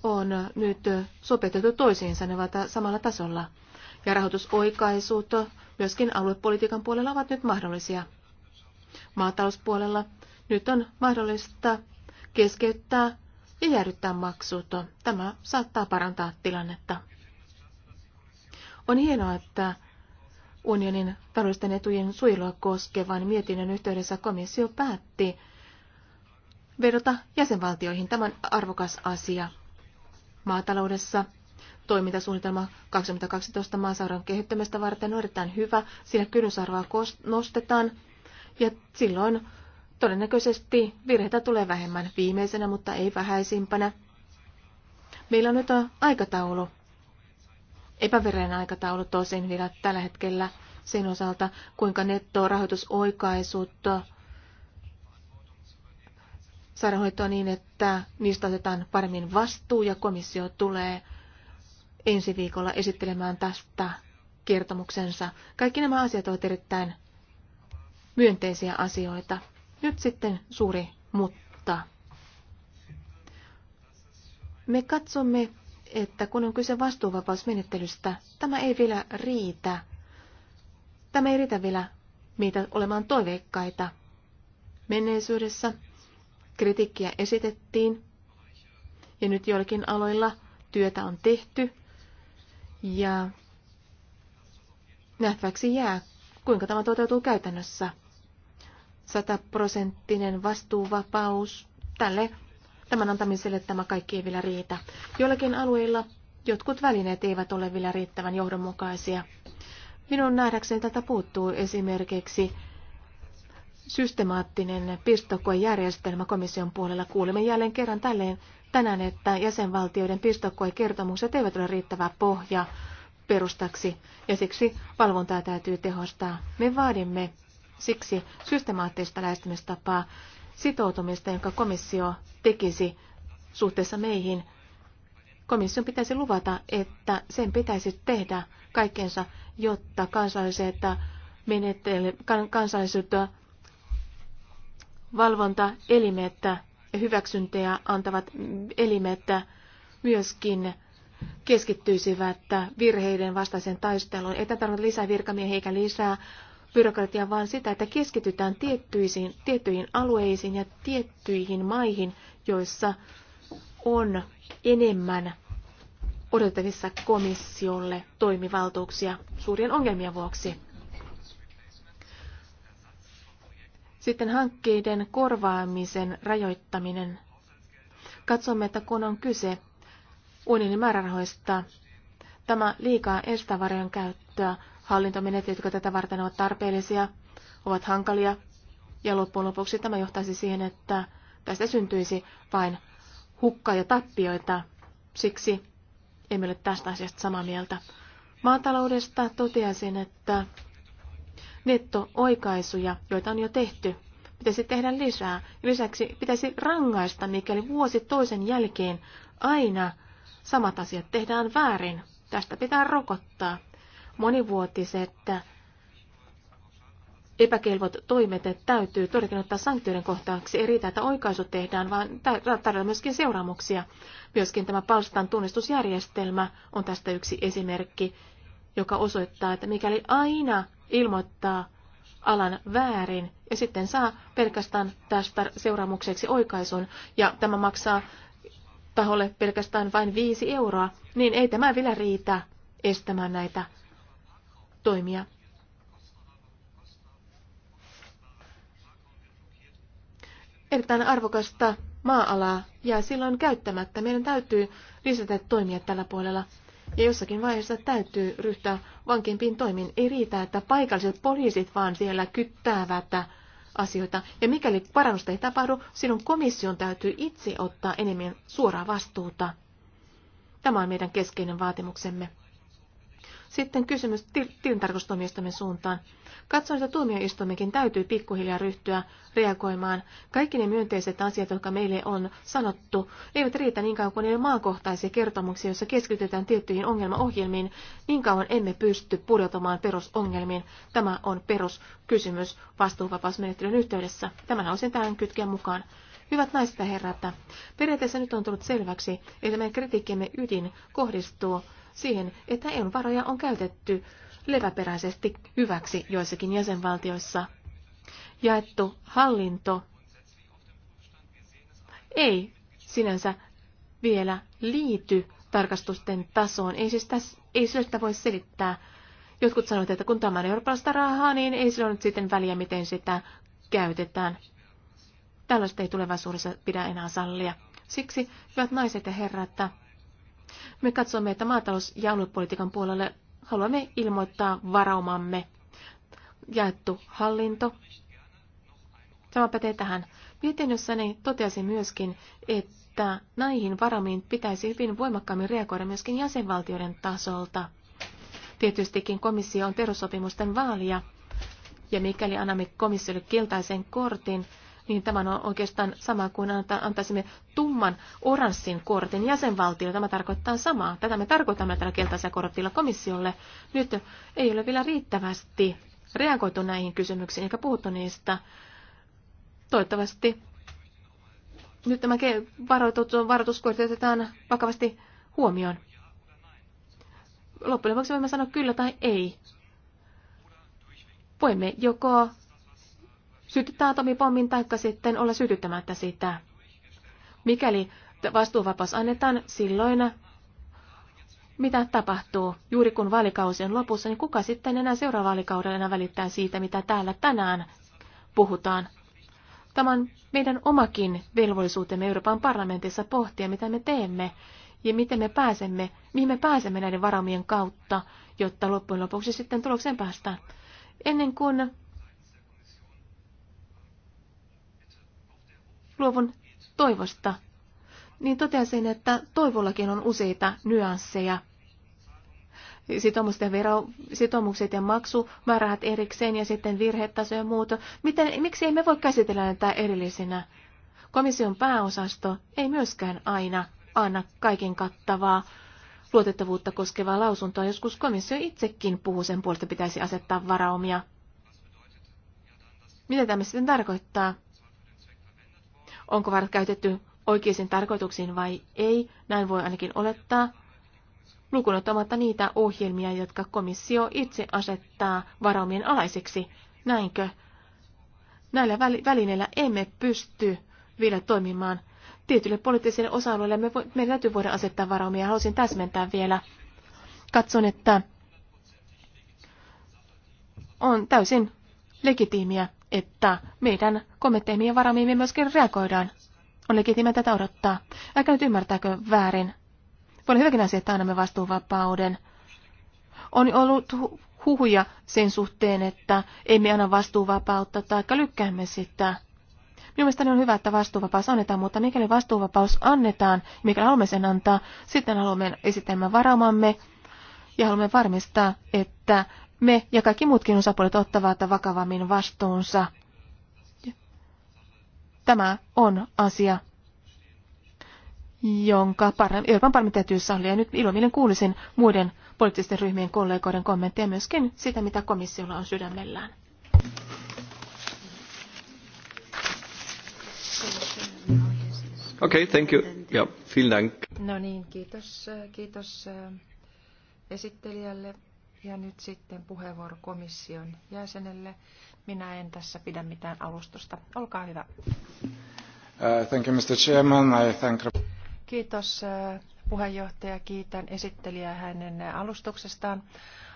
on nyt sopeutettu toisiinsa, ne ovat samalla tasolla. Ja rahoitusoikaisuut myöskin aluepolitiikan puolella ovat nyt mahdollisia. Maatalouspuolella nyt on mahdollista keskeyttää ja jäädyttää maksut. Tämä saattaa parantaa tilannetta. On hienoa, että unionin taloudellisten etujen suojelua koskevan mietinnön yhteydessä komissio päätti vedota jäsenvaltioihin. Tämä on arvokas asia maataloudessa. Toimintasuunnitelma 2012 maasauran kehittämistä varten on erittäin hyvä, sillä kynnysarvoa nostetaan ja silloin todennäköisesti virheitä tulee vähemmän viimeisenä, mutta ei vähäisimpänä. Meillä on nyt aikataulu epävireen aikataulu tosin vielä tällä hetkellä sen osalta, kuinka nettorahoitusoikaisut saadaan hoitoa niin, että niistä otetaan paremmin vastuu ja komissio tulee ensi viikolla esittelemään tästä kertomuksensa. Kaikki nämä asiat ovat erittäin myönteisiä asioita. Nyt sitten suuri mutta. Me katsomme, että kun on kyse vastuuvapausmenettelystä, tämä ei vielä riitä. Tämä ei riitä vielä meitä olemaan toiveikkaita. Menneisyydessä kritiikkiä esitettiin ja nyt joillakin aloilla työtä on tehty ja nähtäväksi jää, kuinka tämä toteutuu käytännössä. Sataprosenttinen vastuuvapaus tälle Tämän antamiselle tämä kaikki ei vielä riitä. Joillakin alueilla jotkut välineet eivät ole vielä riittävän johdonmukaisia. Minun nähdäkseni tätä puuttuu esimerkiksi systemaattinen pistokoejärjestelmä komission puolella. Kuulemme jälleen kerran tälleen tänään, että jäsenvaltioiden pistokoekertomukset eivät ole riittävää pohja perustaksi, ja siksi valvontaa täytyy tehostaa. Me vaadimme siksi systemaattista lähestymistapaa, sitoutumista, jonka komissio tekisi suhteessa meihin. Komission pitäisi luvata, että sen pitäisi tehdä kaikkensa, jotta kansalliset, äh, kansalliset äh, valvontaelimet ja hyväksyntejä antavat elimet myöskin keskittyisivät virheiden vastaisen taisteluun. Ei tarvitse lisää virkamiehiä eikä lisää byrokratiaa, vaan sitä, että keskitytään tiettyihin, tiettyihin alueisiin ja tiettyihin maihin, joissa on enemmän odotettavissa komissiolle toimivaltuuksia suurien ongelmien vuoksi. Sitten hankkeiden korvaamisen rajoittaminen. Katsomme, että kun on kyse unionin määrärahoista, tämä liikaa estävarojen käyttöä hallintomenettelyt, jotka tätä varten ovat tarpeellisia, ovat hankalia. Ja loppujen lopuksi tämä johtaisi siihen, että tästä syntyisi vain hukkaa ja tappioita. Siksi emme ole tästä asiasta samaa mieltä. Maataloudesta toteaisin, että netto-oikaisuja, joita on jo tehty, pitäisi tehdä lisää. Lisäksi pitäisi rangaista, mikäli vuosi toisen jälkeen aina samat asiat tehdään väärin. Tästä pitää rokottaa monivuotiset epäkelvot toimet täytyy todellakin ottaa sanktioiden kohtaaksi. Ei riitä, että oikaisu tehdään, vaan tarvitaan myöskin seuraamuksia. Myöskin tämä palstan tunnistusjärjestelmä on tästä yksi esimerkki, joka osoittaa, että mikäli aina ilmoittaa alan väärin ja sitten saa pelkästään tästä seuraamukseksi oikaisun ja tämä maksaa taholle pelkästään vain viisi euroa, niin ei tämä vielä riitä estämään näitä toimia. Erittäin arvokasta maa-alaa jää silloin käyttämättä. Meidän täytyy lisätä toimia tällä puolella. Ja jossakin vaiheessa täytyy ryhtyä vankimpiin toimiin. Ei riitä, että paikalliset poliisit vaan siellä kyttäävät asioita. Ja mikäli parannusta ei tapahdu, silloin komission täytyy itse ottaa enemmän suoraa vastuuta. Tämä on meidän keskeinen vaatimuksemme. Sitten kysymys tilintarkastustuomioistuimen suuntaan. Katson, että tuomioistuimekin täytyy pikkuhiljaa ryhtyä reagoimaan. Kaikki ne myönteiset asiat, jotka meille on sanottu, eivät riitä niin kauan kuin ne maakohtaisia kertomuksia, joissa keskitytään tiettyihin ongelmaohjelmiin. Niin kauan emme pysty pureutumaan perusongelmiin. Tämä on peruskysymys vastuuvapausmenettelyn yhteydessä. Tämän haluaisin tähän kytkeä mukaan. Hyvät naiset ja herrat, periaatteessa nyt on tullut selväksi, että meidän kritiikkimme ydin kohdistuu siihen, että EUn varoja on käytetty leväperäisesti hyväksi joissakin jäsenvaltioissa. Jaettu hallinto ei sinänsä vielä liity tarkastusten tasoon. Ei siis täs, ei sitä voi selittää. Jotkut sanovat, että kun tämä on eurooppalaista rahaa, niin ei sillä ole nyt sitten väliä, miten sitä käytetään. Tällaista ei tulevaisuudessa pidä enää sallia. Siksi, hyvät naiset ja herrat, me katsomme, että maatalous- ja aluepolitiikan puolelle haluamme ilmoittaa varaumamme. Jaettu hallinto. Tämä pätee tähän. Mietinnössäni totesin myöskin, että näihin varamiin pitäisi hyvin voimakkaammin reagoida myöskin jäsenvaltioiden tasolta. Tietystikin komissio on perussopimusten vaalia, ja mikäli annamme komissiolle keltaisen kortin, niin tämä on oikeastaan sama kuin anta, antaisimme tumman oranssin kortin jäsenvaltiolle. Tämä tarkoittaa samaa. Tätä me tarkoitamme tällä keltaisella kortilla komissiolle. Nyt ei ole vielä riittävästi reagoitu näihin kysymyksiin eikä puhuttu niistä. Toivottavasti nyt tämä varoitus, varoituskortit otetaan vakavasti huomioon. Loppujen lopuksi voimme sanoa kyllä tai ei. Voimme joko sytyttää atomipommin taikka sitten olla sytyttämättä sitä. Mikäli vastuuvapaus annetaan, silloin mitä tapahtuu? Juuri kun vaalikausi on lopussa, niin kuka sitten enää seuraavalla vaalikaudella enää välittää siitä, mitä täällä tänään puhutaan? Tämä on meidän omakin velvollisuutemme Euroopan parlamentissa pohtia, mitä me teemme ja miten me pääsemme, mihin me pääsemme näiden varaumien kautta, jotta loppujen lopuksi sitten tulokseen päästään. Ennen kuin luovun toivosta, niin totesin, että toivollakin on useita nyansseja. Sitoumusten vero, sitomukset ja maksu, määrähät erikseen ja sitten virhetaso ja muuta. Miten, miksi emme voi käsitellä näitä erillisinä? Komission pääosasto ei myöskään aina anna kaiken kattavaa luotettavuutta koskevaa lausuntoa. Joskus komissio itsekin puhuu sen puolesta, pitäisi asettaa varaumia. Mitä tämä sitten tarkoittaa? onko varat käytetty oikeisiin tarkoituksiin vai ei, näin voi ainakin olettaa, lukunottamatta niitä ohjelmia, jotka komissio itse asettaa varaumien alaiseksi. Näinkö? Näillä välineillä emme pysty vielä toimimaan. Tietylle poliittiselle osa alueelle me vo- meidän täytyy voida asettaa varaumia. Haluaisin täsmentää vielä. Katson, että on täysin legitiimiä että meidän kommentteihin ja varamiimme myöskin reagoidaan. On legitiimiä tätä odottaa. Älkää nyt ymmärtääkö väärin. Voi olla hyväkin asia, että annamme vastuuvapauden. On ollut huhuja sen suhteen, että emme anna vastuuvapautta tai lykkäämme sitä. Minun mielestäni on hyvä, että vastuuvapaus annetaan, mutta mikäli vastuuvapaus annetaan, mikä haluamme sen antaa, sitten haluamme esitelmän varamamme ja haluamme varmistaa, että me ja kaikki muutkin osapuolet ottavat vakavammin vastuunsa. Tämä on asia, jonka Euroopan parlamentti täytyy sallia. Nyt ilomielen kuulisin muiden poliittisten ryhmien kollegoiden kommentteja myöskin sitä, mitä komissiolla on sydämellään. Okei, okay, thank you. Ja, vielen Dank. No niin, kiitos, kiitos äh, esittelijälle ja nyt sitten puheenvuoro komission jäsenelle. Minä en tässä pidä mitään alustusta. Olkaa hyvä. Uh, thank you, Mr. Chairman. I thank... Kiitos uh, puheenjohtaja. Kiitän esittelijää hänen alustuksestaan.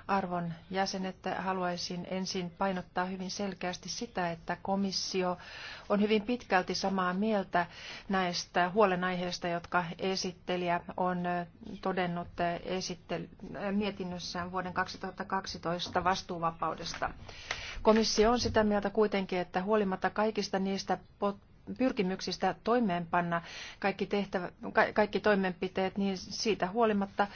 Arvon jäsenet, haluaisin ensin painottaa hyvin selkeästi sitä, että komissio on hyvin pitkälti samaa mieltä näistä huolenaiheista, jotka esittelijä on todennut esittel- mietinnössään vuoden 2012 vastuuvapaudesta. Komissio on sitä mieltä kuitenkin, että huolimatta kaikista niistä pyrkimyksistä toimeenpanna kaikki, tehtävä, kaikki toimenpiteet, niin siitä huolimatta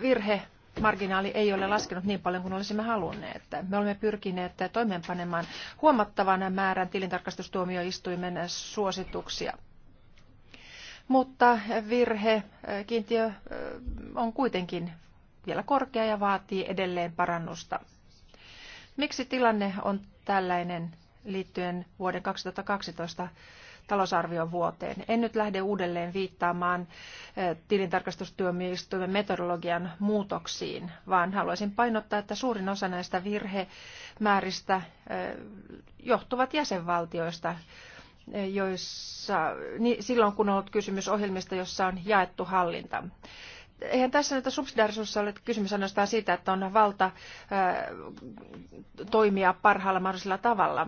virhe marginaali ei ole laskenut niin paljon kuin olisimme halunneet. Me olemme pyrkineet toimeenpanemaan huomattavan määrän tilintarkastustuomioistuimen suosituksia. Mutta virhe kiintiö on kuitenkin vielä korkea ja vaatii edelleen parannusta. Miksi tilanne on tällainen liittyen vuoden 2012 talousarviovuoteen. En nyt lähde uudelleen viittaamaan eh, tilintarkastustyömiistuimen metodologian muutoksiin, vaan haluaisin painottaa, että suurin osa näistä virhemääristä eh, johtuvat jäsenvaltioista, eh, joissa, niin silloin kun on ollut kysymys ohjelmista, jossa on jaettu hallinta eihän tässä näitä subsidiarisuudessa ole kysymys ainoastaan siitä, että on valta toimia parhaalla mahdollisella tavalla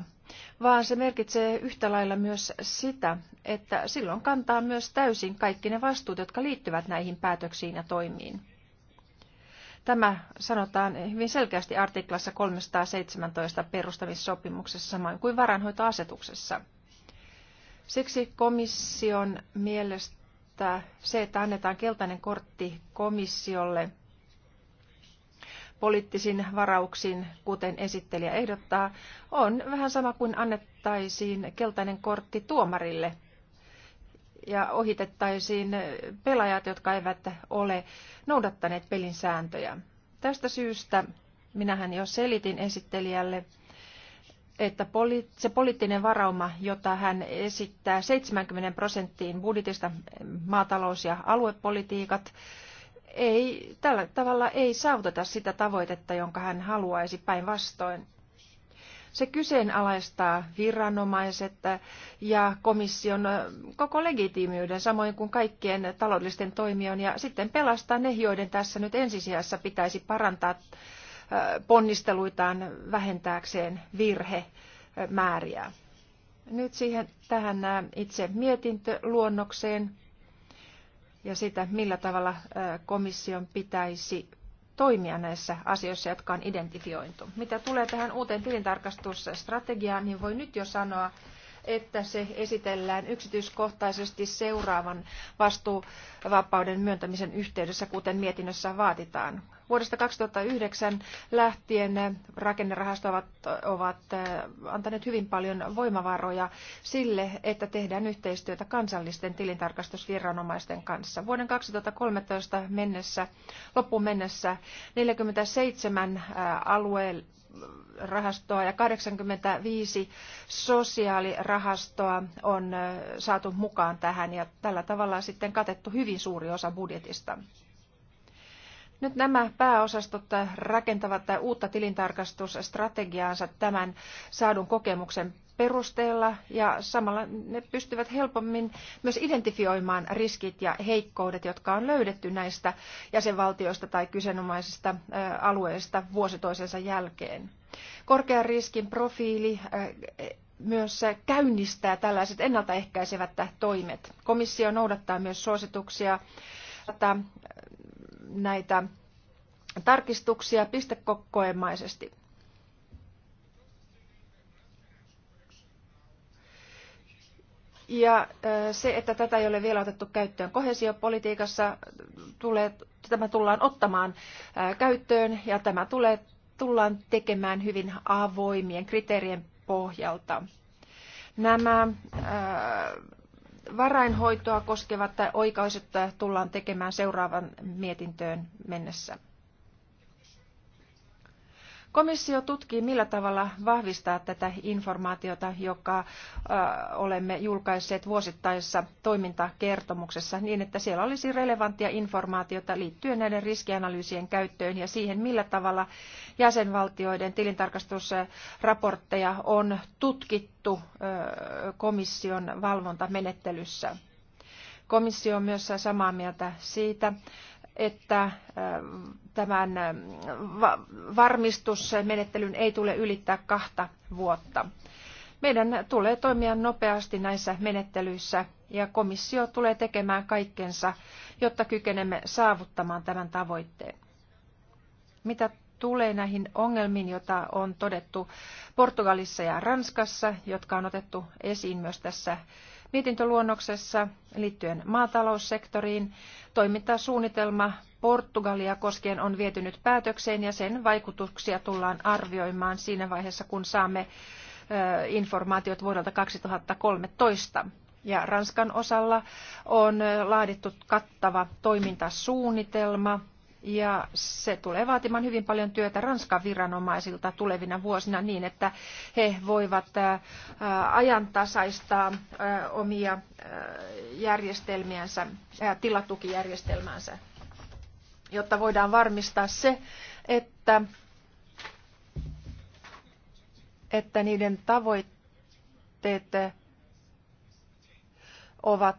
vaan se merkitsee yhtä lailla myös sitä, että silloin kantaa myös täysin kaikki ne vastuut, jotka liittyvät näihin päätöksiin ja toimiin. Tämä sanotaan hyvin selkeästi artiklassa 317 perustamissopimuksessa samoin kuin varanhoitoasetuksessa. Siksi komission mielestä se, että annetaan keltainen kortti komissiolle – poliittisin varauksin, kuten esittelijä ehdottaa, on vähän sama kuin annettaisiin keltainen kortti tuomarille ja ohitettaisiin pelaajat, jotka eivät ole noudattaneet pelin sääntöjä. Tästä syystä minähän jo selitin esittelijälle, että se poliittinen varauma, jota hän esittää 70 prosenttiin budjetista maatalous- ja aluepolitiikat, ei, tällä tavalla ei saavuteta sitä tavoitetta, jonka hän haluaisi päinvastoin. Se kyseenalaistaa viranomaiset ja komission koko legitiimiyden, samoin kuin kaikkien taloudellisten toimijoiden, ja sitten pelastaa ne, joiden tässä nyt ensisijassa pitäisi parantaa äh, ponnisteluitaan vähentääkseen virhemääriä. Nyt siihen tähän äh, itse mietintöluonnokseen ja sitä, millä tavalla komission pitäisi toimia näissä asioissa, jotka on identifiointu. Mitä tulee tähän uuteen tilintarkastusstrategiaan, niin voi nyt jo sanoa, että se esitellään yksityiskohtaisesti seuraavan vastuuvapauden myöntämisen yhteydessä, kuten mietinnössä vaatitaan. Vuodesta 2009 lähtien rakennerahastot ovat, ovat äh, antaneet hyvin paljon voimavaroja sille, että tehdään yhteistyötä kansallisten tilintarkastusviranomaisten kanssa. Vuoden 2013 mennessä, loppuun mennessä 47 äh, alueellista rahastoa ja 85 sosiaalirahastoa on saatu mukaan tähän ja tällä tavalla sitten katettu hyvin suuri osa budjetista. Nyt nämä pääosastot rakentavat uutta tilintarkastusstrategiaansa tämän saadun kokemuksen perusteella ja samalla ne pystyvät helpommin myös identifioimaan riskit ja heikkoudet, jotka on löydetty näistä jäsenvaltioista tai kyseenomaisista alueista vuosi toisensa jälkeen. Korkean riskin profiili myös käynnistää tällaiset ennaltaehkäisevät toimet. Komissio noudattaa myös suosituksia näitä tarkistuksia pistekokkoemaisesti. Ja se, että tätä ei ole vielä otettu käyttöön kohesiopolitiikassa, tulee, tämä tullaan ottamaan käyttöön ja tämä tulee, tullaan tekemään hyvin avoimien kriteerien pohjalta. Nämä varainhoitoa koskevat tai oikaisut tullaan tekemään seuraavan mietintöön mennessä. Komissio tutkii, millä tavalla vahvistaa tätä informaatiota, joka äh, olemme julkaisseet vuosittaisessa toimintakertomuksessa niin, että siellä olisi relevanttia informaatiota liittyen näiden riskianalyysien käyttöön ja siihen, millä tavalla jäsenvaltioiden tilintarkastusraportteja on tutkittu äh, komission valvontamenettelyssä. Komissio on myös samaa mieltä siitä, että äh, tämän äh, varmistusmenettelyn ei tule ylittää kahta vuotta. Meidän tulee toimia nopeasti näissä menettelyissä ja komissio tulee tekemään kaikkensa, jotta kykenemme saavuttamaan tämän tavoitteen. Mitä tulee näihin ongelmiin, joita on todettu Portugalissa ja Ranskassa, jotka on otettu esiin myös tässä mietintöluonnoksessa liittyen maataloussektoriin. Toimintasuunnitelma Portugalia koskien on viety nyt päätökseen ja sen vaikutuksia tullaan arvioimaan siinä vaiheessa, kun saamme informaatiot vuodelta 2013. Ja Ranskan osalla on laadittu kattava toimintasuunnitelma ja se tulee vaatimaan hyvin paljon työtä Ranskan viranomaisilta tulevina vuosina niin, että he voivat ajantasaistaa omia järjestelmiänsä, tilatukijärjestelmäänsä, jotta voidaan varmistaa se, että, että niiden tavoitteet ovat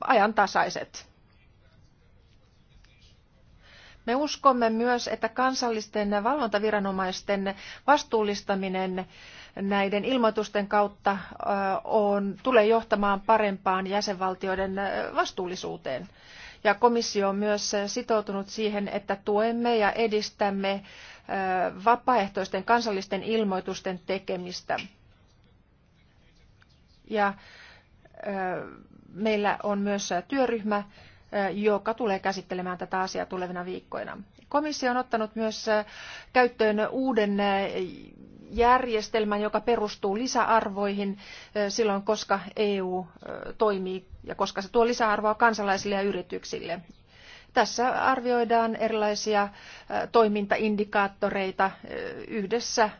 ajantasaiset me uskomme myös, että kansallisten valvontaviranomaisten vastuullistaminen näiden ilmoitusten kautta on, tulee johtamaan parempaan jäsenvaltioiden vastuullisuuteen. Ja komissio on myös sitoutunut siihen, että tuemme ja edistämme vapaaehtoisten kansallisten ilmoitusten tekemistä. Ja meillä on myös työryhmä, joka tulee käsittelemään tätä asiaa tulevina viikkoina. Komissio on ottanut myös käyttöön uuden järjestelmän, joka perustuu lisäarvoihin silloin, koska EU toimii ja koska se tuo lisäarvoa kansalaisille ja yrityksille. Tässä arvioidaan erilaisia toimintaindikaattoreita yhdessä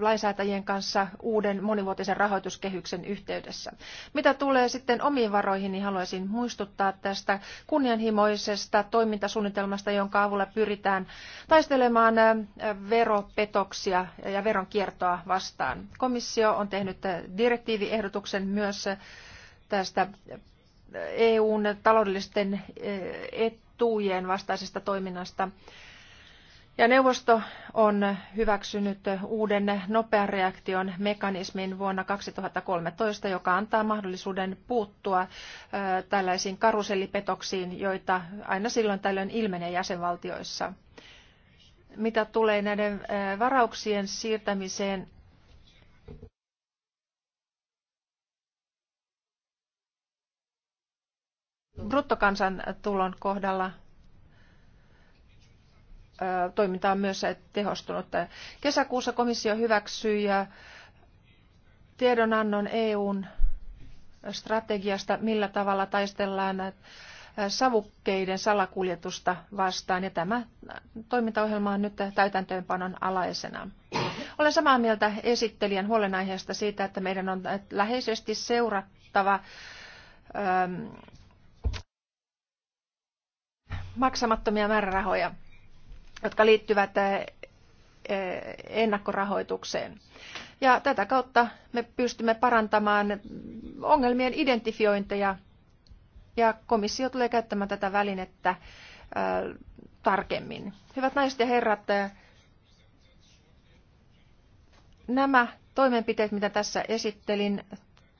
lainsäätäjien kanssa uuden monivuotisen rahoituskehyksen yhteydessä. Mitä tulee sitten omiin varoihin, niin haluaisin muistuttaa tästä kunnianhimoisesta toimintasuunnitelmasta, jonka avulla pyritään taistelemaan äh, veropetoksia ja veronkiertoa vastaan. Komissio on tehnyt äh, direktiiviehdotuksen myös äh, tästä EUn taloudellisten etujen vastaisesta toiminnasta ja neuvosto on hyväksynyt uuden nopean reaktion mekanismin vuonna 2013, joka antaa mahdollisuuden puuttua tällaisiin karusellipetoksiin, joita aina silloin tällöin ilmenee jäsenvaltioissa. Mitä tulee näiden varauksien siirtämiseen bruttokansantulon kohdalla, toiminta on myös tehostunut. Kesäkuussa komissio hyväksyi tiedonannon EUn strategiasta, millä tavalla taistellaan savukkeiden salakuljetusta vastaan, ja tämä toimintaohjelma on nyt täytäntöönpanon alaisena. Olen samaa mieltä esittelijän huolenaiheesta siitä, että meidän on läheisesti seurattava maksamattomia määrärahoja jotka liittyvät eh, eh, ennakkorahoitukseen. Ja tätä kautta me pystymme parantamaan ongelmien identifiointeja ja komissio tulee käyttämään tätä välinettä eh, tarkemmin. Hyvät naiset ja herrat, nämä toimenpiteet, mitä tässä esittelin,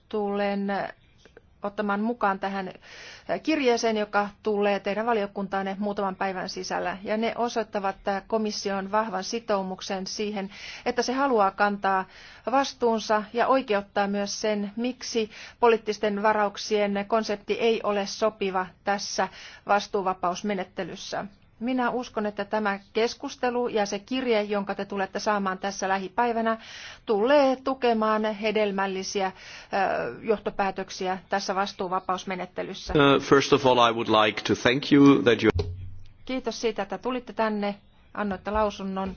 tulen ottamaan mukaan tähän kirjeeseen, joka tulee teidän valiokuntaanne muutaman päivän sisällä. Ja ne osoittavat komission vahvan sitoumuksen siihen, että se haluaa kantaa vastuunsa ja oikeuttaa myös sen, miksi poliittisten varauksien konsepti ei ole sopiva tässä vastuuvapausmenettelyssä. Minä uskon, että tämä keskustelu ja se kirje, jonka te tulette saamaan tässä lähipäivänä, tulee tukemaan hedelmällisiä johtopäätöksiä tässä vastuuvapausmenettelyssä. Uh, Kiitos siitä, että tulitte tänne, annoitte lausunnon.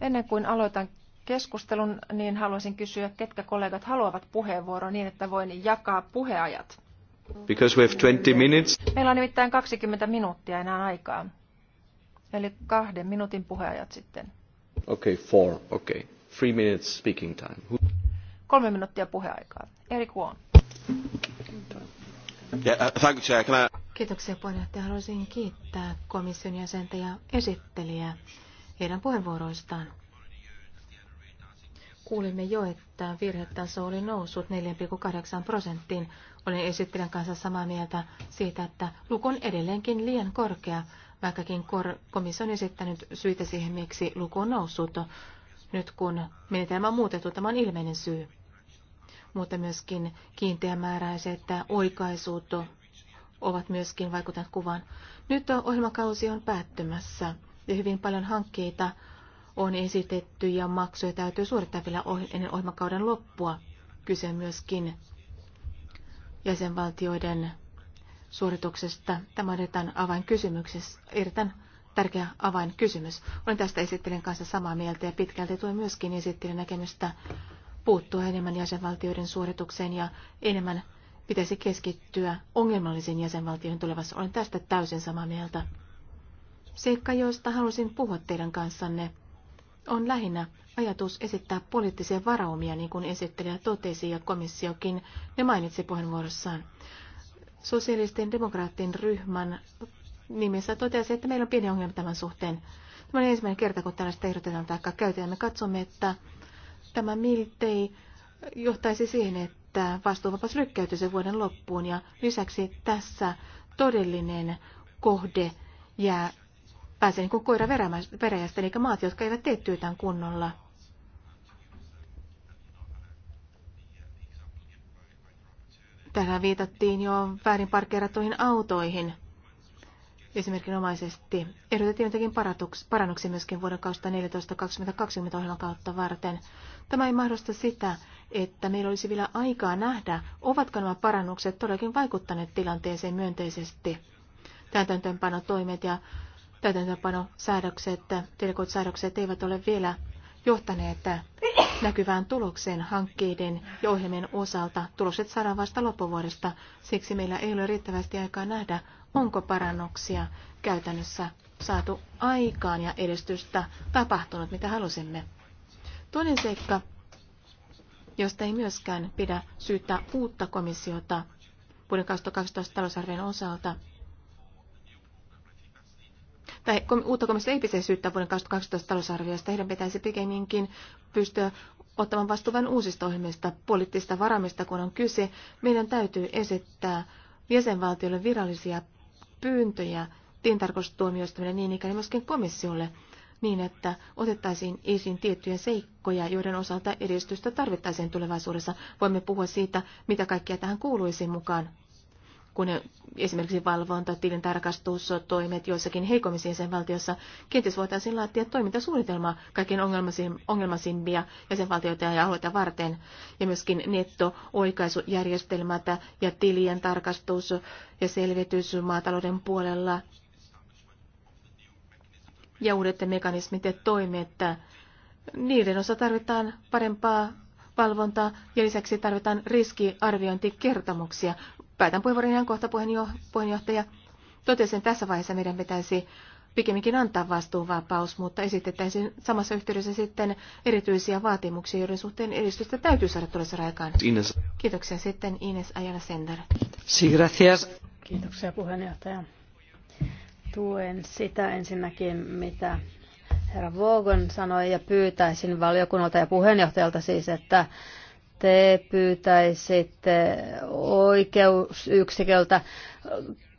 Ennen kuin aloitan keskustelun, niin haluaisin kysyä, ketkä kollegat haluavat puheenvuoron niin, että voin jakaa puheajat. Because we have 20 minutes. Meillä on nimittäin 20 minuuttia enää aikaa. Eli kahden minuutin puheajat sitten. okay, four. Okay. Three minutes speaking time. Who... Kolme minuuttia puheaikaa. Erik Huon. Yeah, uh, thank you, Can I... Kiitoksia puheenjohtaja. Haluaisin kiittää komission jäsentä ja esittelijää heidän puheenvuoroistaan. Kuulimme jo, että virhetaso oli noussut 4,8 prosenttiin. Olen esittelen kanssa samaa mieltä siitä, että luku on edelleenkin liian korkea, vaikkakin kor- komissio on esittänyt syitä siihen, miksi luku on noussut. Nyt kun menetelmä on muutettu, tämä on ilmeinen syy. Mutta myöskin kiinteämääräiset oikaisuut ovat myöskin vaikuttaneet kuvaan. Nyt ohjelmakausi on päättymässä ja hyvin paljon hankkeita on esitetty ja maksuja täytyy suorittaa vielä ennen ohjelmakauden loppua. Kyse myöskin jäsenvaltioiden suorituksesta. Tämä on erittäin avainkysymyksessä, erittäin tärkeä avainkysymys. Olen tästä esittelen kanssa samaa mieltä ja pitkälti tuen myöskin esittelen näkemystä puuttua enemmän jäsenvaltioiden suoritukseen ja enemmän pitäisi keskittyä ongelmallisiin jäsenvaltioihin tulevassa. Olen tästä täysin samaa mieltä. Seikka, joista halusin puhua teidän kanssanne, on lähinnä ajatus esittää poliittisia varaumia, niin kuin esittelijä totesi ja komissiokin ne mainitsi puheenvuorossaan. Sosialistien demokraattien ryhmän nimissä totesi, että meillä on pieni ongelma tämän suhteen. Tämä on ensimmäinen kerta, kun tällaista ehdotetaan tai käytetään. Me katsomme, että tämä miltei johtaisi siihen, että vastuuvapaus lykkäytyisi vuoden loppuun ja lisäksi tässä todellinen kohde jää pääsee niin kuin koira veräjästä, eli maat, jotka eivät tee työtään kunnolla. Täällä viitattiin jo väärin parkkeerattuihin autoihin esimerkinomaisesti. Ehdotettiin jotenkin parannuksia myöskin vuoden 2014-2020 ohjelman kautta varten. Tämä ei mahdollista sitä, että meillä olisi vielä aikaa nähdä, ovatko nämä parannukset todellakin vaikuttaneet tilanteeseen myönteisesti. toimet ja täytäntöpanosäädökset, delegoit säädökset eivät ole vielä johtaneet näkyvään tulokseen hankkeiden ja ohjelmien osalta. Tulokset saadaan vasta loppuvuodesta, siksi meillä ei ole riittävästi aikaa nähdä, onko parannuksia käytännössä saatu aikaan ja edistystä tapahtunut, mitä halusimme. Toinen seikka, josta ei myöskään pidä syyttää uutta komissiota vuoden 2012 talousarvion osalta, tai uutta komissiota ei pitäisi syyttää vuoden 2012 talousarviosta. Heidän pitäisi pikemminkin pystyä ottamaan vastuun vain uusista ohjelmista, poliittista varamista, kun on kyse. Meidän täytyy esittää jäsenvaltioille virallisia pyyntöjä tintarkostustuomioistuminen niin ikään myöskin komissiolle niin, että otettaisiin esiin tiettyjä seikkoja, joiden osalta edistystä tarvittaisiin tulevaisuudessa. Voimme puhua siitä, mitä kaikkea tähän kuuluisi mukaan kun esimerkiksi valvonta, tilin tarkastus, toimet joissakin heikommissa jäsenvaltioissa, kenties voitaisiin laatia toimintasuunnitelma kaikkien ongelmasimpia jäsenvaltioita ja alueita varten, ja myöskin netto-oikaisujärjestelmät ja tilien tarkastus ja selvitys maatalouden puolella, ja uudet mekanismit ja toimet, niiden osa tarvitaan parempaa valvontaa ja lisäksi tarvitaan riskiarviointikertomuksia päätän puheenvuoron ihan kohta puheenjohtaja. Totesin tässä vaiheessa meidän pitäisi pikemminkin antaa vastuunvapaus, mutta esitettäisiin samassa yhteydessä sitten erityisiä vaatimuksia, joiden suhteen edistystä täytyy saada tulossa raikaan. Ines. Kiitoksia sitten Ines Ajana Sender. Sí, gracias. Kiitoksia puheenjohtaja. Tuen sitä ensinnäkin, mitä herra Vogon sanoi ja pyytäisin valiokunnalta ja puheenjohtajalta siis, että te pyytäisitte oikeusyksiköltä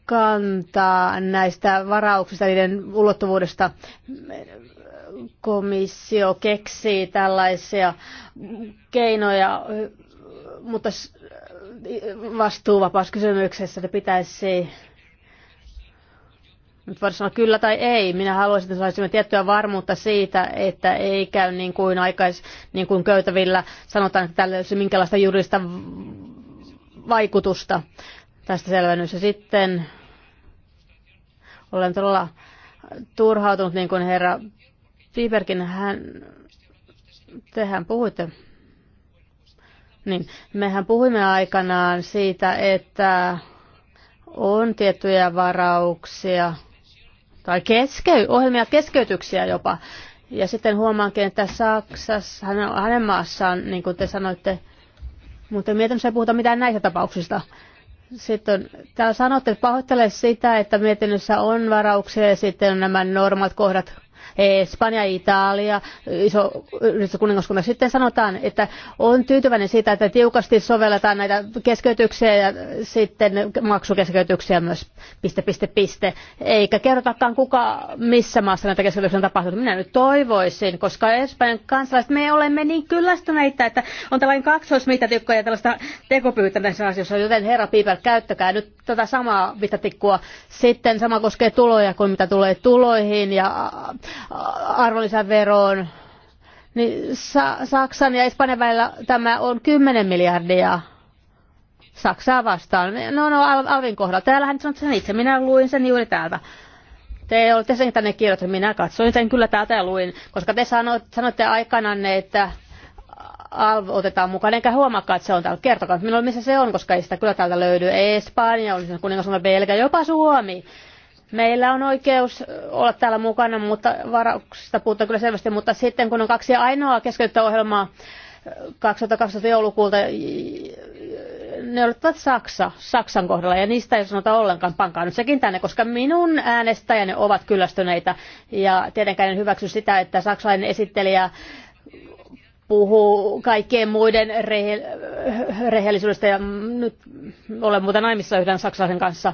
kantaa näistä varauksista, niiden ulottuvuudesta komissio keksii tällaisia keinoja, mutta vastuuvapauskysymyksessä pitäisi nyt voidaan sanoa kyllä tai ei. Minä haluaisin, että saisimme tiettyä varmuutta siitä, että ei käy niin kuin aikais, niin kuin köytävillä sanotaan, että tällä olisi minkälaista juridista vaikutusta tästä selvennys. Ja sitten olen todella turhautunut, niin kuin herra Piperkin, hän, tehän puhuitte. Niin, mehän puhuimme aikanaan siitä, että on tiettyjä varauksia – tai keskey, ohjelmia keskeytyksiä jopa. Ja sitten huomaankin, että Saksassa, hänen, hänen maassaan, niin kuin te sanoitte, mutta mietinnössä ei puhuta mitään näistä tapauksista. Sitten täällä sanotte, että pahoittele sitä, että mietinnössä on varauksia ja sitten on nämä normat kohdat Espanja, Italia, iso kuningaskunta. Sitten sanotaan, että on tyytyväinen siitä, että tiukasti sovelletaan näitä keskeytyksiä ja sitten maksukeskeytyksiä myös piste, piste, piste. Eikä kerrotakaan kuka missä maassa näitä keskeytyksiä on tapahtunut. Minä nyt toivoisin, koska Espanjan kansalaiset, me olemme niin kyllästyneitä, että on tällainen kaksoismittatikko ja tällaista tekopyytä näissä asioissa, joten herra Piper, käyttäkää nyt tätä samaa mittatikkua. Sitten sama koskee tuloja kuin mitä tulee tuloihin ja arvonlisäveroon, niin Saksan ja Espanjan välillä tämä on 10 miljardia Saksaa vastaan. No, no Alvin kohdalla. Täällähän nyt sanotaan sen itse. Minä luin sen juuri täältä. Te olette sen tänne kirjoittaneet. Minä katsoin sen kyllä täältä ja luin. Koska te sanoitte, sanoitte aikananne, että alv otetaan mukaan, enkä huomaakaan, että se on täällä. Kertokaa minulle, missä se on, koska ei sitä kyllä täältä löydy. Espanja, on siis kuningasvalta Belgia, jopa Suomi Meillä on oikeus olla täällä mukana, mutta varauksista puuttuu kyllä selvästi, mutta sitten kun on kaksi ainoaa keskeyttä ohjelmaa 2012 eh, joulukuulta, ne olivat Saksa, Saksan kohdalla ja niistä ei sanota ollenkaan, pankaa nyt sekin tänne, koska minun äänestäjäni ovat kyllästyneitä ja tietenkään en hyväksy sitä, että saksalainen esittelijä puhuu kaikkien muiden rehe- rehellisyydestä ja nyt olen muuten naimissa yhden saksalaisen kanssa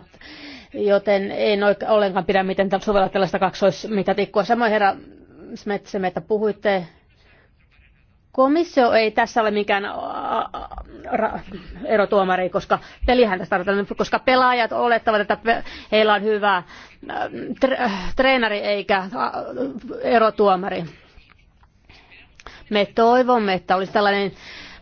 joten ei ollenkaan pidä miten sovella tällaista kaksoismitatikkoa. Samoin herra Smetsem, että puhuitte Komissio ei tässä ole mikään erotuomari, koska pelihän tässä tarvitaan, koska pelaajat olettavat, että heillä on hyvä treenari eikä erotuomari. Me toivomme, että olisi tällainen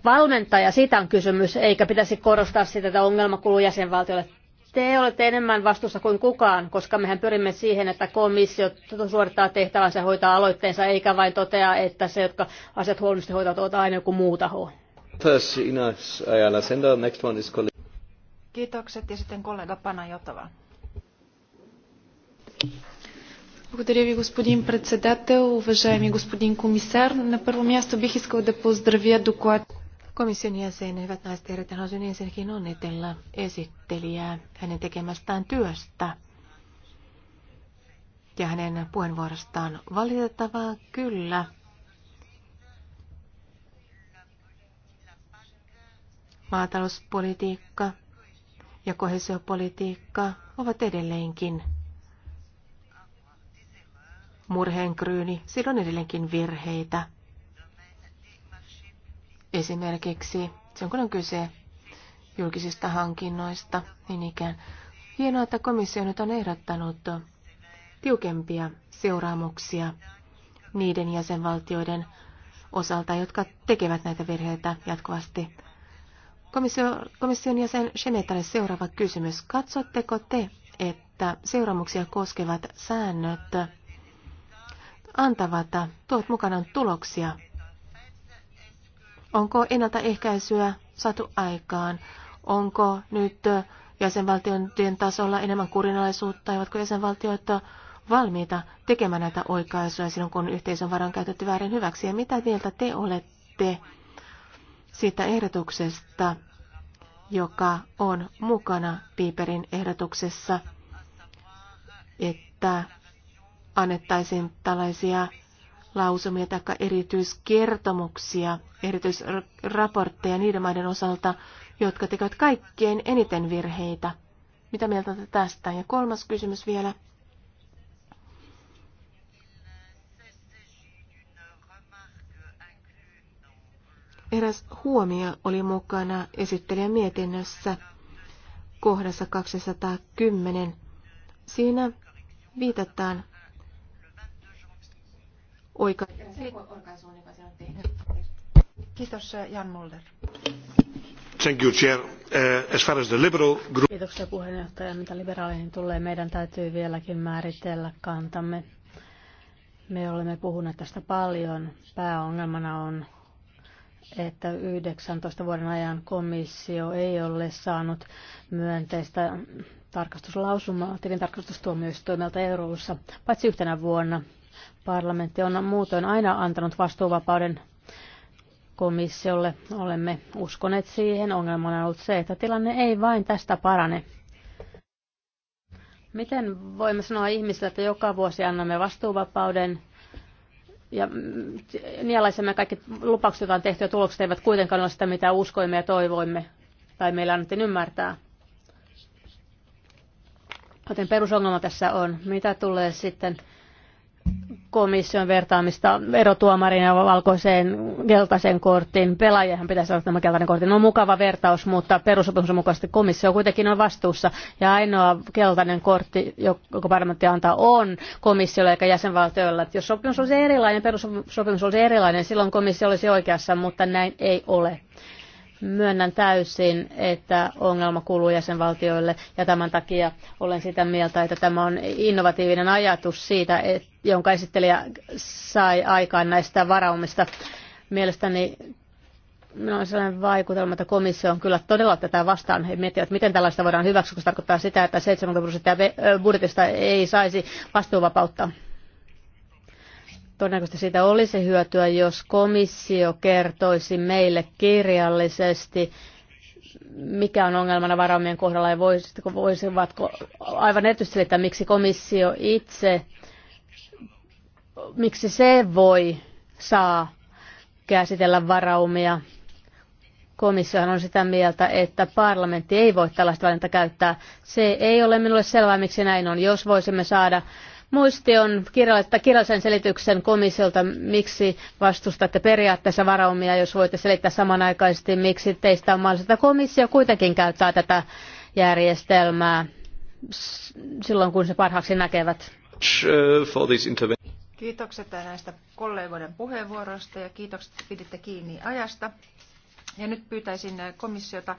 valmentaja, sitä on kysymys, eikä pitäisi korostaa sitä, että ongelma kuuluu jäsenvaltiolle te olette enemmän vastuussa kuin kukaan, koska mehän pyrimme siihen, että komissio suorittaa tehtävänsä ja hoitaa aloitteensa, eikä vain totea, että se, jotka asiat huonosti hoitavat, ovat aina joku muu taho. Kiitokset ja sitten kollega Pana Jotava. Благодаря ви, господин председател. Уважаеми господин комисар, на първо място бих искал да поздравя доклад. Komission jäsen, hyvät naiset ja herrat, haluaisin ensinnäkin onnitella esittelijää hänen tekemästään työstä ja hänen puheenvuorostaan. Valitettavaa kyllä. Maatalouspolitiikka ja kohesiopolitiikka ovat edelleenkin murheenkryyni. Sillä on edelleenkin virheitä Esimerkiksi se on kun on kyse julkisista hankinnoista, niin ikään. Hienoa, että komissio nyt on ehdottanut tiukempia seuraamuksia niiden jäsenvaltioiden osalta, jotka tekevät näitä virheitä jatkuvasti. Komissio, komission jäsen Genetalle seuraava kysymys. Katsotteko te, että seuraamuksia koskevat säännöt antavat, tuot mukanaan tuloksia Onko ennaltaehkäisyä saatu aikaan? Onko nyt jäsenvaltioiden tasolla enemmän kurinalaisuutta? Ovatko jäsenvaltiot valmiita tekemään näitä oikaisuja silloin, kun yhteisön varan käytetty väärin hyväksi? Ja mitä mieltä te olette siitä ehdotuksesta, joka on mukana Piiperin ehdotuksessa, että annettaisiin tällaisia lausumia tai erityiskertomuksia, erityisraportteja niiden maiden osalta, jotka tekevät kaikkein eniten virheitä. Mitä mieltä olette tästä? Ja kolmas kysymys vielä. Eräs huomio oli mukana esittelijän mietinnössä kohdassa 210. Siinä viitataan arvoisa Kiitos eh, Jan Mulder. Thank you, Chair. Eh, Mitä liberaaleihin tulee, meidän täytyy vieläkin määritellä kantamme. Me olemme puhuneet tästä paljon. Pääongelmana on että 19 vuoden ajan komissio ei ole saanut myönteistä tarkastuslausumaa tilintarkastustuomioistuimelta EU:ssa, paitsi yhtenä vuonna Parlamentti on muutoin aina antanut vastuuvapauden komissiolle. Olemme uskoneet siihen. Ongelmana on ollut se, että tilanne ei vain tästä parane. Miten voimme sanoa ihmisille, että joka vuosi annamme vastuuvapauden ja mm, nielaisemme kaikki lupaukset, joita on tehty ja tulokset eivät kuitenkaan ole sitä, mitä uskoimme ja toivoimme tai meillä annettiin ymmärtää. Joten perusongelma tässä on, mitä tulee sitten komission vertaamista erotuomarin ja valkoiseen keltaisen kortin. Pelaajahan pitäisi olla tämä keltainen kortti. No mukava vertaus, mutta perusopimuksen mukaisesti komissio kuitenkin on vastuussa. Ja ainoa keltainen kortti, joka parlamentti antaa, on komissiolle eikä jäsenvaltioilla, Jos sopimus olisi erilainen, perusopimus olisi erilainen, silloin komissio olisi oikeassa, mutta näin ei ole. Myönnän täysin, että ongelma kuuluu jäsenvaltioille ja tämän takia olen sitä mieltä, että tämä on innovatiivinen ajatus siitä, että, jonka esittelijä sai aikaan näistä varaumista. Mielestäni minulla on sellainen vaikutelma, että komissio on kyllä todella tätä vastaan. He miettivät, miten tällaista voidaan hyväksyä, koska se tarkoittaa sitä, että 70 prosenttia budjetista ei saisi vastuuvapautta. Todennäköisesti siitä olisi hyötyä, jos komissio kertoisi meille kirjallisesti, mikä on ongelmana varaumien kohdalla ja voisivatko aivan erityisesti selittää, miksi komissio itse, miksi se voi saa käsitellä varaumia. Komissiohan on sitä mieltä, että parlamentti ei voi tällaista valinta käyttää. Se ei ole minulle selvää, miksi näin on. Jos voisimme saada muistion kirjallisen selityksen komissiolta, miksi vastustatte periaatteessa varaumia, jos voitte selittää samanaikaisesti, miksi teistä on mahdollista. Komissio kuitenkin käyttää tätä järjestelmää silloin, kun se parhaaksi näkevät. Kiitokset näistä kollegoiden puheenvuoroista ja kiitokset, että piditte kiinni ajasta. Ja nyt pyytäisin komissiota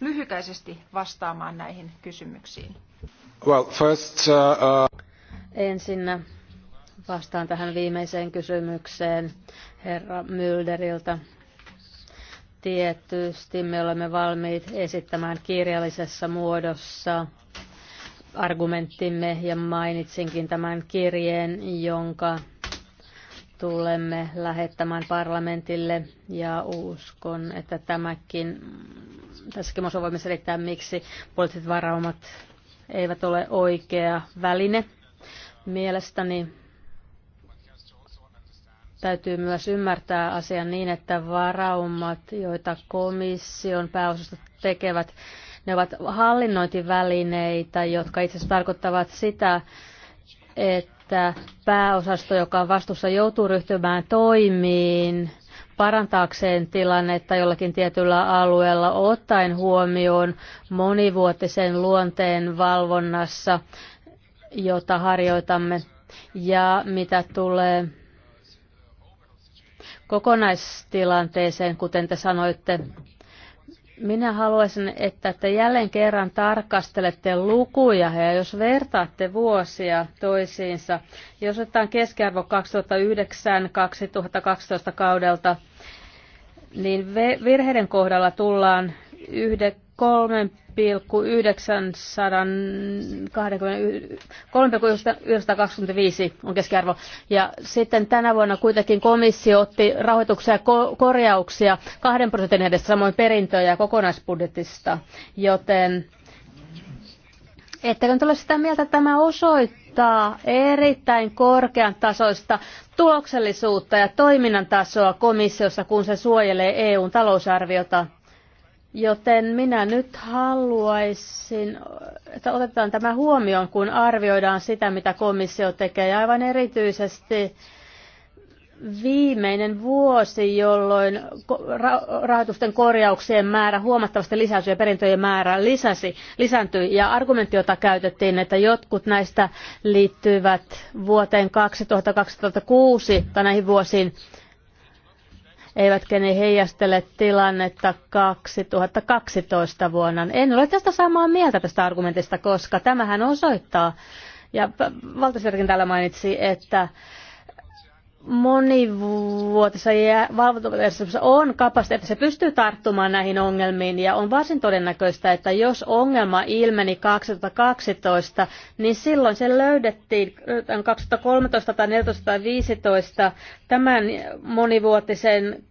lyhykäisesti vastaamaan näihin kysymyksiin. Well, first, uh, uh... Ensin vastaan tähän viimeiseen kysymykseen herra Mylderiltä. Tietysti me olemme valmiit esittämään kirjallisessa muodossa argumenttimme ja mainitsinkin tämän kirjeen, jonka tulemme lähettämään parlamentille ja uskon, että tämäkin, tässäkin osa voimme selittää, miksi poliittiset varaumat eivät ole oikea väline Mielestäni täytyy myös ymmärtää asian niin, että varaumat, joita komission pääosasta tekevät, ne ovat hallinnointivälineitä, jotka itse asiassa tarkoittavat sitä, että pääosasto, joka on vastuussa, joutuu ryhtymään toimiin parantaakseen tilannetta jollakin tietyllä alueella, ottaen huomioon monivuotisen luonteen valvonnassa jota harjoitamme. Ja mitä tulee kokonaistilanteeseen, kuten te sanoitte, minä haluaisin, että te jälleen kerran tarkastelette lukuja ja jos vertaatte vuosia toisiinsa, jos otetaan keskiarvo 2009-2012 kaudelta, niin virheiden kohdalla tullaan 3,9 3,925 on keskiarvo. Ja sitten tänä vuonna kuitenkin komissio otti rahoituksia ja korjauksia kahden prosentin edestä, samoin perintöjä kokonaisbudjetista, joten Ettekö nyt ole sitä mieltä, että tämä osoittaa erittäin korkean tasoista tuloksellisuutta ja toiminnan tasoa komissiossa, kun se suojelee EUn talousarviota? Joten minä nyt haluaisin, että otetaan tämä huomioon, kun arvioidaan sitä, mitä komissio tekee. Ja aivan erityisesti viimeinen vuosi, jolloin rahoitusten korjauksien määrä huomattavasti lisäsi ja perintöjen määrä lisäsi, lisääntyi. Ja argumentti, jota käytettiin, että jotkut näistä liittyvät vuoteen 2000-2006 tai näihin vuosiin, eivätkä ne heijastele tilannetta 2012 vuonna. En ole tästä samaa mieltä tästä argumentista, koska tämähän osoittaa, ja Valtasverkin täällä mainitsi, että monivuotisessa valvontajärjestelmässä on kapasiteetti, se pystyy tarttumaan näihin ongelmiin ja on varsin todennäköistä, että jos ongelma ilmeni 2012, niin silloin se löydettiin 2013 tai 2014 2015 tämän monivuotisen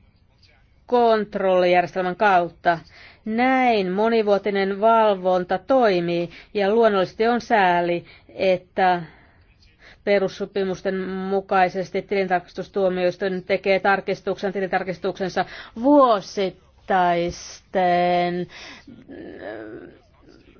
kontrollijärjestelmän kautta. Näin monivuotinen valvonta toimii ja luonnollisesti on sääli, että perussopimusten mukaisesti tilintarkastustuomioistuin tekee tarkistuksen tilintarkistuksensa vuosittaisten mm,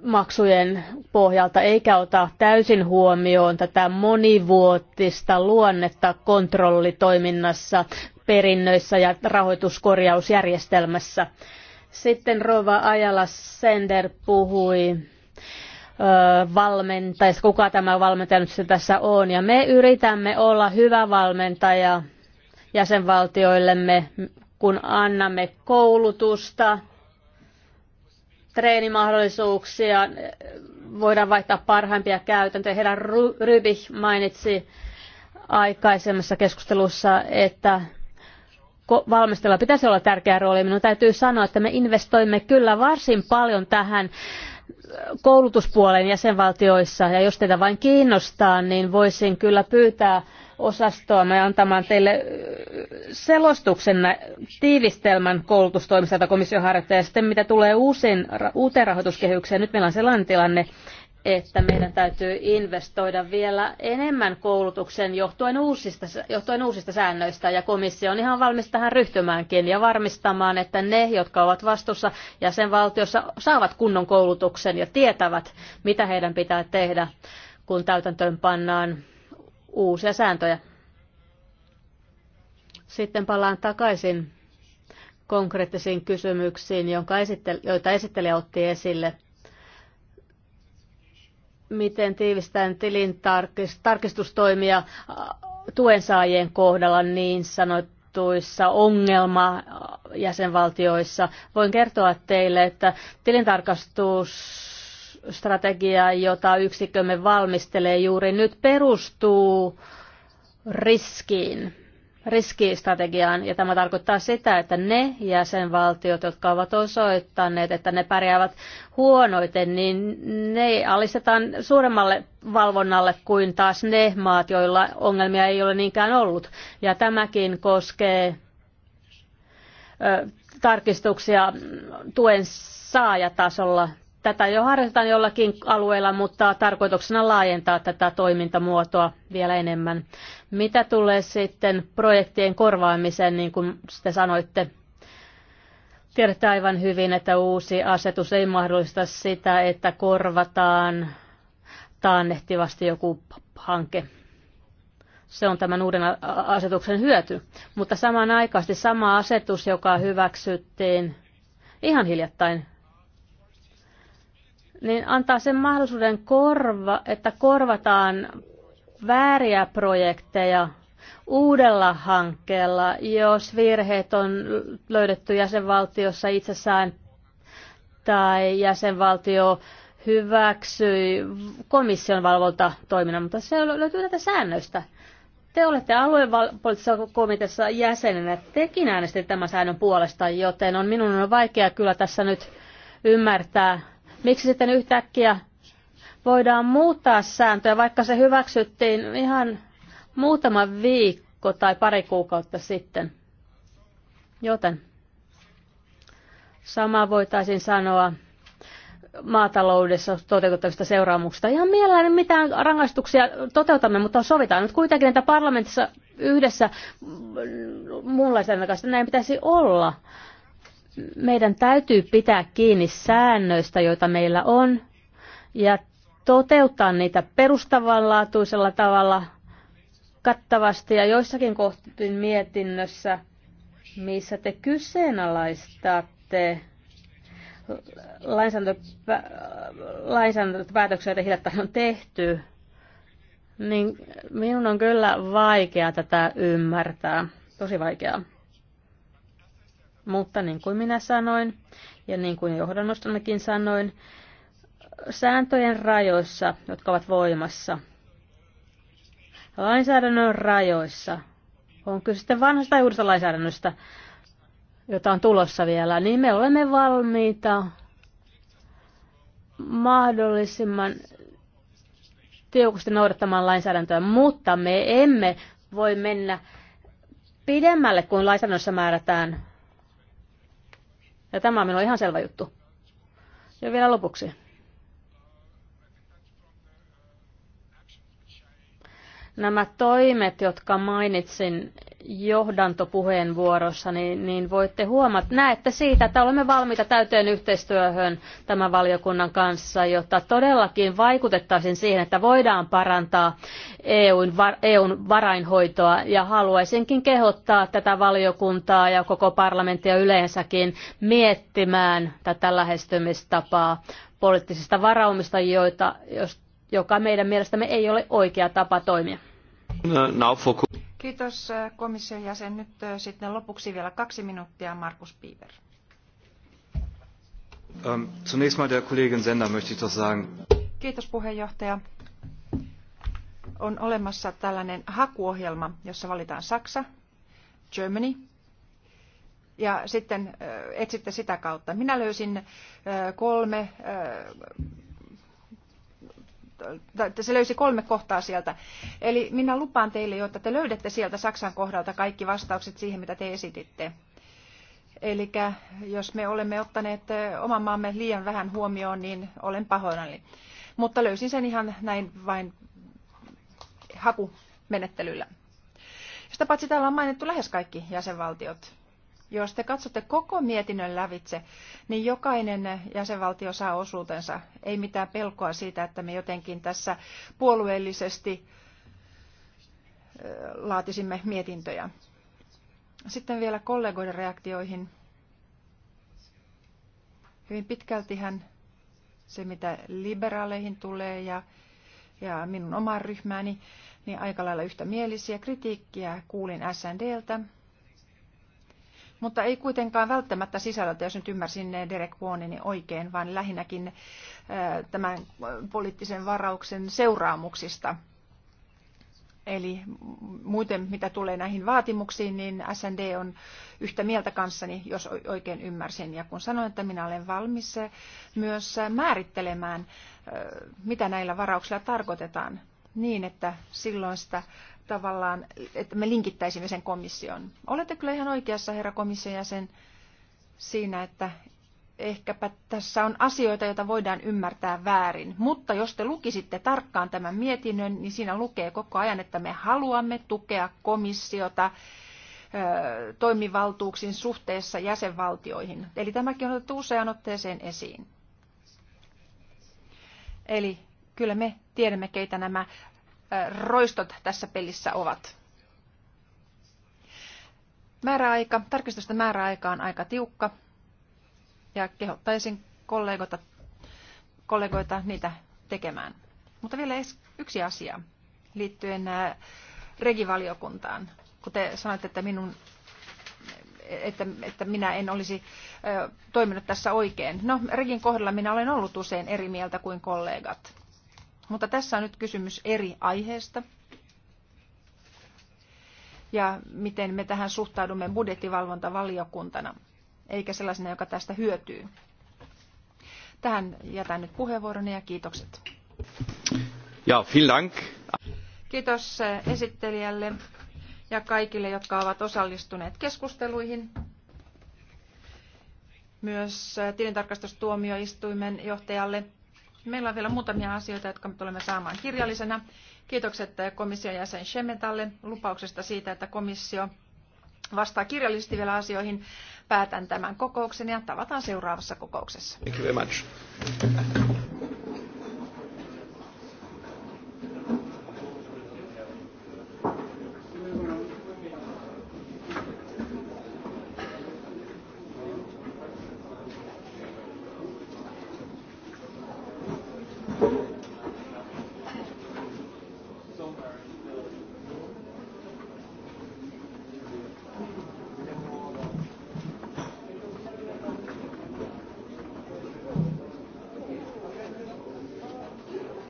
maksujen pohjalta eikä ota täysin huomioon tätä monivuotista luonnetta kontrollitoiminnassa, perinnöissä ja rahoituskorjausjärjestelmässä. Sitten Rova Ajala Sender puhui valmentajista, kuka tämä valmentaja nyt se tässä on. Ja me yritämme olla hyvä valmentaja jäsenvaltioillemme, kun annamme koulutusta, treenimahdollisuuksia, voidaan vaihtaa parhaimpia käytäntöjä. Herra Rybi mainitsi aikaisemmassa keskustelussa, että valmistella pitäisi olla tärkeä rooli. Minun täytyy sanoa, että me investoimme kyllä varsin paljon tähän koulutuspuolen jäsenvaltioissa. Ja jos teitä vain kiinnostaa, niin voisin kyllä pyytää osastoa antamaan teille selostuksen tiivistelmän koulutustoimista, komission komissio harjoittaa. Ja sitten mitä tulee uusiin, uuteen rahoituskehykseen, nyt meillä on sellainen tilanne, että meidän täytyy investoida vielä enemmän koulutukseen johtuen uusista, johtuen uusista säännöistä ja komissio on ihan valmis tähän ryhtymäänkin ja varmistamaan, että ne, jotka ovat vastuussa jäsenvaltiossa, saavat kunnon koulutuksen ja tietävät, mitä heidän pitää tehdä, kun täytäntöön pannaan uusia sääntöjä. Sitten palaan takaisin konkreettisiin kysymyksiin, joita esittelijä otti esille – miten tiivistään tilintarkistustoimia tuensaajien kohdalla niin sanottuissa ongelma jäsenvaltioissa. Voin kertoa teille, että tilintarkastusstrategia, jota yksikkömme valmistelee juuri nyt, perustuu riskiin riskistrategiaan, ja tämä tarkoittaa sitä, että ne jäsenvaltiot, jotka ovat osoittaneet, että ne pärjäävät huonoiten, niin ne alistetaan suuremmalle valvonnalle kuin taas ne maat, joilla ongelmia ei ole niinkään ollut. Ja tämäkin koskee tarkistuksia tuen saajatasolla Tätä jo harjoitetaan jollakin alueella, mutta tarkoituksena laajentaa tätä toimintamuotoa vielä enemmän. Mitä tulee sitten projektien korvaamiseen, niin kuin te sanoitte, tiedätte aivan hyvin, että uusi asetus ei mahdollista sitä, että korvataan taannehtivasti joku hanke. Se on tämän uuden asetuksen hyöty. Mutta samanaikaisesti sama asetus, joka hyväksyttiin ihan hiljattain niin antaa sen mahdollisuuden, korva, että korvataan vääriä projekteja uudella hankkeella, jos virheet on löydetty jäsenvaltiossa itsessään tai jäsenvaltio hyväksyi komission toiminnan, mutta se löytyy tätä säännöstä. Te olette aluepoliittisessa komiteassa jäsenenä. Tekin äänestitte tämän säännön puolesta, joten on minun on vaikea kyllä tässä nyt ymmärtää, Miksi sitten yhtäkkiä voidaan muuttaa sääntöjä, vaikka se hyväksyttiin ihan muutama viikko tai pari kuukautta sitten? Joten sama voitaisiin sanoa maataloudessa toteutettavista seuraamuksista. Ihan mielelläni mitään rangaistuksia toteutamme, mutta sovitaan nyt kuitenkin, että parlamentissa yhdessä muunlaisen kanssa näin pitäisi olla meidän täytyy pitää kiinni säännöistä, joita meillä on, ja toteuttaa niitä perustavanlaatuisella tavalla kattavasti. Ja joissakin kohtiin mietinnössä, missä te kyseenalaistatte lainsäädäntöpäätöksiä, joita hiljattain on tehty, niin minun on kyllä vaikea tätä ymmärtää. Tosi vaikeaa. Mutta niin kuin minä sanoin, ja niin kuin johdannostonakin sanoin, sääntöjen rajoissa, jotka ovat voimassa, lainsäädännön rajoissa, on kyse sitten vanhasta tai uudesta lainsäädännöstä, jota on tulossa vielä, niin me olemme valmiita mahdollisimman tiukasti noudattamaan lainsäädäntöä, mutta me emme voi mennä pidemmälle kuin lainsäädännössä määrätään ja tämä on minulle ihan selvä juttu. Ja vielä lopuksi. Nämä toimet, jotka mainitsin, johdantopuheenvuorossa, niin, niin voitte huomata, näette siitä, että olemme valmiita täyteen yhteistyöhön tämän valiokunnan kanssa, jotta todellakin vaikutettaisiin siihen, että voidaan parantaa EUn, EUn varainhoitoa. Ja haluaisinkin kehottaa tätä valiokuntaa ja koko parlamenttia yleensäkin miettimään tätä lähestymistapaa poliittisista varaumista, joita, jos, joka meidän mielestämme ei ole oikea tapa toimia. Kiitos komission jäsen. Nyt sitten lopuksi vielä kaksi minuuttia Markus Piiver. Ähm, zunächst mal der Kollegin Sender möchte ich doch sagen. Kiitos puheenjohtaja. On olemassa tällainen hakuohjelma, jossa valitaan Saksa, Germany, ja sitten etsitte sitä kautta. Minä löysin kolme se löysi kolme kohtaa sieltä. Eli minä lupaan teille jo, että te löydätte sieltä Saksan kohdalta kaikki vastaukset siihen, mitä te esititte. Eli jos me olemme ottaneet oman maamme liian vähän huomioon, niin olen pahoillani. Mutta löysin sen ihan näin vain hakumenettelyllä. Sitä paitsi täällä on mainittu lähes kaikki jäsenvaltiot. Jos te katsotte koko mietinnön lävitse, niin jokainen jäsenvaltio saa osuutensa. Ei mitään pelkoa siitä, että me jotenkin tässä puolueellisesti laatisimme mietintöjä. Sitten vielä kollegoiden reaktioihin. Hyvin pitkältihän se, mitä liberaaleihin tulee ja, ja minun omaan ryhmääni, niin aika lailla yhtämielisiä kritiikkiä kuulin SNDltä, mutta ei kuitenkaan välttämättä sisällöltä, jos nyt ymmärsin Derek Vuonini oikein, vaan lähinnäkin äh, tämän äh, poliittisen varauksen seuraamuksista. Eli muuten mitä tulee näihin vaatimuksiin, niin SND on yhtä mieltä kanssani, jos oikein ymmärsin. Ja kun sanoin, että minä olen valmis äh, myös määrittelemään, mitä näillä varauksilla tarkoitetaan, niin että silloin sitä tavallaan, että me linkittäisimme sen komission. Olette kyllä ihan oikeassa, herra komission jäsen, siinä, että ehkäpä tässä on asioita, joita voidaan ymmärtää väärin. Mutta jos te lukisitte tarkkaan tämän mietinnön, niin siinä lukee koko ajan, että me haluamme tukea komissiota toimivaltuuksin suhteessa jäsenvaltioihin. Eli tämäkin on otettu useaan otteeseen esiin. Eli kyllä me tiedämme, keitä nämä roistot tässä pelissä ovat. Määräaika, tarkistusten määräaika on aika tiukka ja kehottaisin kollegoita, kollegoita niitä tekemään. Mutta vielä yksi asia liittyen regivaliokuntaan. Kun te sanoitte, että, minun, että, että minä en olisi toiminut tässä oikein. No, regin kohdalla minä olen ollut usein eri mieltä kuin kollegat. Mutta tässä on nyt kysymys eri aiheesta ja miten me tähän suhtaudumme budjettivalvontavaliokuntana, eikä sellaisena, joka tästä hyötyy. Tähän jätän nyt puheenvuoroni ja kiitokset. Ja, vielen dank. Kiitos eh, esittelijälle ja kaikille, jotka ovat osallistuneet keskusteluihin. Myös eh, tilintarkastustuomioistuimen johtajalle Meillä on vielä muutamia asioita, jotka me tulemme saamaan kirjallisena. Kiitokset eh, komission jäsen Shemetalle lupauksesta siitä, että komissio vastaa kirjallisesti vielä asioihin. Päätän tämän kokouksen ja tavataan seuraavassa kokouksessa. Thank you very much.